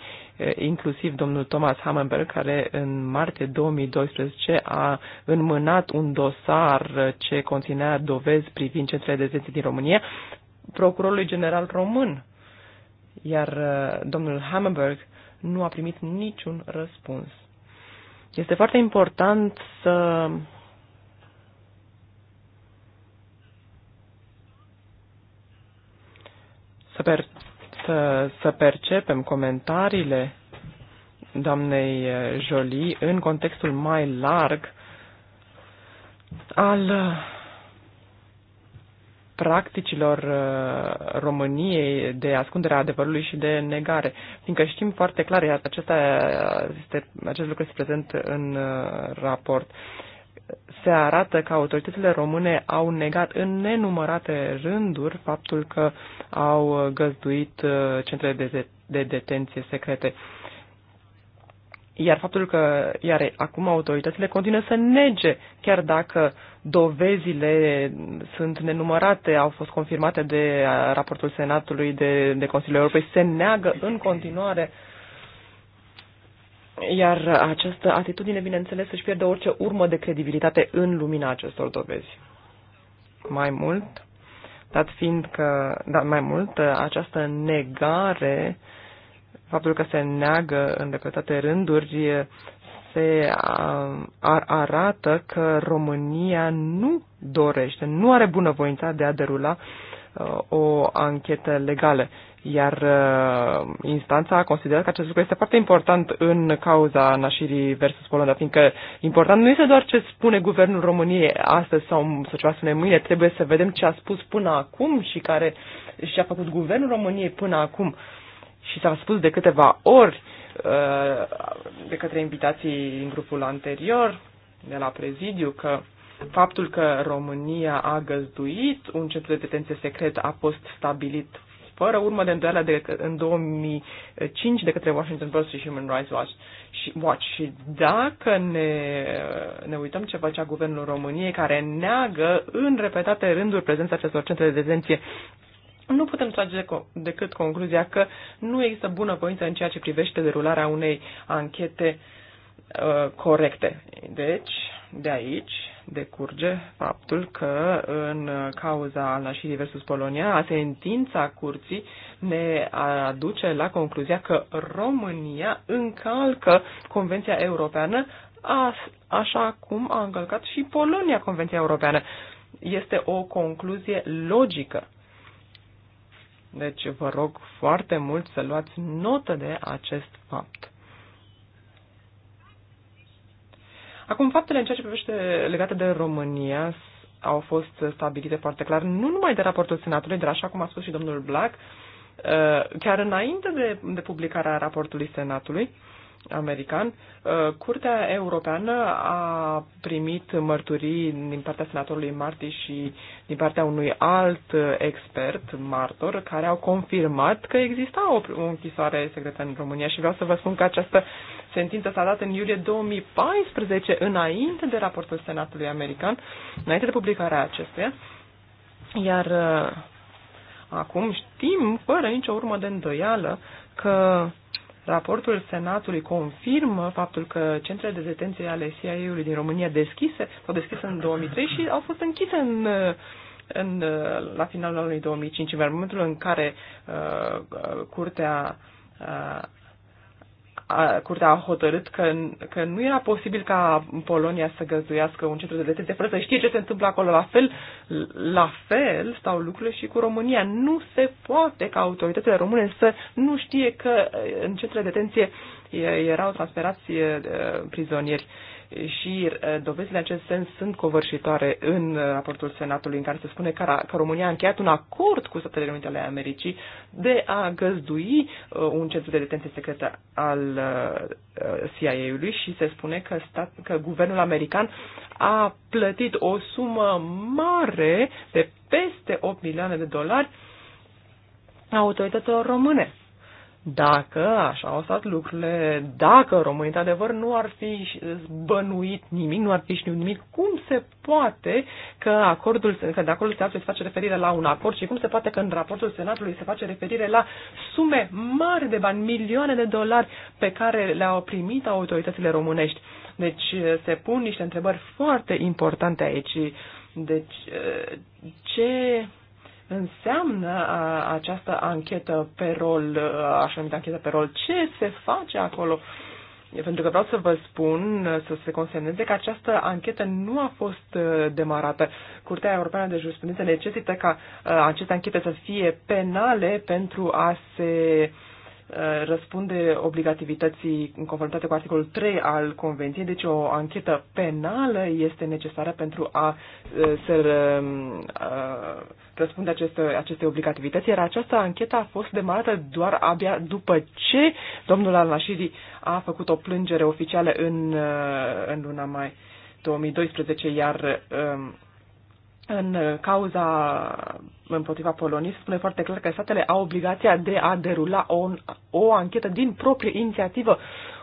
inclusiv domnul Thomas Hammenberg, care în martie 2012 a înmânat un dosar ce conținea dovezi privind centrele de detenție din România procurorului general român iar uh, domnul Hammerberg nu a primit niciun răspuns. Este foarte important să să, per, să, să percepem comentariile doamnei uh, Jolie în contextul mai larg al practicilor uh, României de ascunderea adevărului și de negare, fiindcă știm foarte clar, iar acesta este, acest lucru este prezent în uh, raport, se arată că autoritățile române au negat în nenumărate rânduri faptul că au găzduit uh, centrele de, de detenție secrete. Uh, iar faptul că, iar acum autoritățile continuă să nege, chiar dacă dovezile sunt nenumărate, au fost confirmate de raportul Senatului, de, de Consiliul Europei, se neagă în continuare. Iar această atitudine, bineînțeles, își pierde orice urmă de credibilitate în lumina acestor dovezi. Mai mult, dat fiind că, da, mai mult, această negare uh, faptul că se neagă în repetate rânduri se ar arată că România nu dorește, nu are bunăvoința de a derula uh, o anchetă legală. Iar uh, instanța a considerat că acest lucru este foarte important în cauza nașirii versus Polonia, fiindcă important nu este doar ce spune guvernul României astăzi sau să ceva spune mâine, trebuie să vedem ce a spus până acum și care și a făcut guvernul României până acum. Uh, și s-a spus de câteva ori uh, de către invitații din grupul anterior, de la prezidiu, că faptul că România a găzduit un centru de detenție secret a fost stabilit fără urmă de îndoială de, în 2005 de către Washington Post și Human Rights Watch. Și, Watch. și dacă ne, ne uităm ce facea guvernul României, care neagă în repetate rânduri prezența acestor centre de detenție nu putem trage decât concluzia că nu există bună voință în ceea ce privește derularea unei anchete uh, corecte. Deci, de aici decurge faptul că în cauza al nașirii versus Polonia, sentința curții ne aduce la concluzia că România încalcă Convenția Europeană a, așa cum a încălcat și Polonia Convenția Europeană. Este o concluzie logică deci vă rog foarte mult să luați notă de acest fapt. Acum, faptele în ceea ce privește legate de România au fost stabilite foarte clar, nu numai de raportul Senatului, dar așa cum a spus și domnul Black, uh, chiar înainte de, de publicarea raportului Senatului, american, uh, Curtea Europeană a primit mărturii din partea senatorului Marti și din partea unui alt expert, martor, care au confirmat că exista o, închisoare secretă în România și vreau să vă spun că această sentință s-a dat în iulie 2014, înainte de raportul senatului american, înainte de publicarea acestuia, iar uh, acum știm, fără nicio urmă de îndoială, că Raportul Senatului confirmă faptul că centrele de detenție ale CIA-ului din România deschise, s-au deschis în 2003 și au fost închise în, în, la finalul anului 2005. În momentul în care uh, uh curtea uh, curtea a hotărât că, că nu era posibil ca Polonia să găzduiască un centru de detenție fără să știe ce se întâmplă acolo. La fel, la fel stau lucrurile și cu România. Nu se poate ca autoritățile române să nu știe că în centrele de detenție erau transferați prizonieri și dovezile în acest sens sunt covârșitoare în raportul Senatului în care se spune că, că România a încheiat un acord cu Statele Unite ale Americii de a găzdui un centru de detenție secretă al CIA-ului și se spune că, stat, că guvernul american a plătit o sumă mare de peste 8 milioane de dolari autorităților române dacă așa au stat lucrurile, dacă românii, într-adevăr, nu ar fi zbănuit nimic, nu ar fi știut nimic, cum se poate că acordul, că de acordul Senatului se face referire la un acord și cum se poate că în raportul Senatului se face referire la sume mari de bani, milioane de dolari pe care le-au primit autoritățile românești. Deci se pun niște întrebări foarte importante aici. Deci ce înseamnă a, această anchetă pe rol, așa numită anchetă pe rol, ce se face acolo. Pentru că vreau să vă spun, să se consemneze că această anchetă nu a fost demarată. Curtea Europeană de Jurisprudență necesită ca aceste anchete să fie penale pentru a se uh, Uh, răspunde obligativității în conformitate cu articolul 3 al Convenției, deci o anchetă penală este necesară pentru a uh, se uh, răspunde aceste, aceste obligativități, iar această anchetă a fost demarată doar abia după ce domnul Al-Nashiri a făcut o plângere oficială în, în luna mai 2012, iar um, în cauza împotriva Poloniei spune foarte clar că statele au obligația de a derula o, o anchetă din proprie inițiativă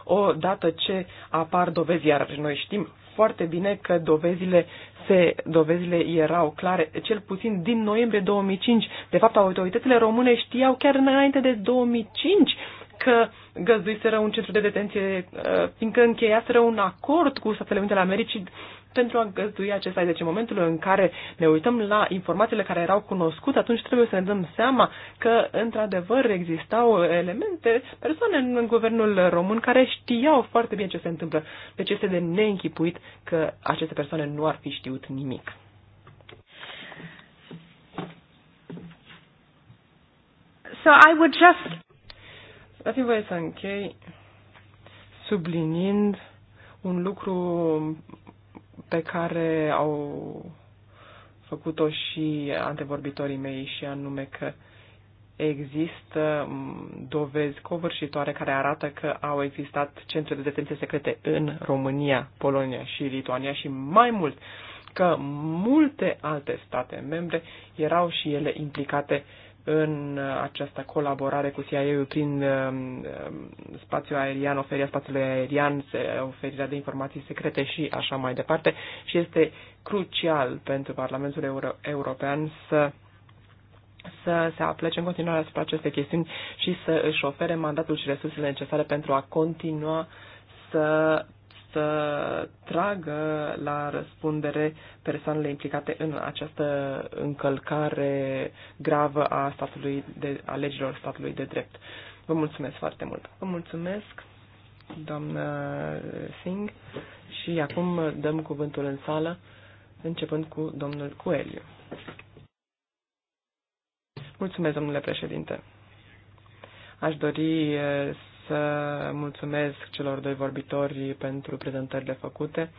odată ce apar dovezi, iar noi știm foarte bine că dovezile, se, dovezile erau clare, cel puțin din noiembrie 2005. De fapt, autoritățile române știau chiar înainte de 2005 că găzduiseră un centru de detenție, uh, fiindcă încheiaseră un acord cu Statele Unite ale Americii pentru a găzdui acesta. Deci în momentul în care ne uităm la informațiile care erau cunoscute, atunci trebuie să ne dăm seama că într-adevăr existau elemente, persoane în guvernul român care știau foarte bine ce se întâmplă. Deci este de neînchipuit că aceste persoane nu ar fi știut nimic. So I would just... Dați-mi voie să închei sublinind un lucru pe care au făcut-o și antevorbitorii mei și anume că există dovezi covârșitoare care arată că au existat centre de detenție secrete în România, Polonia și Lituania și mai mult că multe alte state membre erau și ele implicate uh, în această colaborare cu CIA prin um, um, spațiul aerian, oferirea spațiului aerian, oferirea de informații secrete și așa mai departe. Și este crucial pentru Parlamentul Euro- European să să se aplece în continuare asupra acestei chestiuni și să își ofere mandatul și resursele necesare pentru a continua să să tragă la răspundere persoanele implicate în această încălcare gravă a, statului de, a legilor statului de drept. Vă mulțumesc foarte mult. Vă mulțumesc, doamnă Singh, și acum dăm cuvântul în sală, începând cu domnul Coeliu. Mulțumesc, domnule președinte. Aș dori eh, să mulțumesc celor doi vorbitori pentru prezentările făcute.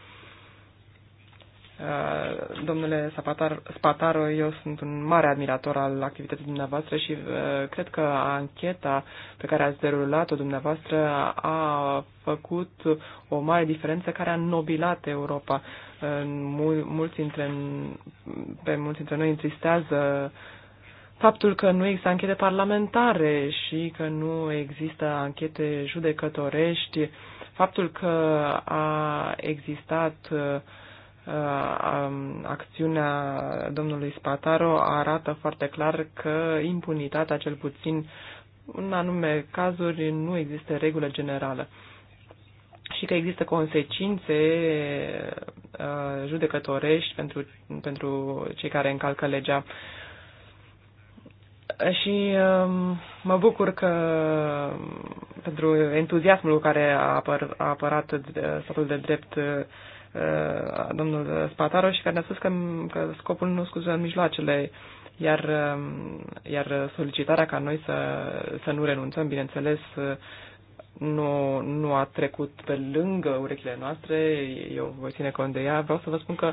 Uh, domnule Sapatar, Spataro, eu sunt un mare admirator al activității dumneavoastră și uh, cred că ancheta pe care ați derulat-o dumneavoastră a făcut o mare diferență care a nobilat Europa. mulți dintre, pe mulți dintre noi întristează faptul că nu există anchete parlamentare și că nu există anchete judecătorești, faptul că a existat uh, uh, um, acțiunea domnului Spataro arată foarte clar că impunitatea, cel puțin în anume cazuri, nu există regulă generală și că există consecințe uh, judecătorești pentru, pentru cei care încalcă legea și um, mă bucur că pentru entuziasmul care a, apăr, a apărat uh, statul de drept uh, uh, domnul Spataro și care ne-a spus că, că scopul nu scuză în mijloacele, iar, um, iar solicitarea ca noi să, să nu renunțăm, bineînțeles, nu, nu a trecut pe lângă urechile noastre, eu voi ține cont de ea. Vreau să vă spun că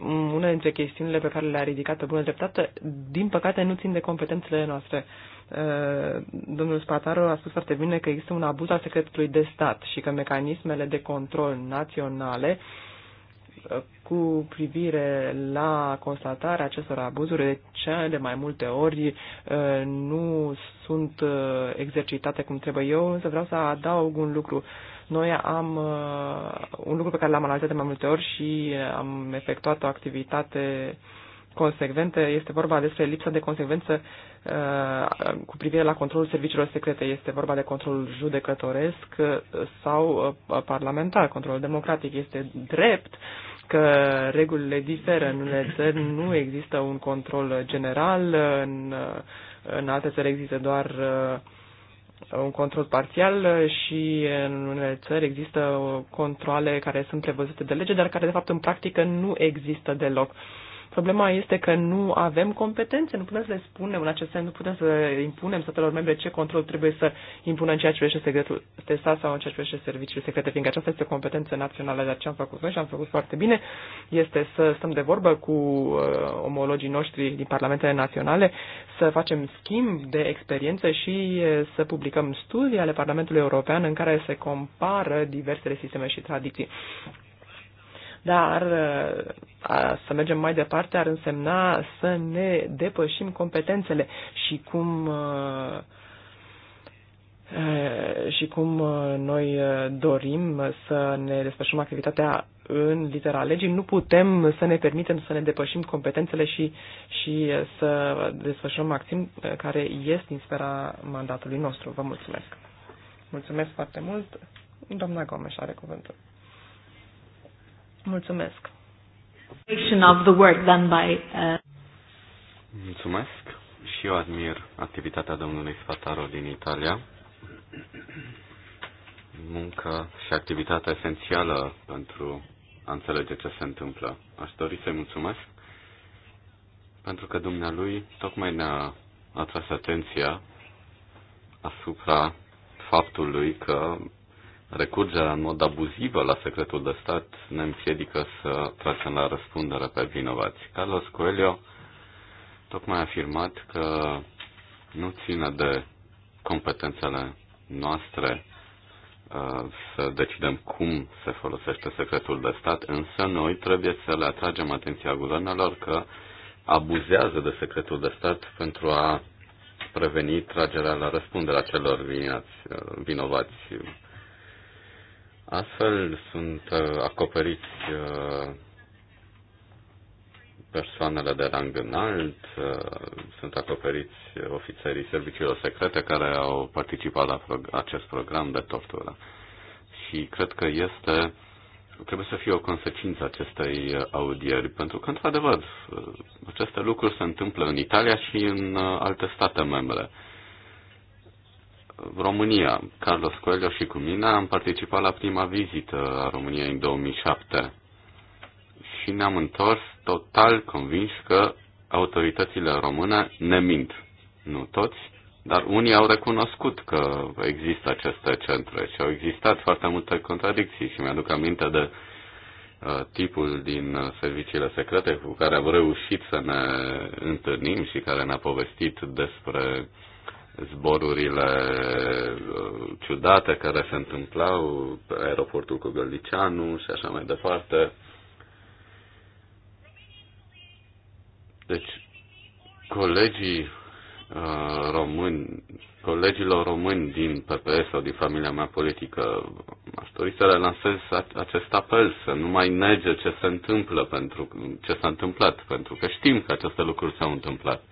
una dintre chestiunile pe care le-a ridicat pe bună dreptate, din păcate nu țin de competențele noastre. Uh, domnul Spataru a spus foarte bine că există un abuz al secretului de stat și că mecanismele de control naționale uh, cu privire la constatarea acestor abuzuri, de cea de mai multe ori uh, nu sunt exercitate cum trebuie. Eu însă vreau să adaug un lucru. Noi am uh, un lucru pe care l-am analizat de mai multe ori și am efectuat o activitate consecvente. Este vorba despre lipsa de consecvență uh, cu privire la controlul serviciilor secrete. Este vorba de controlul judecătoresc uh, sau uh, parlamentar, controlul democratic. Este drept că regulile diferă. În unele țări nu există un control general, în, uh, în alte țări există doar uh, un control parțial și în unele țări există controle care sunt prevăzute de lege, dar care de fapt în practică nu există deloc. Problema este că nu avem competențe, nu putem să le spunem în acest sens, nu putem să impunem statelor membre ce control trebuie să impună în ceea ce privește secretul de stat sau în ceea ce privește serviciile secrete, fiindcă aceasta este o competență națională, dar ce am făcut noi și am făcut foarte bine este să stăm de vorbă cu uh, omologii noștri din parlamentele naționale, să facem schimb de experiențe și uh, să publicăm studii ale Parlamentului European în care se compară diversele sisteme și tradiții. Dar uh, a, să mergem mai departe ar însemna să ne depășim competențele și cum uh, uh, și cum noi dorim să ne desfășurăm activitatea în litera legii, nu putem să ne permitem să ne depășim competențele și, și să desfășurăm acțiuni care ies din sfera mandatului nostru. Vă mulțumesc! Mulțumesc foarte mult! Doamna Gomes are cuvântul. Mulțumesc. Of the work done by, uh... Mulțumesc și eu admir activitatea domnului Sfataro din Italia. Muncă și activitatea esențială pentru a înțelege ce se întâmplă. Aș dori să-i mulțumesc pentru că dumnealui tocmai ne-a atras atenția asupra faptului că Recurgerea în mod abuziv la secretul de stat ne împiedică să tragem la răspundere pe vinovați. Carlos Coelho tocmai a afirmat că nu ține de competențele noastre uh, să decidem cum se folosește secretul de stat, însă noi trebuie să le atragem atenția guvernelor că abuzează de secretul de stat pentru a preveni tragerea la răspundere a celor vinovați. Uh, Astfel sunt uh, acoperiți uh, persoanele de rang înalt, uh, sunt acoperiți ofițerii serviciilor secrete care au participat la acest program de tortură. Și cred că este, trebuie să fie o consecință acestei audieri, pentru că, într-adevăr, aceste lucruri se întâmplă în Italia și în alte state membre. România. Carlos Coelho și cu mine am participat la prima vizită a României în 2007 și ne-am întors total convins că autoritățile române ne mint. Nu toți, dar unii au recunoscut că există aceste centre și au existat foarte multe contradicții și mi-aduc aminte de uh, tipul din serviciile secrete cu care am reușit să ne întâlnim și care ne-a povestit despre uh, zborurile uh, ciudate care se întâmplau, aeroportul cu Gălicianu și așa mai departe. Deci, colegii uh, români, colegilor români din PPS sau din familia mea politică, aș dori să le lansez acest apel, să nu mai nege ce se întâmplă pentru ce s-a întâmplat, pentru că știm că aceste lucruri s-au întâmplat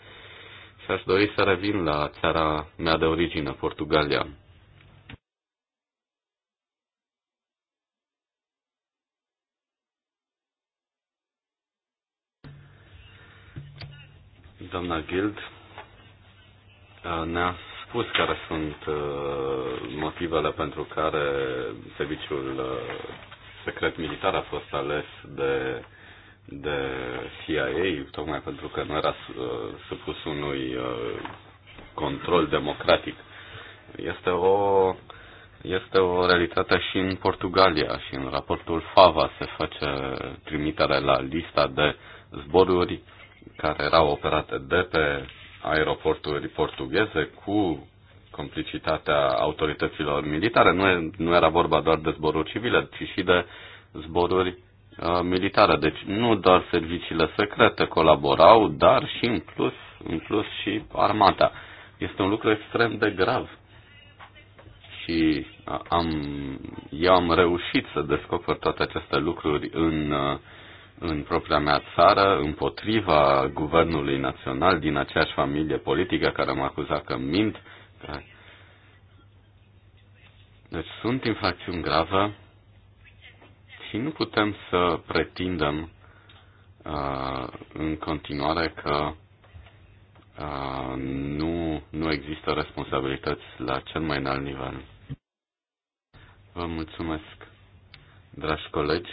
aș dori să revin la țara mea de origine, Portugalia. Doamna Guild uh, ne-a spus care sunt uh, motivele pentru care serviciul uh, secret militar a fost ales de de CIA, tocmai pentru că nu era uh, supus unui uh, control democratic. Este o, este o realitate și în Portugalia și în raportul FAVA se face trimitere la lista de zboruri care erau operate de pe aeroporturi portugheze cu complicitatea autorităților militare. Nu, e, nu era vorba doar de zboruri civile, ci și de zboruri Uh, militară. Deci nu doar serviciile secrete colaborau, dar și în plus, în plus și armata. Este un lucru extrem de grav. Și uh, am, eu am reușit să descoper toate aceste lucruri în, uh, în propria mea țară, împotriva guvernului național din aceeași familie politică care m-a acuzat că mint. Deci sunt infracțiuni grave și nu putem să pretindem uh, în continuare că uh, nu, nu există responsabilități la cel mai înalt nivel. Vă mulțumesc, dragi colegi.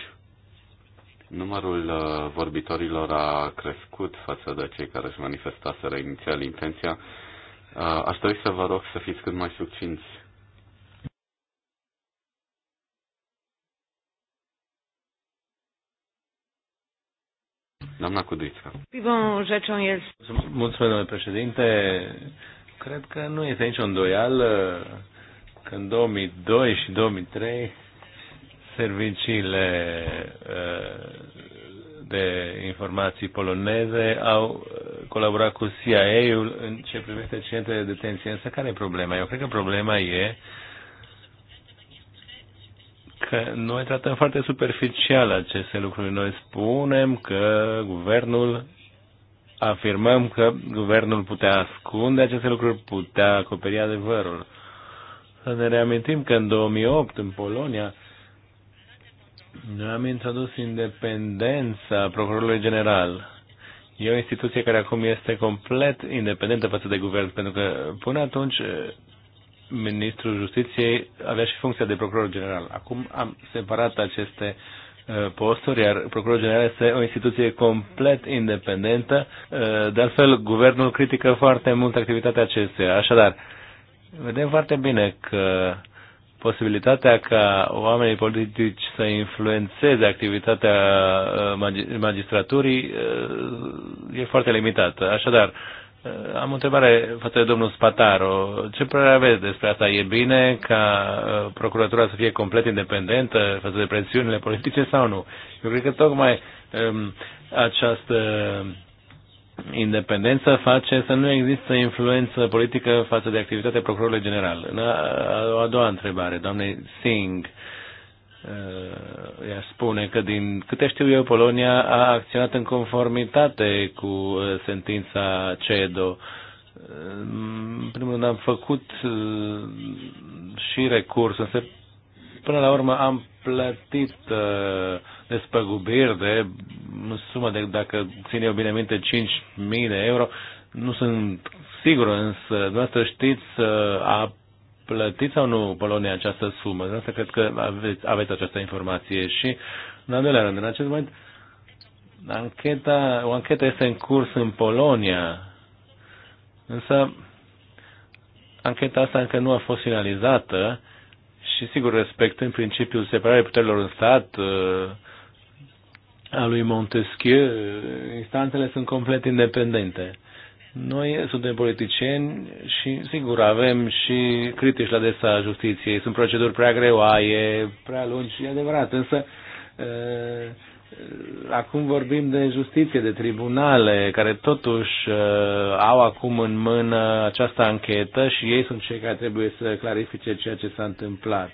Numărul uh, vorbitorilor a crescut față de cei care își manifestaseră inițial intenția. Uh, aș dori să vă rog să fiți cât mai succinți Doamna Cuduițca. Mulțumesc, domnule președinte. Cred că nu este nicio îndoială că în 2002 și 2003 serviciile uh, de informații poloneze au uh, colaborat cu CIA-ul în ce privește centrele de detenție. Însă care e problema? Eu cred că problema e uh, că noi tratăm foarte superficial aceste lucruri. Noi spunem că guvernul afirmăm că guvernul putea ascunde aceste lucruri, putea acoperi adevărul. Să ne reamintim că în 2008, în Polonia, noi am introdus independența Procurorului General. E o instituție care acum este complet independentă față de guvern, pentru că până atunci ministrul justiției avea și funcția de procuror general. Acum am separat aceste uh, posturi, iar Procurorul General este o instituție complet independentă. Uh, de altfel, guvernul critică foarte mult activitatea acesteia. Așadar, vedem foarte bine că posibilitatea ca oamenii politici să influențeze activitatea uh, magistraturii e foarte limitată. Așadar, Uh, am o întrebare față de domnul Spataro. Ce părere aveți despre asta? E bine ca uh, procuratura să fie complet independentă față de presiunile politice sau nu? Eu cred că tocmai um, această independență face să nu există influență politică față de activitatea procurorului general. A, a doua întrebare, doamnei Singh. Uh, Eh, ea spune că, din câte știu eu, Polonia a acționat în conformitate cu eh, sentința CEDO. Eh, în primul rând am făcut și recurs, însă până la urmă am plătit despăgubiri de sumă de, dacă țin eu bine minte, 5.000 de euro. Nu sunt sigur, însă dumneavoastră știți a plătit sau nu Polonia această sumă? De asta cred că aveți, aveți această informație și, în al doilea rând, în acest moment, ancheta, o anchetă este în curs în Polonia, însă ancheta asta încă nu a fost finalizată și, sigur, respectând principiul separării puterilor în stat, uh, a lui Montesquieu, uh, instanțele sunt complet independente. Noi suntem politicieni și, sigur, avem și critici la adresa justiției. Sunt proceduri prea greoaie, prea lungi și adevărat, însă acum vorbim de justiție, de tribunale, care totuși au acum în mână această anchetă și ei sunt cei care trebuie să clarifice ceea ce s-a întâmplat.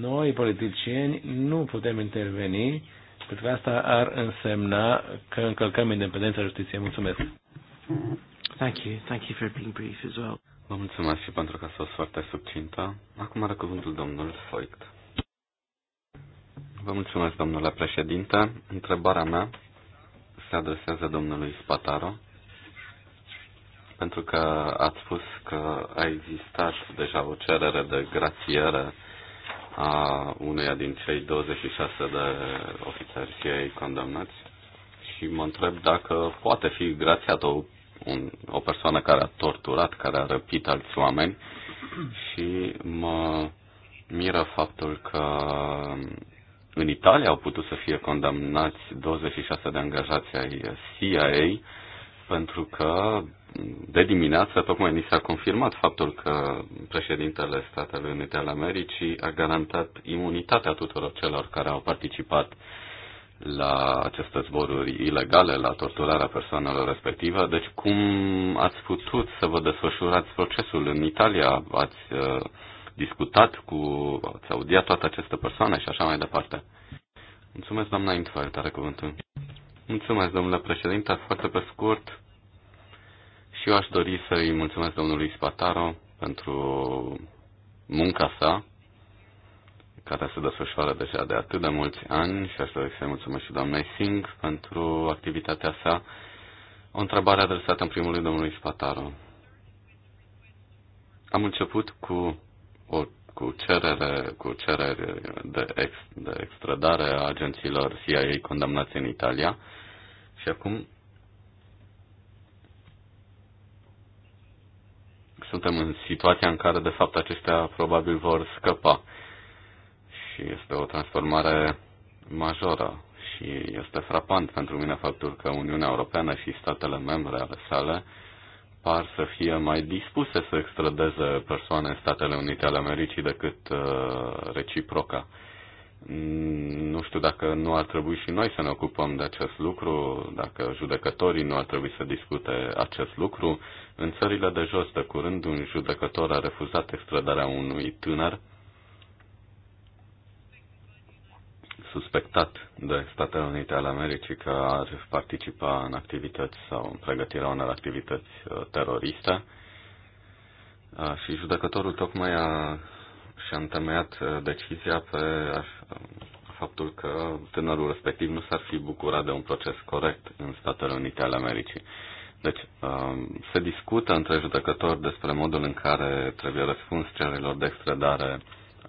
Noi, politicieni, nu putem interveni pentru că asta ar însemna că încălcăm independența justiției. Mulțumesc. Thank you. Thank you for being brief as well. Vă mulțumesc și pentru că s-a fost foarte subțintă. Acum are cuvântul domnul Foict. Vă mulțumesc, domnule președinte. Întrebarea mea se adresează domnului Spataro, pentru că ați spus că a existat deja o cerere de grațiere a uneia din cei 26 de ofițeri CIA condamnați și mă întreb dacă poate fi grațiat o un, o persoană care a torturat, care a răpit alți oameni și mă miră faptul că în Italia au putut să fie condamnați 26 de angajați ai CIA pentru că de dimineață tocmai ni s-a confirmat faptul că președintele Statelor Unite al Americii a garantat imunitatea tuturor celor care au participat la aceste zboruri ilegale, la torturarea persoanelor respective. Deci cum ați putut să vă desfășurați procesul în Italia? Ați uh, discutat cu, ați audiat toate aceste persoane și așa mai departe. Mulțumesc, doamna Intfeld, tare cuvântul. Mulțumesc, domnule președinte, foarte pe scurt. Și eu aș dori să-i mulțumesc domnului Spataro pentru munca sa care se desfășoară deja de atât de mulți ani și aș dori să-i mulțumesc și doamnei Singh pentru activitatea sa. O întrebare adresată în primul rând domnului Spataru. Am început cu o cu cerere, cu cerere de, ex, de extradare a agenților CIA condamnați în Italia și acum suntem în situația în care, de fapt, aceștia probabil vor scăpa și este o transformare majoră și este frapant pentru mine faptul că Uniunea Europeană și statele membre ale sale par să fie mai dispuse să extradeze persoane în Statele Unite ale Americii decât uh, reciproca. Nu știu dacă nu ar trebui și noi să ne ocupăm de acest lucru, dacă judecătorii nu ar trebui să discute acest lucru. În țările de jos, de curând, un judecător a refuzat extradarea unui tânăr suspectat de Statele Unite ale Americii că ar participa în activități sau în pregătirea unor activități uh, teroriste. Uh, și judecătorul tocmai a, și-a întemeiat uh, decizia pe faptul că tânărul respectiv nu s-ar fi bucurat de un proces corect în Statele Unite ale Americii. Deci, se discută între judecători despre modul în care trebuie răspuns cererilor de extradare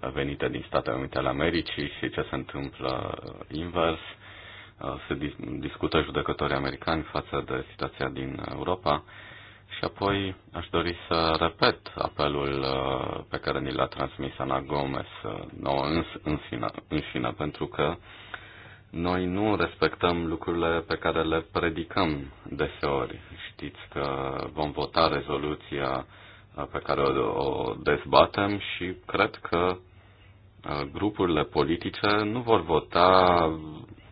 venite din Statele Unite ale Americii și ce se întâmplă invers. Uh, se discută judecătorii americani față de situația din Europa. Și apoi aș dori să repet apelul uh, pe care ni l-a transmis Ana Gomez uh, nouă înșine, pentru că noi nu respectăm lucrurile pe care le predicăm deseori. Știți că vom vota rezoluția pe care o dezbatem și cred că grupurile politice nu vor vota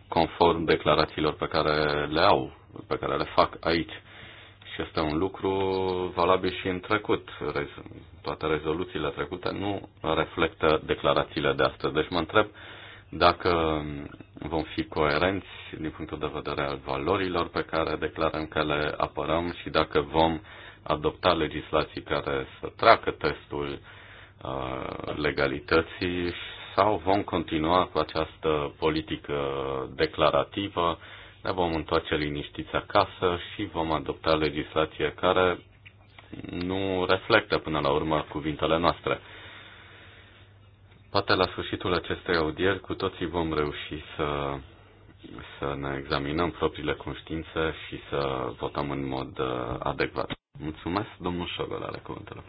conform declarațiilor pe care le au, pe care le fac aici. Și este un lucru valabil și în trecut. Toate rezoluțiile trecute nu reflectă declarațiile de astăzi. Deci mă întreb dacă vom fi coerenți din punctul de vedere al valorilor pe care declarăm că le apărăm și dacă vom adopta legislații care să treacă testul legalității sau vom continua cu această politică declarativă, ne vom întoarce liniștiți acasă și vom adopta legislație care nu reflectă până la urmă cuvintele noastre. Poate la sfârșitul acestei audieri cu toții vom reuși să, să ne examinăm propriile conștiințe și să votăm în mod uh, adecvat. Mulțumesc, domnul Șogol, are cuvântele.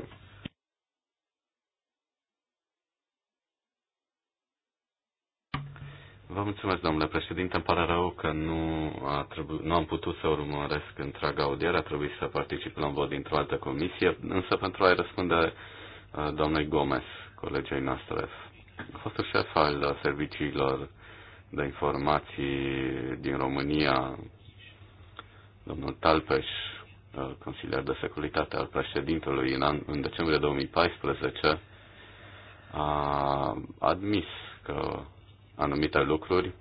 Vă mulțumesc, domnule președinte. Îmi pare rău că nu, a trebu- nu am putut să urmăresc întreaga audiere. A trebuit să particip la un vot dintr-o altă comisie, însă pentru a-i răspunde uh, doamnei Gomez, colegei noastre, a fost șef al serviciilor de informații din România, domnul Talpeș, uh, consilier de securitate al președintelui în, an, în decembrie 2014, a admis că anumite lucruri.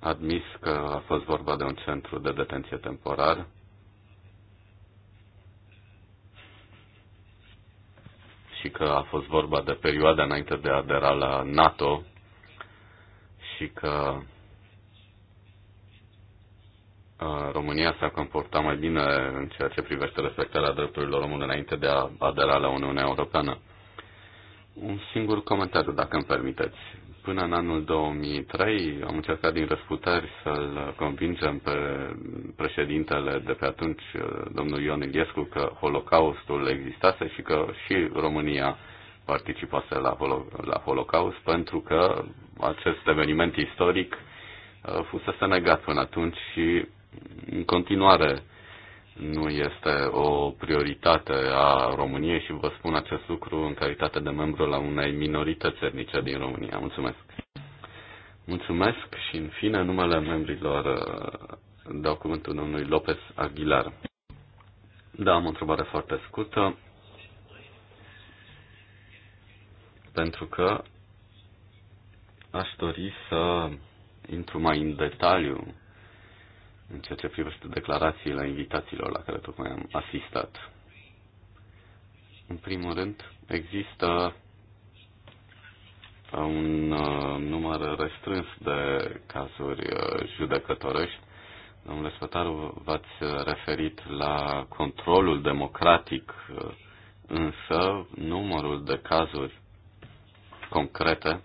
Admis că a fost vorba de un centru de detenție temporar. și că a fost vorba de perioada înainte de a adera la NATO și că România s-a comportat mai bine în ceea ce privește respectarea drepturilor omului înainte de a adera la Uniunea Europeană. Un singur comentariu, dacă îmi permiteți. Până în anul 2003 am încercat din răsputeri să-l convingem pe președintele de pe atunci, domnul Ion Ghescu că Holocaustul existase și că și România participase la, Holo- la Holocaust, pentru că acest eveniment istoric uh, fusese negat până atunci și în continuare nu este o prioritate a României și vă spun acest lucru în calitate de membru la unei minorități etnice din România. Mulțumesc! Mulțumesc și, în fine, numele membrilor uh, dau cuvântul domnului Lopez Aguilar. Da, am o întrebare foarte scurtă. Pentru că aș dori să intru mai în detaliu în ceea ce privește declarațiile invitațiilor la care tocmai am asistat. În primul rând, există un uh, număr restrâns de cazuri uh, judecătorești. Domnule Spătaru, v-ați referit la controlul democratic, uh, însă numărul de cazuri concrete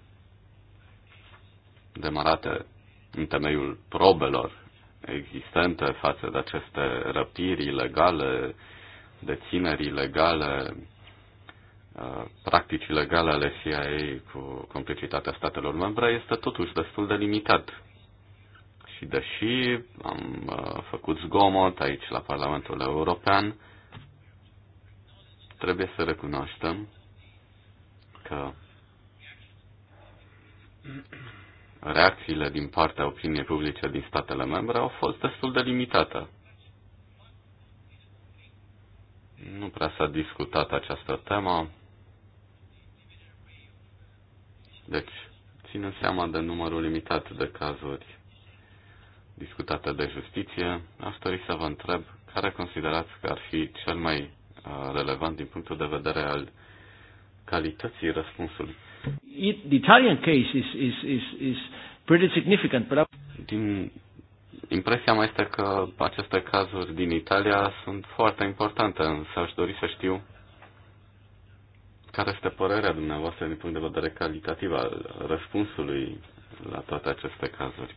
demarate în temeiul probelor existente față de aceste răpiri ilegale, deținerii ilegale, uh, practici ilegale ale CIA cu complicitatea statelor membre este totuși destul de limitat. Și deși am uh, făcut zgomot aici la Parlamentul European, trebuie să recunoaștem că reacțiile din partea opiniei publice din statele membre au fost destul de limitate. Nu prea s-a discutat această temă. Deci, ținem seama de numărul limitat de cazuri discutate de justiție, aș dori să vă întreb care considerați că ar fi cel mai uh, relevant din punctul de vedere al calității răspunsului It, the Italian case is, is, is, is pretty significant, but... Din impresia mea este că aceste cazuri din Italia sunt foarte importante, însă aș dori să știu care este părerea dumneavoastră din punct de vedere calitativ al răspunsului la toate aceste cazuri.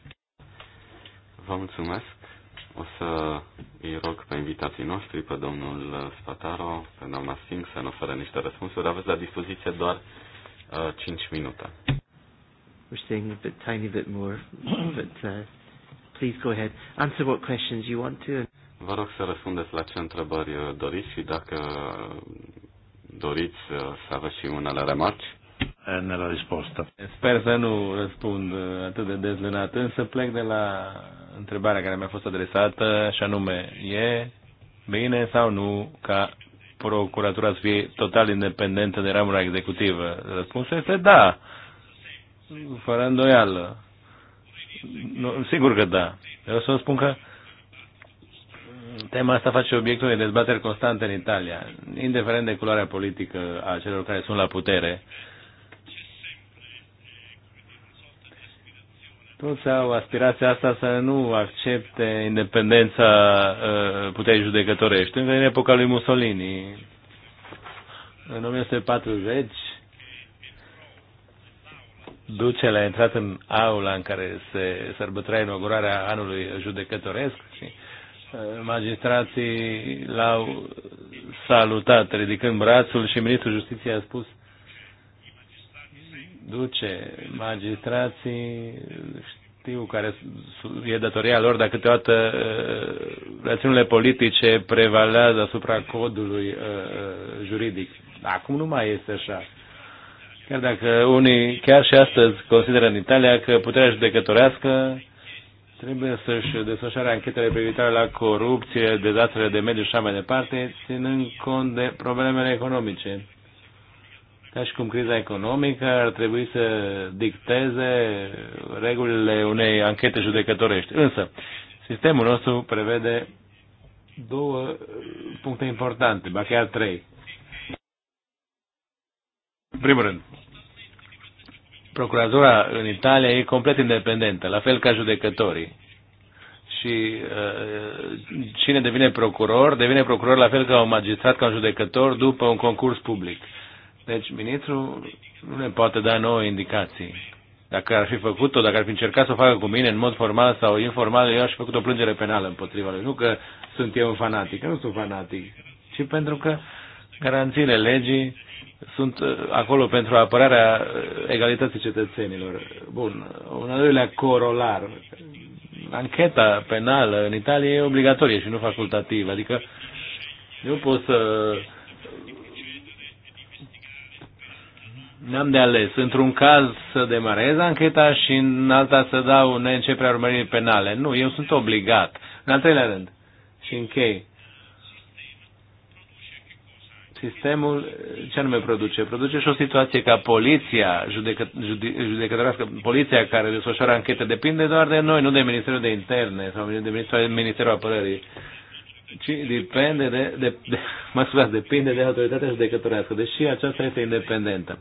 Vă mulțumesc. O să îi rog pe invitații noștri, pe domnul Spataro, pe doamna Singh să ne ofere niște răspunsuri. Aveți la dispoziție doar 5 uh, minute. We're staying a bit, tiny bit more, but uh, please go ahead. Answer what questions you want to. Vă rog să răspundeți la ce întrebări uh, doriți și dacă doriți uh, să aveți și unele remarci nella risposta. Sper să nu răspund atât de dezlenat, însă plec de la întrebarea care mi-a fost adresată, și anume, e bine sau nu ca procuratura să fie total independentă de ramura executivă? Răspunsul este da, fără îndoială. Nu, sigur că da. Eu să vă spun că tema asta face obiectul de dezbateri constante în Italia, indiferent de culoarea politică a celor care sunt la putere. Uh, toți au aspirația asta să nu accepte independența uh, puterii judecătorești. Încă în epoca lui Mussolini, în 1940, ducele a intrat în aula în care se sărbătorea inaugurarea anului judecătoresc și uh, magistrații l-au salutat ridicând brațul și ministrul justiției a spus duce magistrații, știu care e datoria lor, dar câteodată uh, rațiunile politice prevalează asupra codului uh, uh, juridic. Acum nu mai este așa. Chiar dacă unii, chiar și astăzi, consideră în Italia că puterea judecătorească trebuie să-și desfășoare anchetele privitoare la corupție, dezastrele de mediu și așa mai departe, ținând cont de problemele economice ca și cum criza economică ar trebui să dicteze regulile unei anchete judecătorești. Însă, sistemul nostru prevede două puncte importante, ba chiar trei. În primul rând, procuratura în Italia e complet independentă, la fel ca judecătorii. Și uh, cine devine procuror, devine procuror la fel ca un magistrat, ca un judecător, după un concurs public. Uh, deci, ministrul nu ne poate da nouă indicații. Dacă ar fi făcut-o, dacă ar fi încercat să o facă cu mine în mod formal sau informal, eu aș fi făcut o plângere penală împotriva lui. Nu că sunt eu un fanatic, nu sunt fanatic, ci pentru că garanțiile legii sunt uh, acolo pentru apărarea uh, egalității cetățenilor. Bun, un al doilea corolar. Ancheta penală în Italia e obligatorie și nu facultativă, adică nu poți să N-am de ales. Într-un caz să demarez ancheta și în alta să dau neînceperea urmăririi penale. Nu, eu sunt obligat. În al treilea rând. Și închei. Sistemul ce anume produce? Produce și o situație ca poliția judecă, judecătorească, poliția care desfășoară anchete, depinde doar de noi, nu de Ministerul de Interne sau de Ministerul, Ministerul Apărării ci depinde de, de, de mă scuzați, depinde de autoritatea judecătorească, deși aceasta este independentă.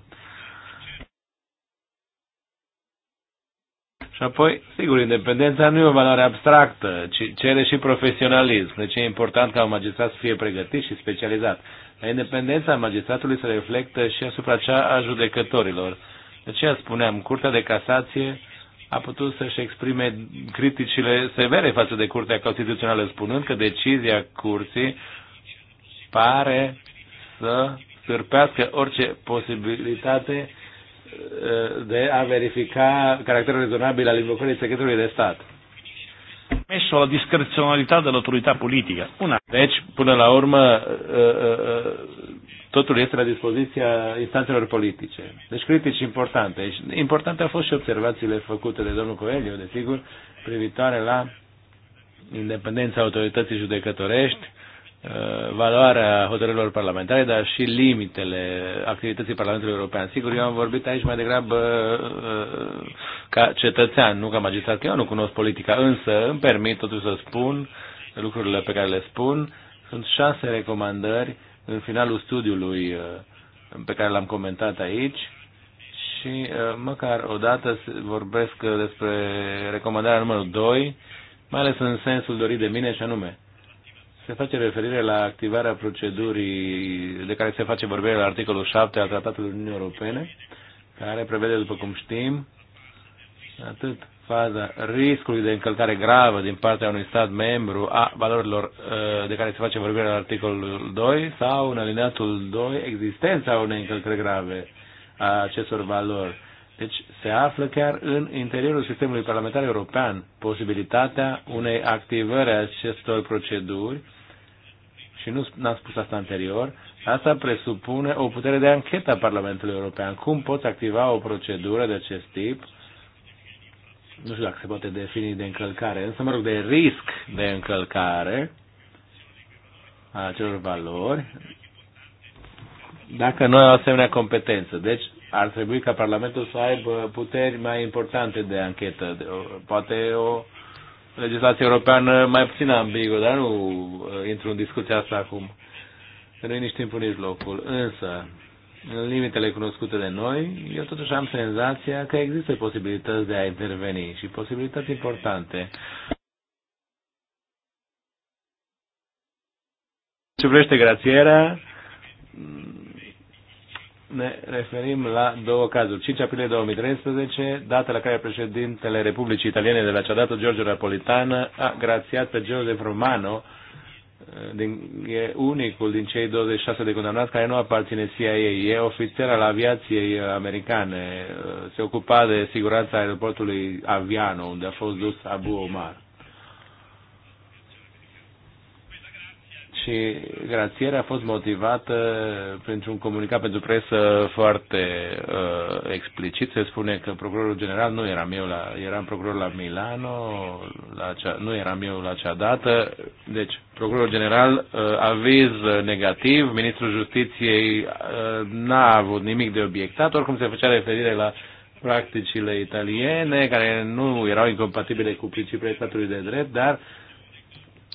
Și apoi, sigur, independența nu e o valoare abstractă, ci cere și profesionalism. Deci e important ca un magistrat să fie pregătit și specializat. La independența magistratului se reflectă și asupra cea a judecătorilor. De aceea spuneam, Curtea de Casație a putut să-și exprime criticile severe față de Curtea Constituțională, spunând că decizia Curții pare să sârpească orice posibilitate de a verifica caracterul rezonabil al invocării secretului de stat. Messo la discrezionalità dell'autorità politica. Una. Deci, până la urmă, uh, uh, uh, totul este la dispoziția instanțelor politice. Deci critici importante. Importante au fost și observațiile făcute de domnul Coelho, desigur, privitoare la independența autorității judecătorești Uh, valoarea hotărârilor parlamentare, dar și limitele activității Parlamentului European. Sigur, eu am vorbit aici mai degrabă uh, ca cetățean, nu ca magistrat, că eu nu cunosc politica, însă îmi permit totuși să spun lucrurile pe care le spun. Sunt șase recomandări în finalul studiului uh, pe care l-am comentat aici și măcar odată vorbesc despre recomandarea numărul 2, mai ales în sensul dorit de mine și anume se face referire la activarea procedurii de care se face vorbire la articolul 7 al Tratatului Uniunii Europene, care prevede, după cum știm, atât faza riscului de încălcare gravă din partea unui stat membru a valorilor uh, de care se face vorbire la articolul 2 sau în alineatul 2 existența unei încălcări grave a acestor valori. Deci se află chiar în interiorul sistemului parlamentar european posibilitatea unei activări a acestor proceduri și nu n-am spus asta anterior, asta presupune o putere de anchetă a Parlamentului European. Cum poți activa o procedură de acest tip? Nu știu dacă se poate defini de încălcare, însă, mă rog, de risc de încălcare a acelor valori, dacă ai o asemenea competență. Deci, ar trebui ca Parlamentul să aibă puteri mai importante de anchetă, de, poate o legislația europeană mai puțin ambiguă, dar nu uh, intru în discuția asta acum. Nu e nici timpul, nici locul. Însă, în limitele cunoscute de noi, eu totuși am senzația că există posibilități de a interveni și posibilități importante. Ce vrește grațierea, ne referim la două cazuri. 5 aprilie 2013, data la care președintele Republicii Italiene de la cea dată, Giorgio Napolitan, a grațiat pe Giuseppe Romano, din, e unicul din cei 26 de condamnați care nu aparține CIA. E ofițer al aviației americane. Se ocupa de siguranța aeroportului Aviano, unde a fost dus Abu Omar. și grațierea a fost motivată printr-un comunicat pentru presă foarte uh, explicit. Se spune că procurorul general nu eram eu, la, eram procuror la Milano, la cea, nu eram eu la acea dată. Deci, procurorul general uh, aviz negativ, ministrul justiției uh, n-a avut nimic de obiectat, oricum se făcea referire la practicile italiene, care nu erau incompatibile cu principiile statului de drept, dar uh,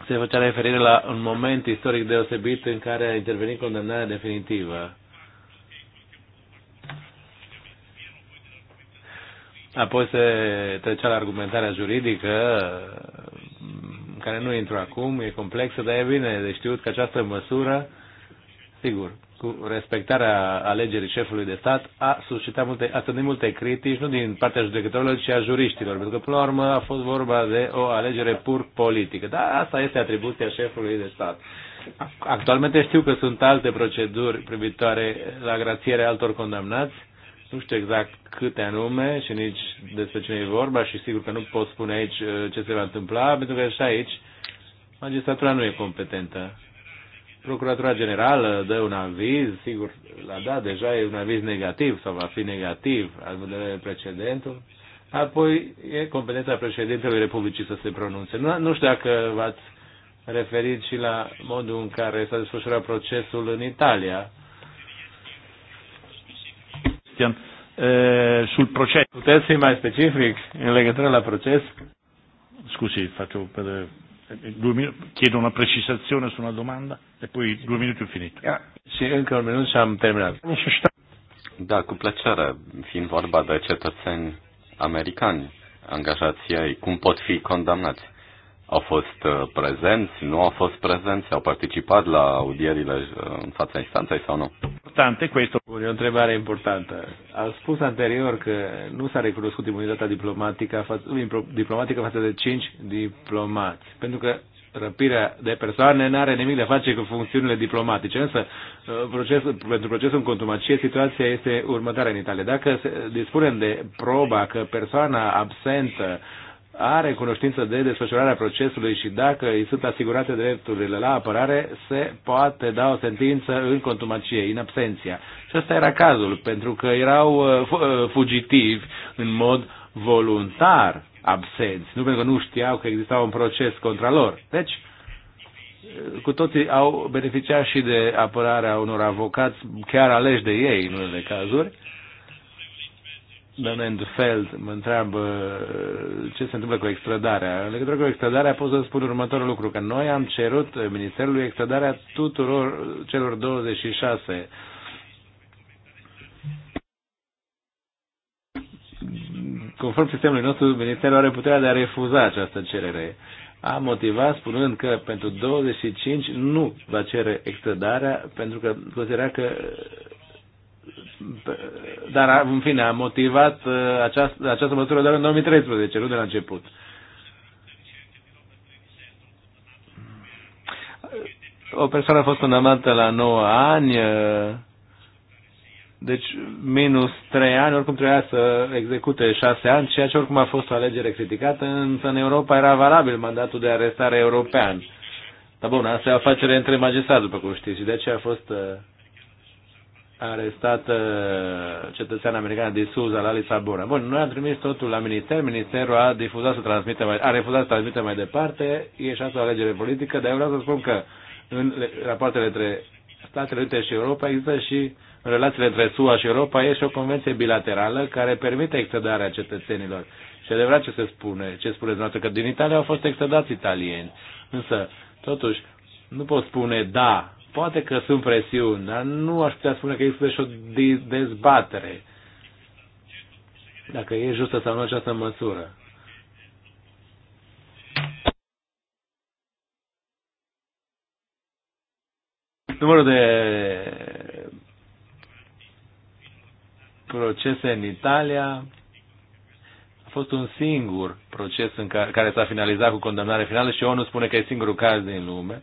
se făcea referire la un moment istoric deosebit în care a intervenit condamnarea definitivă. Apoi se trecea la argumentarea juridică, care nu intru acum, e complexă, dar e bine de știut că această măsură Sigur, cu respectarea alegerii șefului de stat a suscitat multe, atât de multe critici, nu din partea judecătorilor, ci a juriștilor, pentru că, până la urmă, a fost vorba de o alegere pur politică. Dar asta este atribuția șefului de stat. Actualmente știu că sunt alte proceduri privitoare la grațierea altor condamnați, nu știu exact câte anume și nici despre cine e vorba și sigur că nu pot spune aici uh, ce se va întâmpla, pentru că și aici magistratura nu e competentă Procuratura Generală dă un aviz, sigur, l-a dat deja, e un aviz negativ sau va fi negativ, al vedere precedentul. Apoi e competența președintelui Republicii să se pronunțe. Nu, nu știu dacă v-ați referit și la modul în care s-a desfășurat procesul în Italia. Cristian, eh, sul proces. Puteți fi mai specific în legătură la proces? Scuși, fac o Due minuti, chiedo una precisazione su una domanda e poi due minuti ho finito. Ah, sì, încă un minut și am Da, cu plăcere, fiind vorba de cetățeni americani angajați ei, cum pot fi condamnați? au fost uh, prezenți, nu au fost prezenți, au participat la audierile uh, în fața instanței sau nu? Importante, questo. E o întrebare importantă. Am spus anterior că nu s-a recunoscut imunitatea diplomatică diplomatică față de cinci diplomați, pentru că răpirea de persoane nu are nimic de a face cu funcțiunile diplomatice, însă uh, proces, pentru procesul în contumacie situația este următoarea în Italia. Dacă dispunem de proba că persoana absentă are cunoștință de desfășurarea procesului și dacă îi sunt asigurate drepturile la apărare, se poate da o sentință în contumacie, în absenția. Și ăsta era cazul, pentru că erau uh, uh, fugitivi în mod voluntar absenți, nu pentru că nu știau că exista un proces contra lor. Deci, cu toții au beneficiat și de apărarea unor avocați chiar aleși de ei în unele cazuri Doamna Endfeld mă întreabă uh, ce se întâmplă cu extradarea. În legătură cu extradarea pot să spun următorul lucru, că noi am cerut Ministerului extradarea tuturor celor 26 conform sistemului nostru, Ministerul are puterea de a refuza această cerere. A motivat spunând că pentru 25 nu va cere extradarea pentru că considera că dar în fine, a motivat uh, această, această măsură doar în 2013, nu de la început. O persoană a fost condamnată la 9 ani, uh, deci minus 3 ani, oricum trebuia să execute 6 ani, ceea ce oricum a fost o alegere criticată, însă în Europa era valabil mandatul de arestare european. Dar bun, asta e o afacere între magistrați, după cum știți, și de aceea a fost uh, arestat cetățean american de Suza la Lisabona. Bun, noi am trimis totul la minister, ministerul a difuzat să transmită mai, a refuzat să transmită mai departe, e și asta o alegere politică, dar eu vreau să spun că în rapoartele între Statele Unite și Europa există și în relațiile între SUA și Europa e și o convenție bilaterală care permite extradarea cetățenilor. Și adevărat ce se spune, ce spuneți noastră, că din Italia au fost extradați italieni. Însă, totuși, nu pot spune da Poate că sunt presiuni, dar nu aș putea spune că există și o dezbatere dacă e justă sau nu această măsură. Numărul de procese în Italia a fost un singur proces în care, care s-a finalizat cu condamnare finală și ONU spune că e singurul caz din lume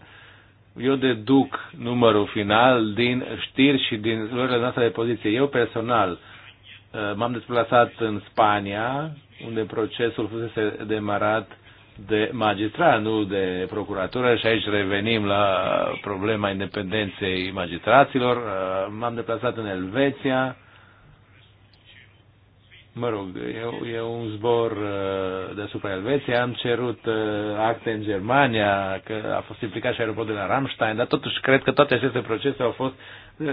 eu deduc numărul final din știri și din lucrurile noastre de poziție. Eu personal uh, m-am deplasat în Spania, unde procesul fusese demarat de magistrat, nu de procuratură și aici revenim la problema independenței magistraților. Uh, m-am deplasat în Elveția, mă rog, e, e un zbor uh, deasupra Elveției, am cerut uh, acte în Germania, că a fost implicat și aeroportul de la Ramstein, dar totuși cred că toate aceste procese au fost uh,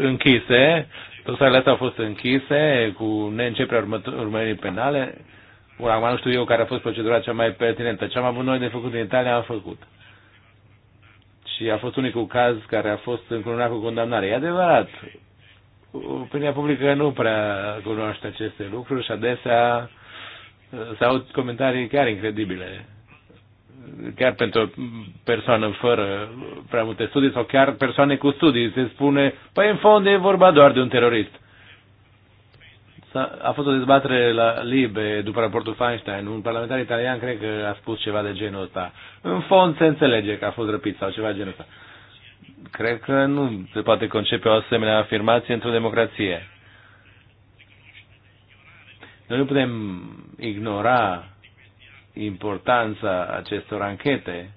închise, dosarele astea au fost închise cu neînceperea urmării penale. Bun, acum nu știu eu care a fost procedura cea mai pertinentă. Ce am avut noi de făcut în Italia, am făcut. Și a fost unicul caz care a fost încununat cu condamnare. E adevărat, opinia publică nu prea cunoaște aceste lucruri și adesea uh, sau aud comentarii chiar incredibile. Chiar pentru o persoană fără prea multe studii sau chiar persoane cu studii se spune, păi în fond e vorba doar de un terorist. A fost o dezbatere la Libe după raportul Feinstein. Un parlamentar italian cred că a spus ceva de genul ăsta. În fond se înțelege că a fost răpit sau ceva de genul ăsta cred că nu se poate concepe o asemenea afirmație într-o democrație. Noi nu putem ignora importanța acestor anchete.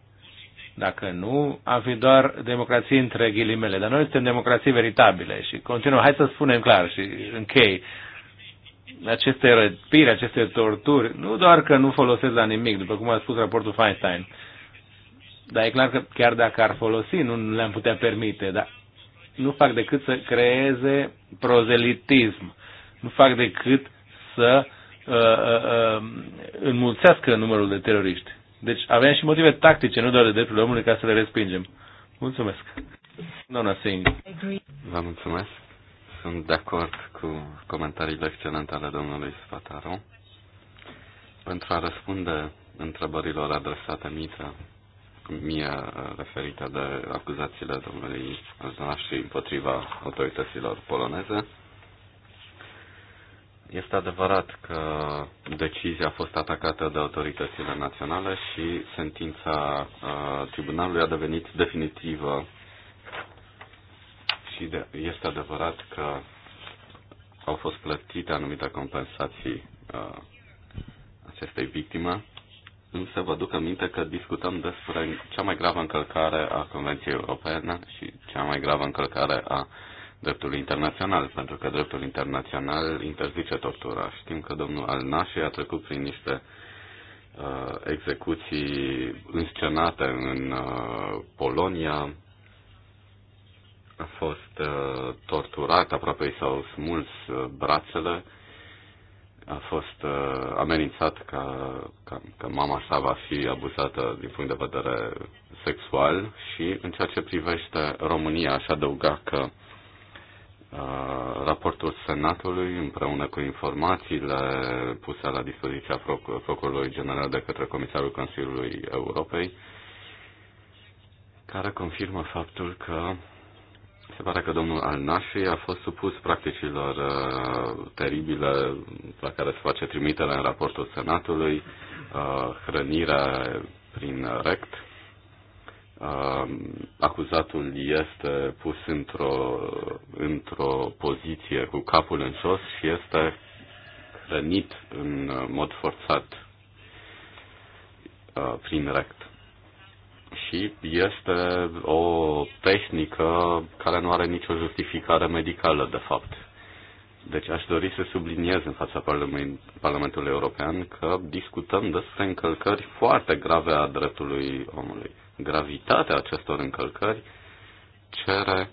Dacă nu, am fi doar democrații între ghilimele. Dar noi suntem democrații veritabile și continuăm. Hai să spunem clar și închei. Aceste răpiri, aceste torturi, nu doar că nu folosesc la nimic, după cum a spus raportul Feinstein, dar e clar că chiar dacă ar folosi, nu le-am putea permite, dar nu fac decât să creeze prozelitism. Nu fac decât să uh, uh, uh, înmulțească numărul de teroriști. Deci avem și motive tactice, nu doar de dreptul omului, ca să le respingem. Mulțumesc. Doamna Singh. Vă mulțumesc. Sunt de acord cu comentariile excelente ale domnului Sfataru. Pentru a răspunde întrebărilor adresate Mitra, mie eh, referită de acuzațiile domnului Zanaș împotriva autorităților poloneze. Este adevărat că decizia a fost atacată de autoritățile naționale și sentința uh, tribunalului a devenit definitivă și de, este adevărat că au fost plătite anumite compensații uh, acestei victime însă vă duc aminte că discutăm despre cea mai gravă încălcare a Convenției Europene și cea mai gravă încălcare a dreptului internațional, pentru că dreptul internațional interzice tortura. Știm că domnul al a trecut prin niște uh, execuții înscenate în uh, Polonia, a fost uh, torturat, aproape i s-au smuls uh, brațele, uh, a fost uh, amenințat ca, ca, că mama sa va fi abuzată din punct de vedere sexual și în ceea ce privește România aș adăuga că uh, raportul Senatului împreună cu informațiile puse la dispoziția Proc- Procurorului General de către Comisarul Consiliului Europei care confirmă faptul că se pare că domnul al a fost supus practicilor uh, teribile la care se face trimitere în raportul Senatului, uh, hrănirea prin rect. Uh, acuzatul este pus într-o, într-o poziție cu capul în jos și este hrănit în mod forțat uh, prin rect și este o tehnică care nu are nicio justificare medicală, de fapt. Deci aș dori să subliniez în fața Parlamentului European că discutăm despre încălcări foarte grave a dreptului omului. Gravitatea acestor încălcări cere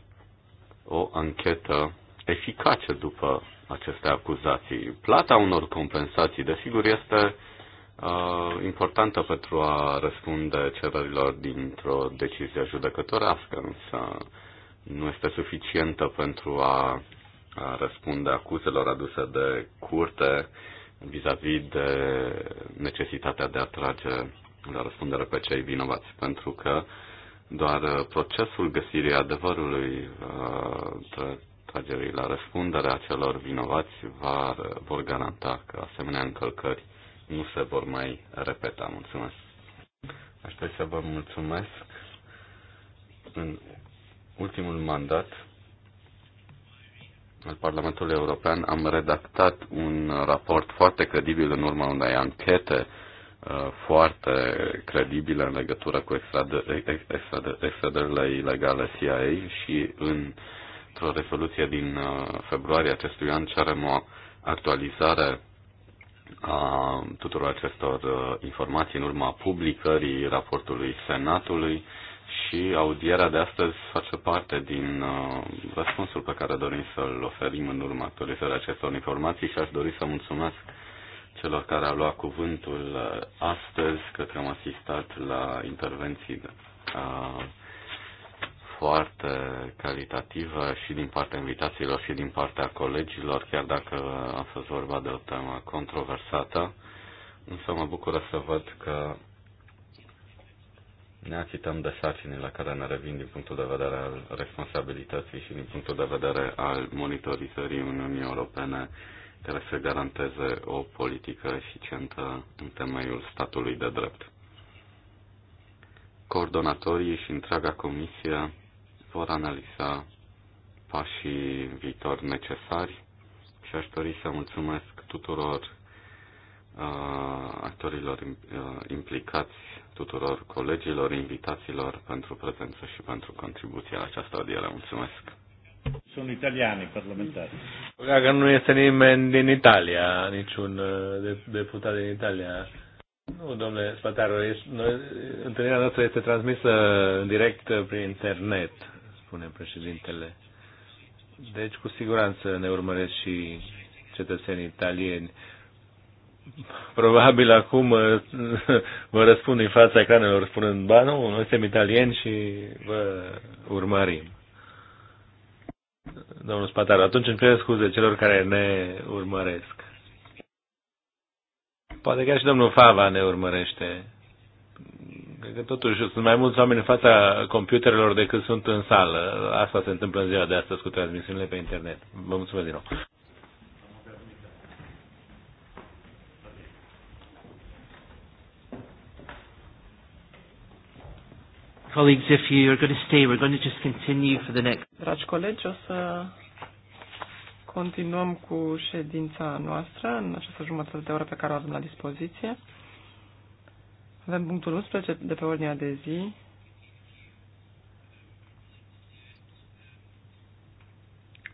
o anchetă eficace după aceste acuzații. Plata unor compensații, desigur, este uh, importantă pentru a răspunde cererilor dintr-o decizie judecătorească, însă nu este suficientă pentru a, a răspunde acuzelor aduse de curte vis-a-vis -vis de necesitatea de a trage la răspundere pe cei vinovați, pentru că doar procesul găsirii adevărului uh, tragerii la răspundere a celor vinovați va, vor garanta că asemenea încălcări nu se vor mai repeta. Mulțumesc! Aș dori să vă mulțumesc în ultimul mandat al Parlamentului European am redactat un raport foarte credibil în urma unei anchete uh, foarte credibile în legătură cu extraderile ilegale CIA și într-o rezoluție din uh, februarie acestui an cerem o actualizare a tuturor acestor uh, informații în urma publicării raportului Senatului și audierea de astăzi face parte din uh, răspunsul pe care dorim să-l oferim în urma actualizării acestor informații și aș dori să mulțumesc celor care au luat cuvântul uh, astăzi. Cred că am asistat la intervenții de, foarte calitativă, și din partea invitațiilor și din partea colegilor, chiar dacă a fost vorba de o temă controversată. Însă mă bucură să văd că ne achităm de sarcinile care ne revin din punctul de vedere al responsabilității și din punctul de vedere al monitorizării Uniunii Europene care să garanteze o politică eficientă în temeiul statului de drept. Coordonatorii și întreaga comisie vor analiza pașii viitor necesari și aș dori să mulțumesc tuturor uh, actorilor uh, implicați, tuturor colegilor, invitaților pentru prezență și pentru contribuția la această audiere. Mulțumesc! Sunt italiani parlamentari. Dacă nu este nimeni din Italia, niciun eh, deputat din Italia. Nu, domnule Spataru, ești, noi, întâlnirea noastră este transmisă în direct prin internet spune președintele. Deci, cu siguranță ne urmăresc și cetățenii italieni. Probabil acum vă răspund în fața ecranelor spunând, ba nu, noi suntem italieni și vă urmărim. Domnul Spataru, atunci îmi cer scuze celor care ne urmăresc. Poate chiar și domnul Fava ne urmărește. Cred că totuși sunt mai mulți oameni în fața computerelor decât sunt în sală. Asta se întâmplă în ziua de astăzi cu transmisiunile pe internet. Vă mulțumesc din nou. Colleagues, if are going to stay, we're going to just continue for the next. Dragi colegi, o să continuăm cu ședința noastră în această jumătate de oră pe care o avem la dispoziție. Avem punctul 11 de pe ordinea de zi.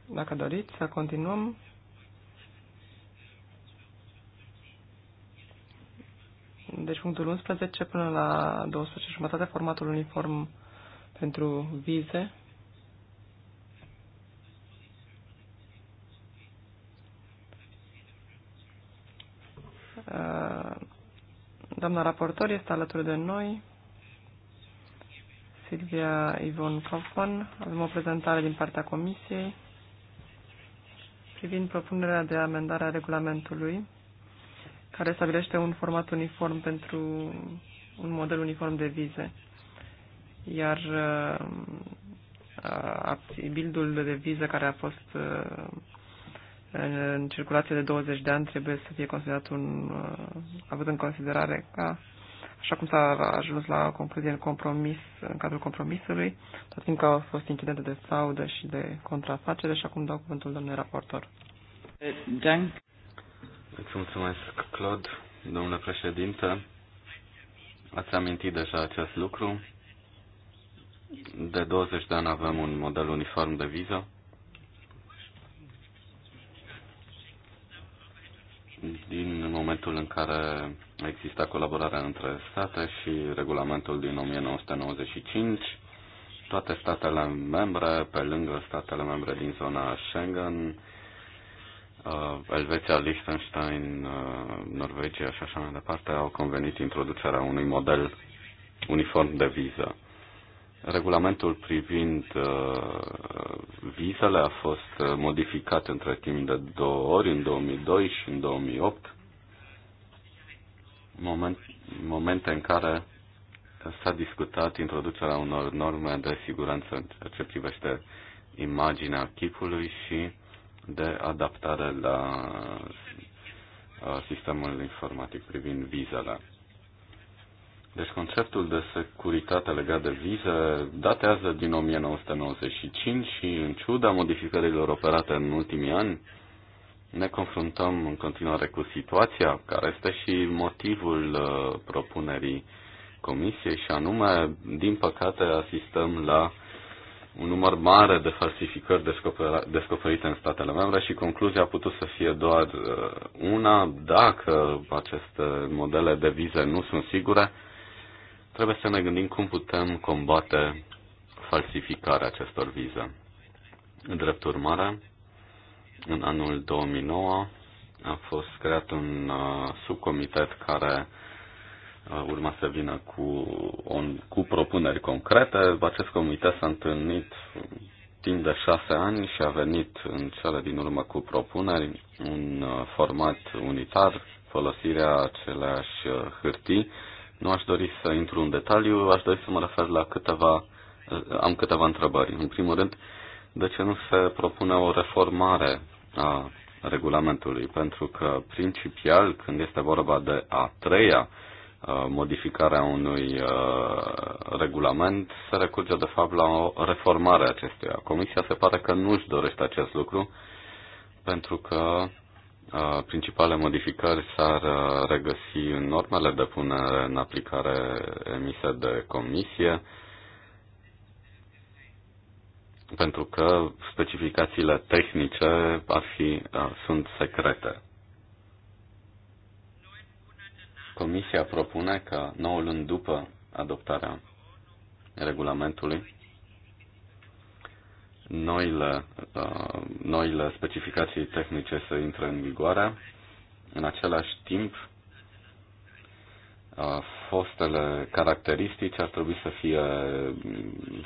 Dacă doriți să continuăm, deci punctul 11 până la 12 jumătate, formatul uniform pentru vize. Uh, Doamna raportor este alături de noi. Silvia Ivon Kaufman. Avem o prezentare din partea Comisiei privind propunerea de amendare a regulamentului care stabilește un format uniform pentru un model uniform de vize. Iar uh, bildul de viză care a fost uh, în circulație de 20 de ani trebuie să fie considerat un, uh, avut în considerare ca, așa cum s-a ajuns la concluzie în compromis, în cadrul compromisului, tot că au fost incidente de fraudă și de contrafacere și acum dau cuvântul domnului raportor. Dan. Îți mulțumesc, Claude, domnule președinte. Ați amintit deja acest lucru. De 20 de ani avem un model uniform de viză din momentul în care exista colaborarea între state și regulamentul din 1995, toate statele membre, pe lângă statele membre din zona Schengen, uh, Elveția, Liechtenstein, uh, Norvegia și așa mai departe, au convenit introducerea unui model uniform de viză. Regulamentul privind uh, vizele a fost uh, modificat între timp de două ori, în 2002 și în 2008, moment, momente în care s-a discutat introducerea unor norme de siguranță în ceea ce privește imaginea chipului și de adaptare la uh, sistemul informatic privind vizele. Deci conceptul de securitate legat de vize datează din 1995 și în ciuda modificărilor operate în ultimii ani, ne confruntăm în continuare cu situația care este și motivul uh, propunerii comisiei și anume, din păcate, asistăm la un număr mare de falsificări descoperite în statele membre și concluzia a putut să fie doar uh, una, dacă aceste modele de vize nu sunt sigure, Trebuie să ne gândim cum putem combate falsificarea acestor vize. În drept urmare, în anul 2009 a fost creat un uh, subcomitet care uh, urma să vină cu, on, cu propuneri concrete. Acest comitet s-a întâlnit timp de șase ani și a venit în cele din urmă cu propuneri un uh, format unitar, folosirea aceleași uh, hârtii nu aș dori să intru în detaliu, aș dori să mă refer la câteva, am câteva întrebări. În primul rând, de ce nu se propune o reformare a regulamentului? Pentru că, principial, când este vorba de a treia uh, modificare a unui uh, regulament, se recurge, de fapt, la o reformare a acestuia. Comisia se pare că nu își dorește acest lucru, pentru că principale modificări s-ar regăsi în normele de punere în aplicare emise de comisie, pentru că specificațiile tehnice ar fi, sunt secrete. Comisia propune că 9 luni după adoptarea regulamentului, noile, uh, noile specificații tehnice să intre în vigoare. În același timp, uh, fostele caracteristici ar trebui să fie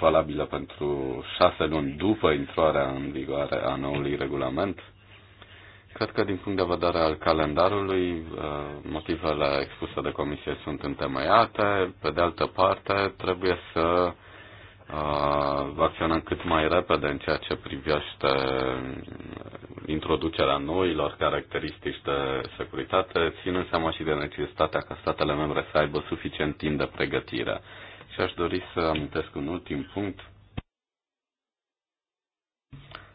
valabile pentru șase luni după intrarea în vigoare a noului regulament. Cred că din punct de vedere al calendarului, uh, motivele expuse de comisie sunt întemeiate. Pe de altă parte, trebuie să acționăm cât mai repede în ceea ce privește introducerea noilor caracteristici de securitate, ținând seama și de necesitatea ca statele membre să aibă suficient timp de pregătire. Și aș dori să amintesc un ultim punct.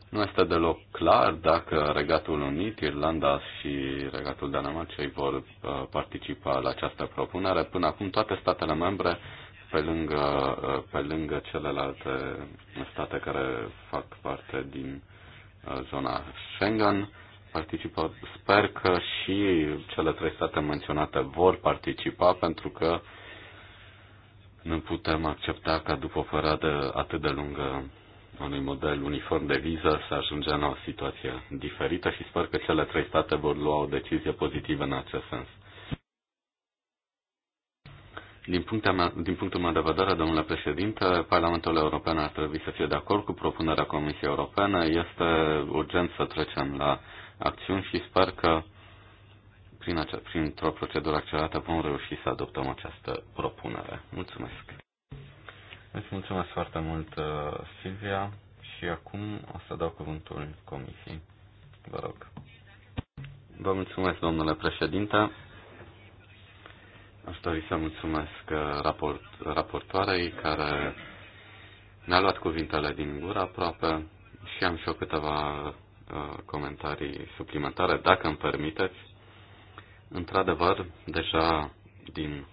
Nu este deloc clar dacă Regatul Unit, Irlanda și Regatul Danemarcei vor uh, participa la această propunere. Până acum toate statele membre pe lângă, pe lângă celelalte state care fac parte din uh, zona Schengen. Participă, sper că și cele trei state menționate vor participa pentru că nu putem accepta ca după o perioadă atât de lungă unui model uniform de viză să ajungem la o situație diferită și sper că cele trei state vor lua o decizie pozitivă în acest sens. Din, mea, din punctul meu de vedere, domnule președinte, Parlamentul European ar trebui să fie de acord cu propunerea Comisiei Europene. Este urgent să trecem la acțiuni și sper că prin ace- printr-o procedură accelerată vom reuși să adoptăm această propunere. Mulțumesc! Îți mulțumesc foarte mult, uh, Silvia, și acum o să dau cuvântul Comisiei. Vă rog. Vă mulțumesc, domnule președinte. Aș dori să mulțumesc uh, raport, raportoarei care ne a luat cuvintele din gură aproape și am și eu câteva uh, comentarii suplimentare, dacă îmi permiteți. Într-adevăr, deja din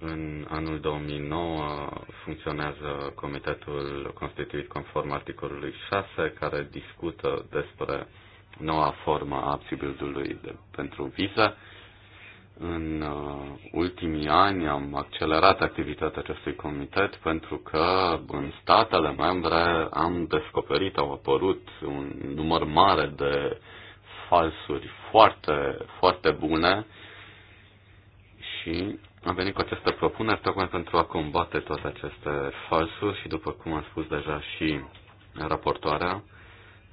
în anul 2009 funcționează comitetul constituit conform articolului 6, care discută despre noua formă a abțibildului pentru viză. În uh, ultimii ani am accelerat activitatea acestui comitet pentru că în statele membre am descoperit, au apărut un număr mare de falsuri foarte, foarte bune și am venit cu această propunere tocmai pentru a combate toate aceste falsuri și după cum am spus deja și raportoarea,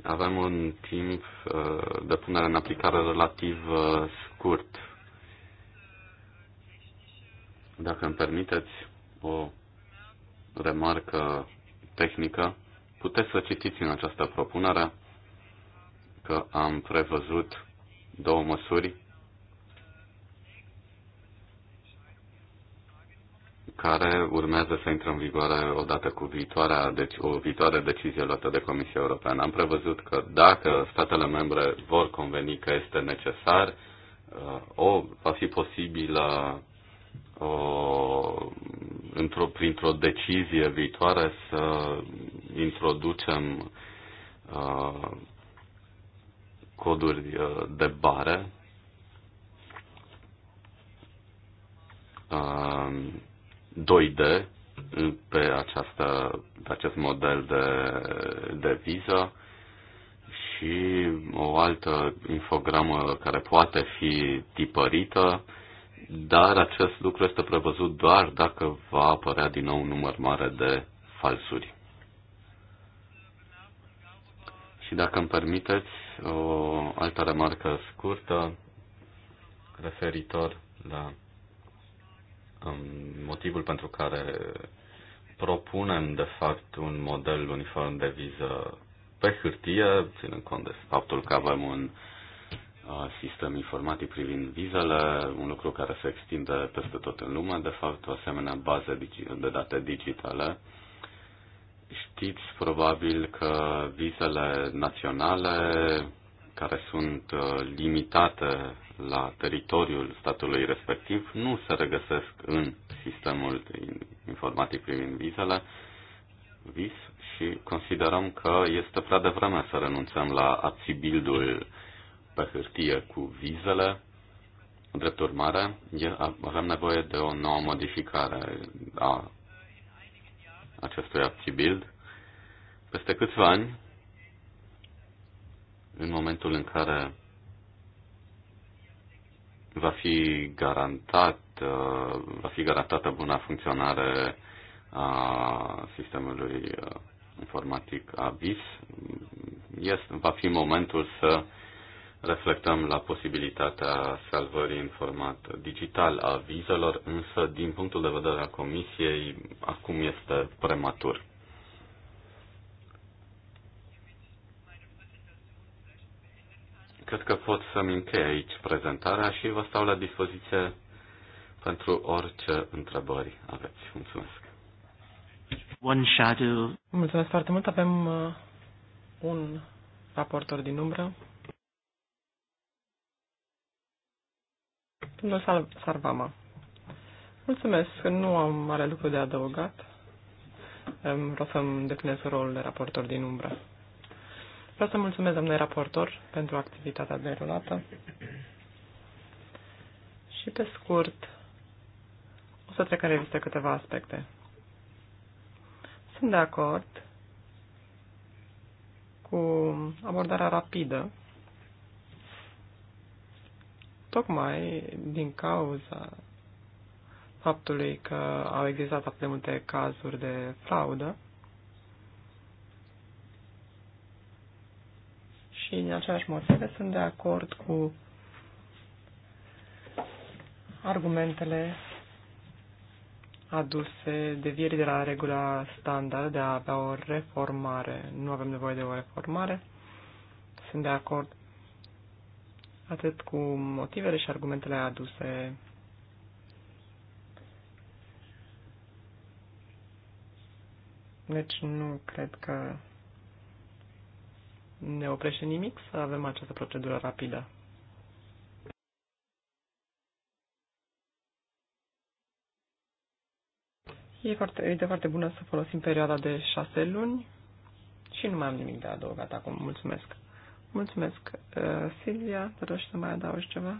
avem un timp uh, de punere în aplicare relativ uh, scurt dacă îmi permiteți o remarcă tehnică, puteți să citiți în această propunere că am prevăzut două măsuri care urmează să intre în vigoare odată cu viitoarea, deci o viitoare decizie luată de Comisia Europeană. Am prevăzut că dacă statele membre vor conveni că este necesar, uh, o va fi posibilă Uh, într-o, printr-o decizie viitoare să introducem uh, coduri uh, de bare. Uh, 2D pe, această, pe acest model de, de viză și o altă infogramă care poate fi tipărită dar acest lucru este prevăzut doar dacă va apărea din nou un număr mare de falsuri. Și dacă îmi permiteți o altă remarcă scurtă referitor la um, motivul pentru care propunem, de fapt, un model uniform de viză pe hârtie, ținând cont de faptul că avem un uh, sistem informatic privind vizele, un lucru care se extinde peste tot în lume, de fapt, o asemenea bază de date digitale. Știți probabil că vizele naționale, care sunt uh, limitate la teritoriul statului respectiv, nu se regăsesc în sistemul informatic privind vizele, vis, și considerăm că este prea devreme să renunțăm la ațibildul pe hârtie cu vizele. Drept urmare, avem nevoie de o nouă modificare a acestui activ build. Peste câțiva ani, în momentul în care va fi garantat, uh, va fi garantată buna funcționare a sistemului uh, informatic ABIS, este, va fi momentul să reflectăm la posibilitatea salvării în format digital a vizelor, însă din punctul de vedere al Comisiei acum este prematur. Cred că pot să-mi închei aici prezentarea și vă stau la dispoziție pentru orice întrebări aveți. Mulțumesc. One shadow. Mulțumesc foarte mult. Avem uh, un raportor din umbră. Domnul Sarvama. Mulțumesc, că nu am mare lucru de adăugat. Vreau să-mi definez rolul de raportor din umbră. Vreau să mulțumesc, domnule raportor, pentru activitatea derulată. Și pe scurt, o să trec în revistă câteva aspecte. Sunt de acord cu abordarea rapidă tocmai din cauza faptului că au existat atât de multe cazuri de fraudă și din aceeași motive sunt de acord cu argumentele aduse vieri de la regula standard de a avea o reformare. Nu avem nevoie de o reformare. Sunt de acord atât cu motivele și argumentele aduse Deci nu cred că ne oprește nimic să avem această procedură rapidă. E foarte, e de foarte bună să folosim perioada de șase luni și nu mai am nimic de adăugat acum. Mulțumesc! Mulțumesc. Uh, Silvia, te rog să mai adaugi ceva?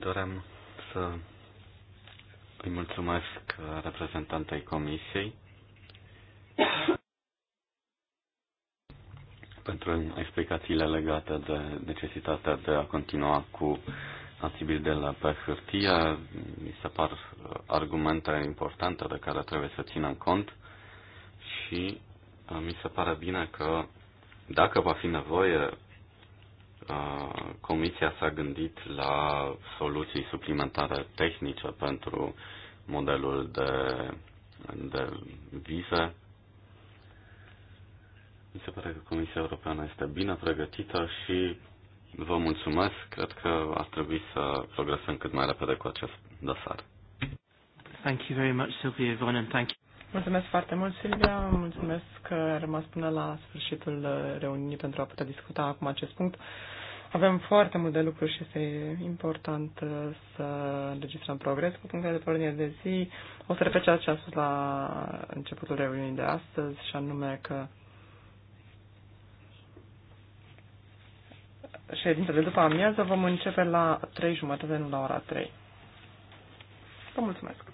Doream să îi mulțumesc reprezentantei Comisiei pentru explicațiile legate de necesitatea de a continua cu la pe hârtie. Mi se par argumente importante de care trebuie să ținem cont și uh, mi se pare bine că dacă va fi nevoie, uh, Comisia s-a gândit la soluții suplimentare tehnice pentru modelul de, de vize. Mi se pare că Comisia Europeană este bine pregătită și vă mulțumesc. Cred că ar trebui să progresăm cât mai repede cu acest dosar. Thank you very much, Silvia Ivan, and thank you. Mulțumesc foarte mult, Silvia. Mulțumesc că a rămas până la sfârșitul reuniunii pentru a putea discuta acum acest punct. Avem foarte mult de lucru și este important uh, să înregistrăm progres cu punctele de pornire de zi. O să repet ceea ce a spus la începutul reuniunii de astăzi și anume că de după amiază vom începe la 3 jumătate, nu la ora 3. Vă mulțumesc!